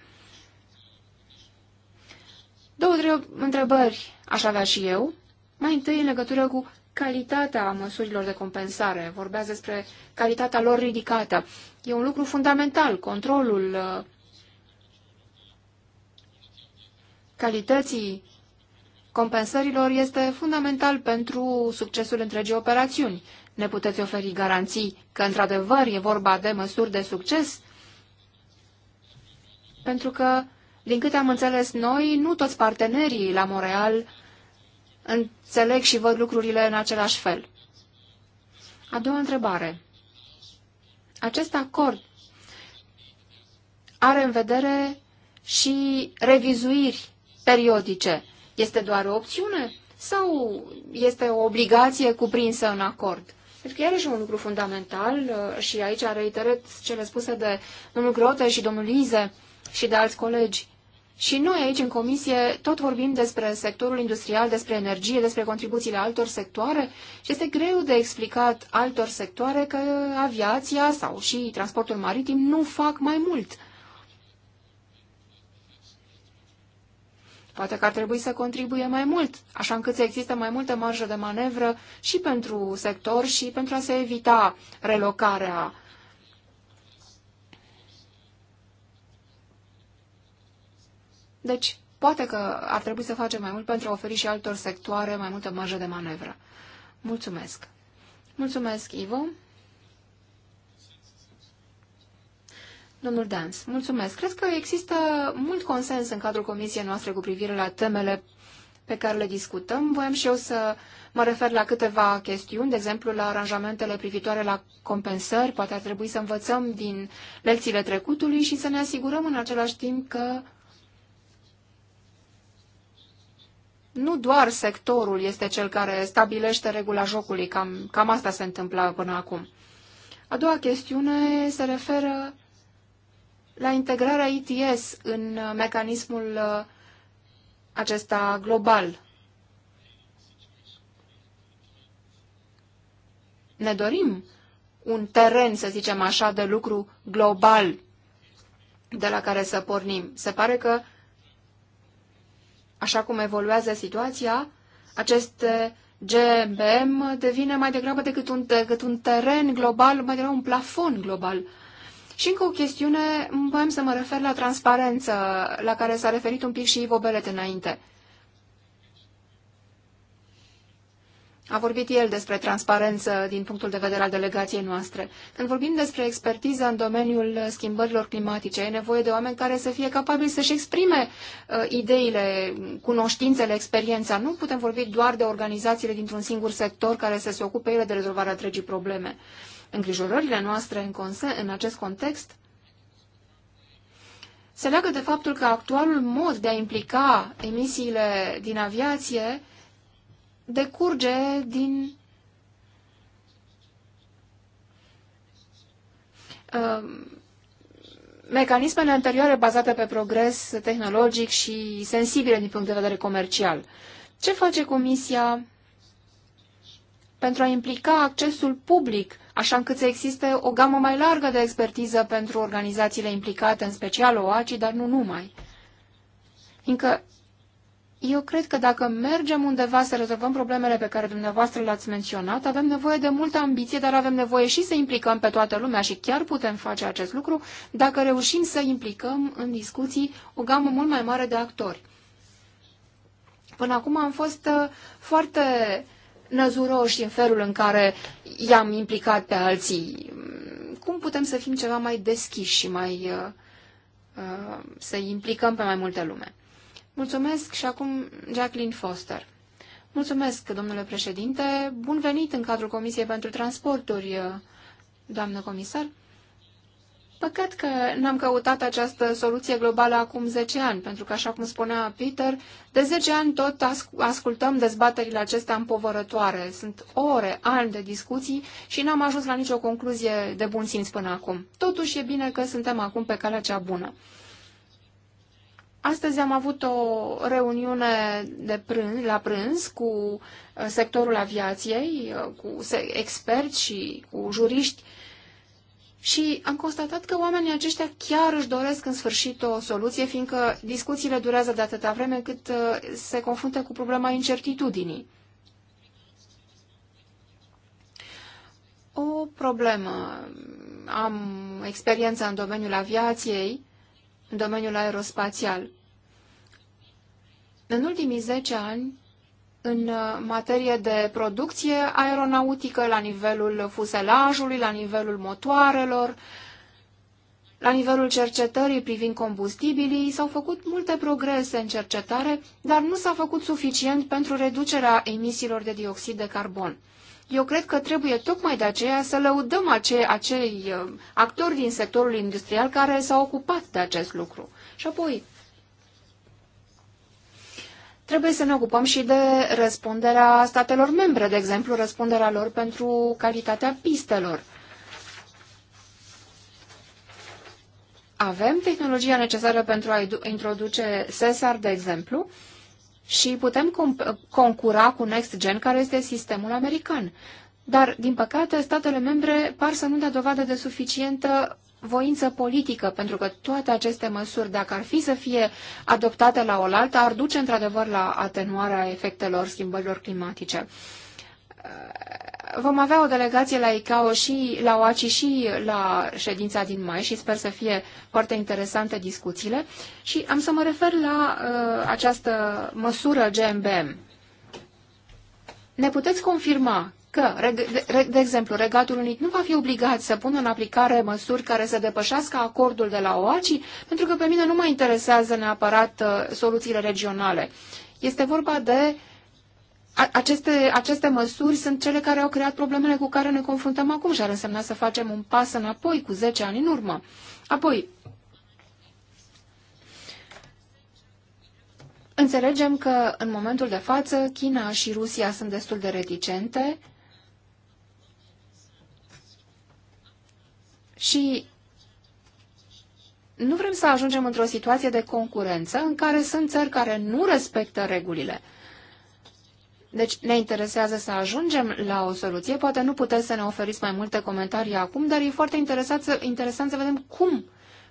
Două, trei întrebări aș avea și eu. Mai întâi, în legătură cu calitatea măsurilor de compensare. Vorbeați despre calitatea lor ridicată. E un lucru fundamental, controlul uh, calității compensărilor este fundamental pentru succesul întregii operațiuni. Ne puteți oferi garanții că, într-adevăr, e vorba de măsuri de succes? Pentru că, din câte am înțeles noi, nu toți partenerii la Montreal înțeleg și văd lucrurile în același fel. A doua întrebare. Acest acord are în vedere și revizuiri periodice este doar o opțiune sau este o obligație cuprinsă în acord? Pentru că iarăși un lucru fundamental uh, și aici reiterat cele spuse de domnul Grote și domnul Lize și de alți colegi. Și noi aici în comisie tot vorbim despre sectorul industrial, despre energie, despre contribuțiile altor sectoare și este greu de explicat altor sectoare că aviația sau și transportul maritim nu fac mai mult. Poate că ar trebui să contribuie mai mult, așa încât să existe mai multă marjă de manevră și pentru sector și pentru a se evita relocarea Deci, poate că ar trebui să facem mai mult pentru a oferi și altor sectoare mai multă marjă de manevră. Mulțumesc! Mulțumesc, Ivo! Domnul Dans, mulțumesc. Cred că există mult consens în cadrul comisiei noastre cu privire la temele pe care le discutăm. Voiam și eu să mă refer la câteva chestiuni, de exemplu la aranjamentele privitoare la compensări. Poate ar trebui să învățăm din lecțiile trecutului și să ne asigurăm în același timp că nu doar sectorul este cel care stabilește regula jocului. Cam, cam asta se întâmplă până acum. A doua chestiune se referă la integrarea ITS în uh, mecanismul uh, acesta global. Ne dorim un teren, să zicem așa, de lucru global de la care să pornim. Se pare că, așa cum evoluează situația, acest GMBM devine mai degrabă decât un, decât un teren global, mai degrabă un plafon global. Și încă o chestiune, voiam să mă refer la transparență, la care s-a referit un pic și Ivo Belet înainte. A vorbit el despre transparență din punctul de vedere al delegației noastre. Când vorbim despre expertiză în domeniul schimbărilor climatice, e nevoie de oameni care să fie capabili să-și exprime uh, ideile, cunoștințele, experiența. Nu putem vorbi doar de organizațiile dintr-un singur sector care să se ocupe ele de rezolvarea întregii probleme. Uh, Îngrijorările noastre în, conse- în acest context se leagă de faptul că actualul mod de a implica emisiile din aviație decurge din uh, mecanismele anterioare bazate pe progres tehnologic și sensibile din punct de vedere comercial. Ce face Comisia pentru a implica accesul public așa încât să existe o gamă mai largă de expertiză pentru organizațiile implicate, în special OACI, dar nu numai. Fiindcă eu cred că dacă mergem undeva să rezolvăm problemele pe care dumneavoastră le-ați menționat, avem nevoie de multă ambiție, dar avem nevoie și să implicăm pe toată lumea și chiar putem face acest lucru dacă reușim să implicăm în discuții o gamă mult mai mare de actori. Până acum am fost uh, foarte năzuroși în felul în care i-am implicat pe alții. Cum putem să fim ceva mai deschiși și mai uh, uh să implicăm pe mai multă lume? Mulțumesc și acum Jacqueline Foster. Mulțumesc, domnule președinte. Bun venit în cadrul Comisiei pentru Transporturi, uh, doamnă comisar. Păcat că n-am căutat această soluție globală acum 10 ani, pentru că, așa cum spunea Peter, de 10 ani tot ascultăm dezbaterile acestea împovărătoare. Sunt ore, ani de discuții și n-am ajuns la nicio concluzie de bun simț până acum. Totuși e bine că suntem acum pe calea cea bună. Astăzi am avut o reuniune de prânz, la prânz cu uh, sectorul aviației, uh, cu experți și cu juriști și am constatat că oamenii aceștia chiar își doresc în sfârșit o soluție, fiindcă discuțiile durează de atâta vreme cât uh, se confruntă cu problema incertitudinii. O problemă. Am experiență în domeniul aviației, în domeniul aerospațial. În ultimii 10 ani în uh, materie de producție aeronautică, la nivelul fuselajului, la nivelul motoarelor, la nivelul cercetării privind combustibilii s-au făcut multe progrese în cercetare, dar nu s-a făcut suficient pentru reducerea emisiilor de dioxid de carbon. Eu cred că trebuie tocmai de aceea să lăudăm acei, acei uh, actori din sectorul industrial care s-au ocupat de acest lucru. Și apoi, Trebuie să ne ocupăm și de răspunderea statelor membre, de exemplu, răspunderea lor pentru calitatea pistelor. Avem tehnologia necesară pentru a introduce SESAR, de exemplu, și putem concura cu Next Gen, care este sistemul american. Dar, din păcate, statele membre par să nu dea dovadă de suficientă voință politică, pentru că toate aceste măsuri, dacă ar fi să fie adoptate la oaltă, ar duce într-adevăr la atenuarea efectelor schimbărilor climatice. Vom avea o delegație la ICAO și la OACI și la ședința din mai și sper să fie foarte interesante discuțiile și am să mă refer la uh, această măsură GMBM. Ne puteți confirma că, de exemplu, Regatul Unit nu va fi obligat să pună în aplicare măsuri care să depășească acordul de la OACI, pentru că pe mine nu mă interesează neapărat uh, soluțiile regionale. Este vorba de aceste, aceste măsuri sunt cele care au creat problemele cu care ne confruntăm acum și ar însemna să facem un pas înapoi cu 10 ani în urmă. Apoi, înțelegem că în momentul de față China și Rusia sunt destul de reticente Și nu vrem să ajungem într-o situație de concurență în care sunt țări care nu respectă regulile. Deci ne interesează să ajungem la o soluție. Poate nu puteți să ne oferiți mai multe comentarii acum, dar e foarte interesant să, interesant să vedem cum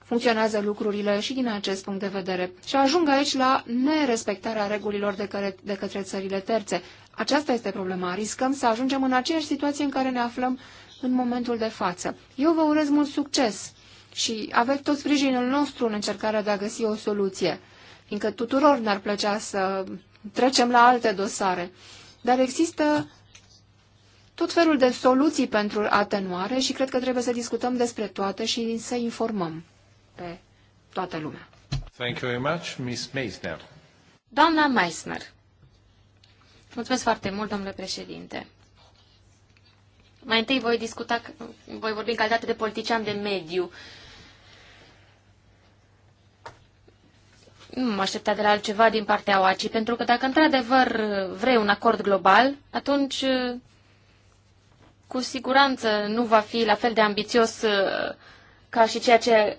funcționează lucrurile și din acest punct de vedere. Și ajung aici la nerespectarea regulilor de, care, de către țările terțe. Aceasta este problema. Riscăm să ajungem în aceeași situație în care ne aflăm în momentul de față. Eu vă urez mult succes și aveți tot sprijinul nostru în încercarea de a găsi o soluție, fiindcă tuturor ne-ar plăcea să trecem la alte dosare. Dar există tot felul de soluții pentru atenuare și cred că trebuie să discutăm despre toate și să informăm pe toată lumea. Thank you very much, Miss Meisner. Doamna Meisner. Mulțumesc foarte mult, domnule președinte. Mai întâi voi discuta, voi vorbi în calitate de politician de mediu. Nu mă aștepta de la altceva din partea OACI, pentru că dacă într-adevăr vrei un acord global, atunci cu siguranță nu va fi la fel de ambițios ca și ceea ce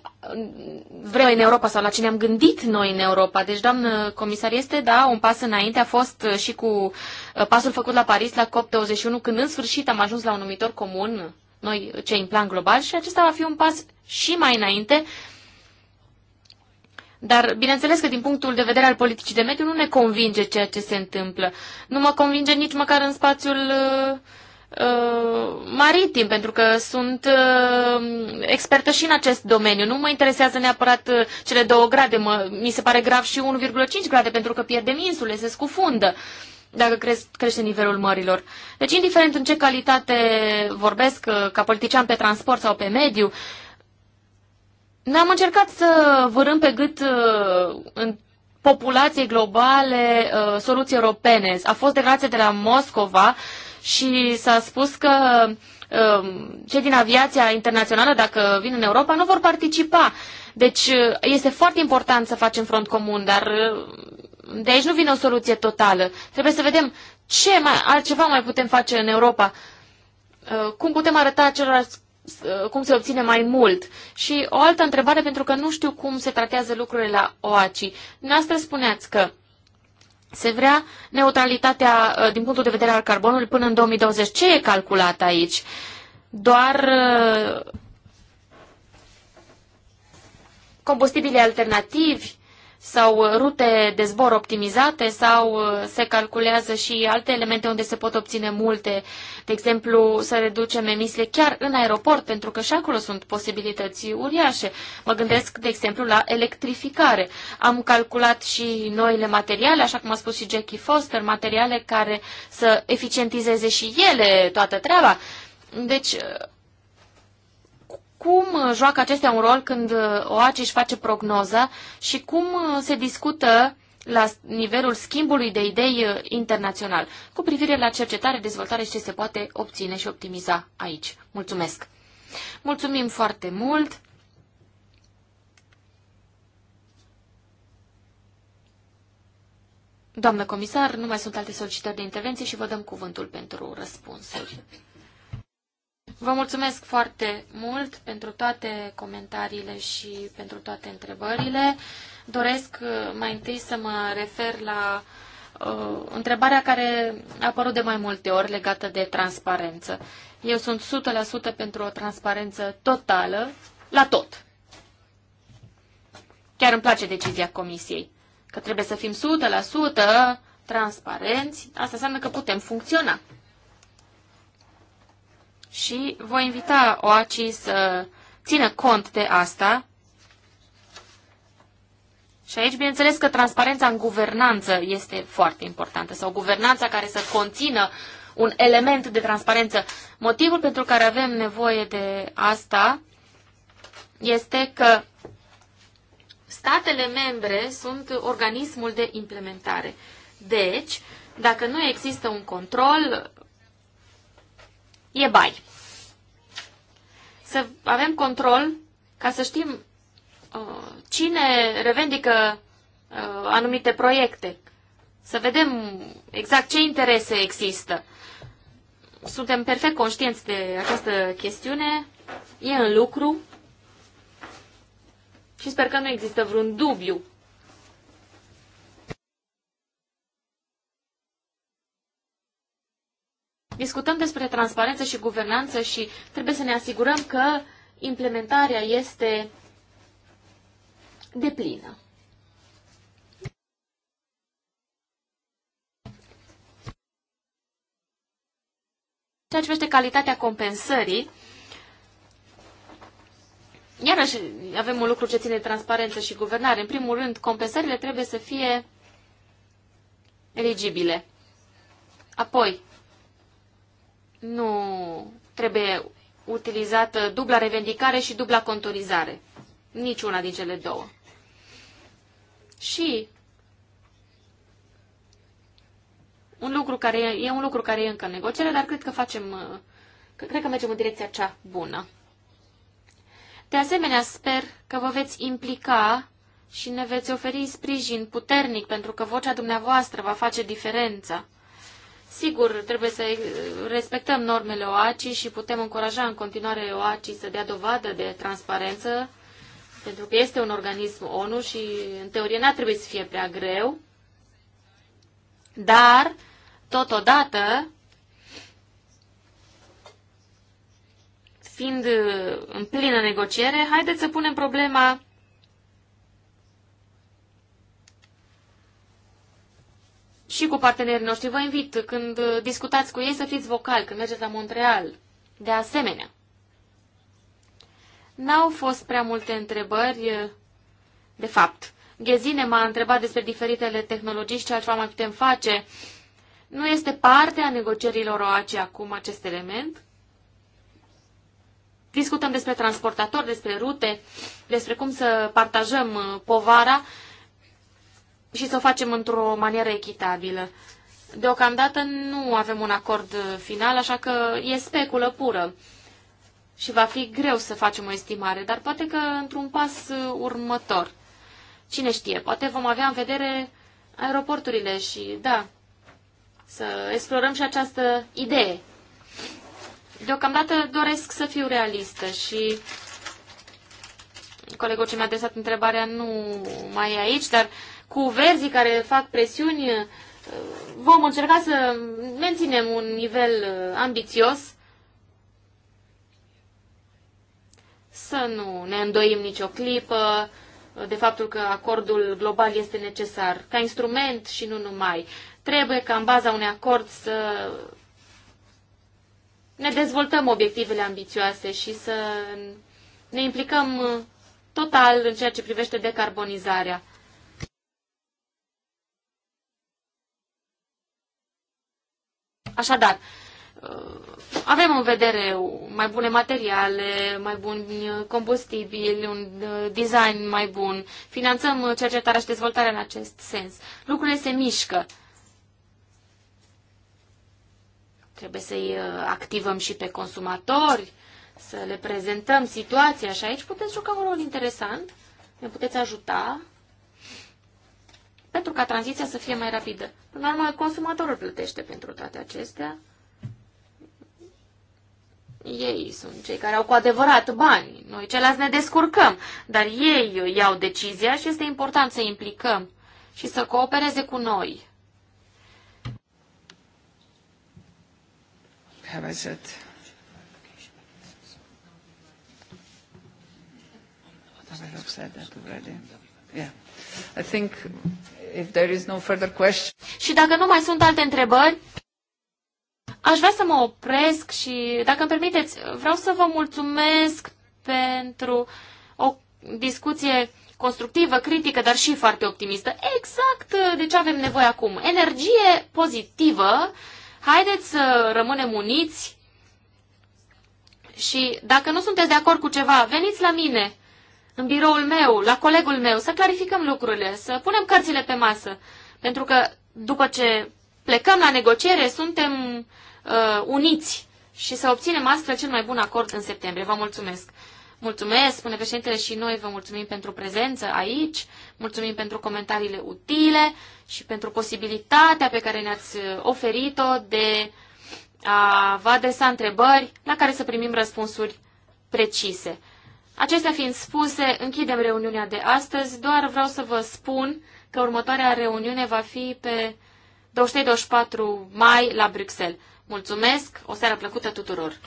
vreau în Europa sau la ce ne-am gândit noi în Europa. Deci, doamnă comisar, este, da, un pas înainte. A fost uh, și cu uh, pasul făcut la Paris, la COP21, când în sfârșit am ajuns la un numitor comun, noi cei în plan global, și acesta va fi un pas și mai înainte. Dar, bineînțeles că din punctul de vedere al politicii de mediu nu ne convinge ceea ce se întâmplă. Nu mă convinge nici măcar în spațiul uh, Uh, maritim, pentru că sunt uh, expertă și în acest domeniu. Nu mă interesează neapărat uh, cele două grade, mă, mi se pare grav și 1,5 grade, pentru că pierdem insule, se scufundă dacă cresc, crește nivelul mărilor. Deci, indiferent în ce calitate vorbesc, uh, ca politician pe transport sau pe mediu, ne-am încercat să vârâm pe gât uh, în populației globale uh, soluții europene. A fost declarație de la Moscova uh, și s-a spus că um, cei din aviația internațională, dacă vin în Europa, nu vor participa. Deci uh, este foarte important să facem front comun, dar uh, de aici nu vine o soluție totală. Trebuie să vedem ce mai, altceva mai putem face în Europa, uh, cum putem arăta celorlalți cum se obține mai mult. Și o altă întrebare, pentru că nu știu cum se tratează lucrurile la OACI. Noastră spuneați că se vrea neutralitatea uh, din punctul de vedere al carbonului până în 2020. Ce e calculat aici? Doar uh, combustibili alternativi sau uh, rute de zbor optimizate sau uh, se calculează și alte elemente unde se pot obține multe, de exemplu să reducem emisiile chiar în aeroport, pentru că și acolo sunt posibilități uriașe. Mă gândesc, de exemplu, la electrificare. Am calculat și noile materiale, așa cum a spus și Jackie Foster, materiale care să eficientizeze și ele toată treaba. Deci, uh, cum uh, joacă acestea un rol când uh, OACI își face prognoza și cum uh, se discută la nivelul schimbului de idei internațional cu privire la cercetare, dezvoltare și ce se poate obține și optimiza aici. Mulțumesc! Mulțumim foarte mult! Doamnă comisar, nu mai sunt alte solicitări de intervenție și vă dăm cuvântul pentru răspunsuri. Vă mulțumesc foarte mult pentru toate comentariile și pentru toate întrebările. Doresc uh, mai întâi să mă refer la uh, întrebarea care a apărut de mai multe ori legată de transparență. Eu sunt 100% pentru o transparență totală la tot. Chiar îmi place decizia comisiei că trebuie să fim 100% transparenți. Asta înseamnă că putem funcționa și voi invita OACI să țină cont de asta. Și aici, bineînțeles că transparența în guvernanță este foarte importantă, sau guvernanța care să conțină un element de transparență. Motivul pentru care avem nevoie de asta este că statele membre sunt organismul de implementare. Deci, dacă nu există un control, e bai. Să avem control ca să știm uh, cine revendică uh, anumite proiecte. Să vedem exact ce interese există. Suntem perfect conștienți de această chestiune, e în lucru și sper că nu există vreun dubiu Discutăm despre transparență și guvernanță și trebuie să ne asigurăm că implementarea este deplină. ceea ce vește calitatea compensării, iarăși avem un lucru ce ține de transparență și guvernare. În primul rând, compensările trebuie să fie eligibile. Apoi, nu trebuie utilizată dubla revendicare și dubla contorizare. Niciuna din cele două. Și un lucru care e, e un lucru care e încă în negociere, dar cred că facem, cred că mergem în direcția cea bună. De asemenea, sper că vă veți implica și ne veți oferi sprijin puternic, pentru că vocea dumneavoastră va face diferența. Sigur, trebuie să respectăm normele OACI și putem încuraja în continuare OACI să dea dovadă de transparență, pentru că este un organism ONU și, în teorie, n-ar trebui să fie prea greu, dar, totodată, fiind în plină negociere, haideți să punem problema și cu partenerii noștri. Vă invit, când discutați cu ei, să fiți vocal, când mergeți la Montreal. De asemenea, n-au fost prea multe întrebări, de fapt. Ghezine m-a întrebat despre diferitele tehnologii și ce altceva mai putem face. Nu este parte a negocierilor OACI acum acest element? Discutăm despre transportatori, despre rute, despre cum să partajăm uh, povara și să o facem într-o manieră echitabilă. Deocamdată nu avem un acord final, așa că e speculă pură și va fi greu să facem o estimare, dar poate că într-un pas următor. Cine știe, poate vom avea în vedere aeroporturile și, da, să explorăm și această idee. Deocamdată doresc să fiu realistă și colegul ce mi-a adresat întrebarea nu mai e aici, dar uh, cu verzii care fac presiuni, uh, vom încerca să menținem un nivel uh, ambițios, să nu ne îndoim nicio clipă uh, de faptul că acordul global este necesar ca instrument și nu numai. Trebuie ca în baza unui acord să ne dezvoltăm obiectivele ambițioase și să ne implicăm total în ceea ce privește decarbonizarea. Așadar, uh, avem în vedere mai bune materiale, mai buni uh, combustibili, un uh, design mai bun. Finanțăm cercetarea și dezvoltarea în acest sens. Lucrurile se mișcă. Trebuie să-i activăm și pe consumatori, să le prezentăm situația și aici puteți juca un rol interesant. Ne puteți ajuta pentru ca tranziția să fie mai rapidă. Normal, urmă, consumatorul plătește pentru toate acestea. Ei sunt cei care au cu adevărat bani. Noi ceilalți ne descurcăm, dar ei iau decizia și este important să implicăm și să coopereze cu noi. Have I said? Have I said that already? Yeah. I think if there is no further question... Și dacă nu mai sunt alte întrebări, aș vrea să mă opresc și, dacă îmi permiteți, vreau să vă mulțumesc pentru o discuție constructivă, critică, dar și foarte optimistă. Exact uh, de ce avem nevoie acum. Energie pozitivă, haideți să rămânem uniți și dacă nu sunteți de acord cu ceva, veniți la mine în biroul meu, la colegul meu, să clarificăm lucrurile, să punem cărțile pe masă. Pentru că după ce plecăm la negociere, suntem uh, uniți și să obținem astfel cel mai bun acord în septembrie. Vă mulțumesc! Mulțumesc, spune președintele, și noi vă mulțumim pentru prezență aici, mulțumim pentru comentariile utile și pentru posibilitatea pe care ne-ați uh, oferit-o de a vă adresa întrebări la care să primim răspunsuri precise. Acestea fiind spuse, închidem reuniunea de astăzi. Doar vreau să vă spun că următoarea reuniune va fi pe 23-24 mai la Bruxelles. Mulțumesc, o seară plăcută tuturor!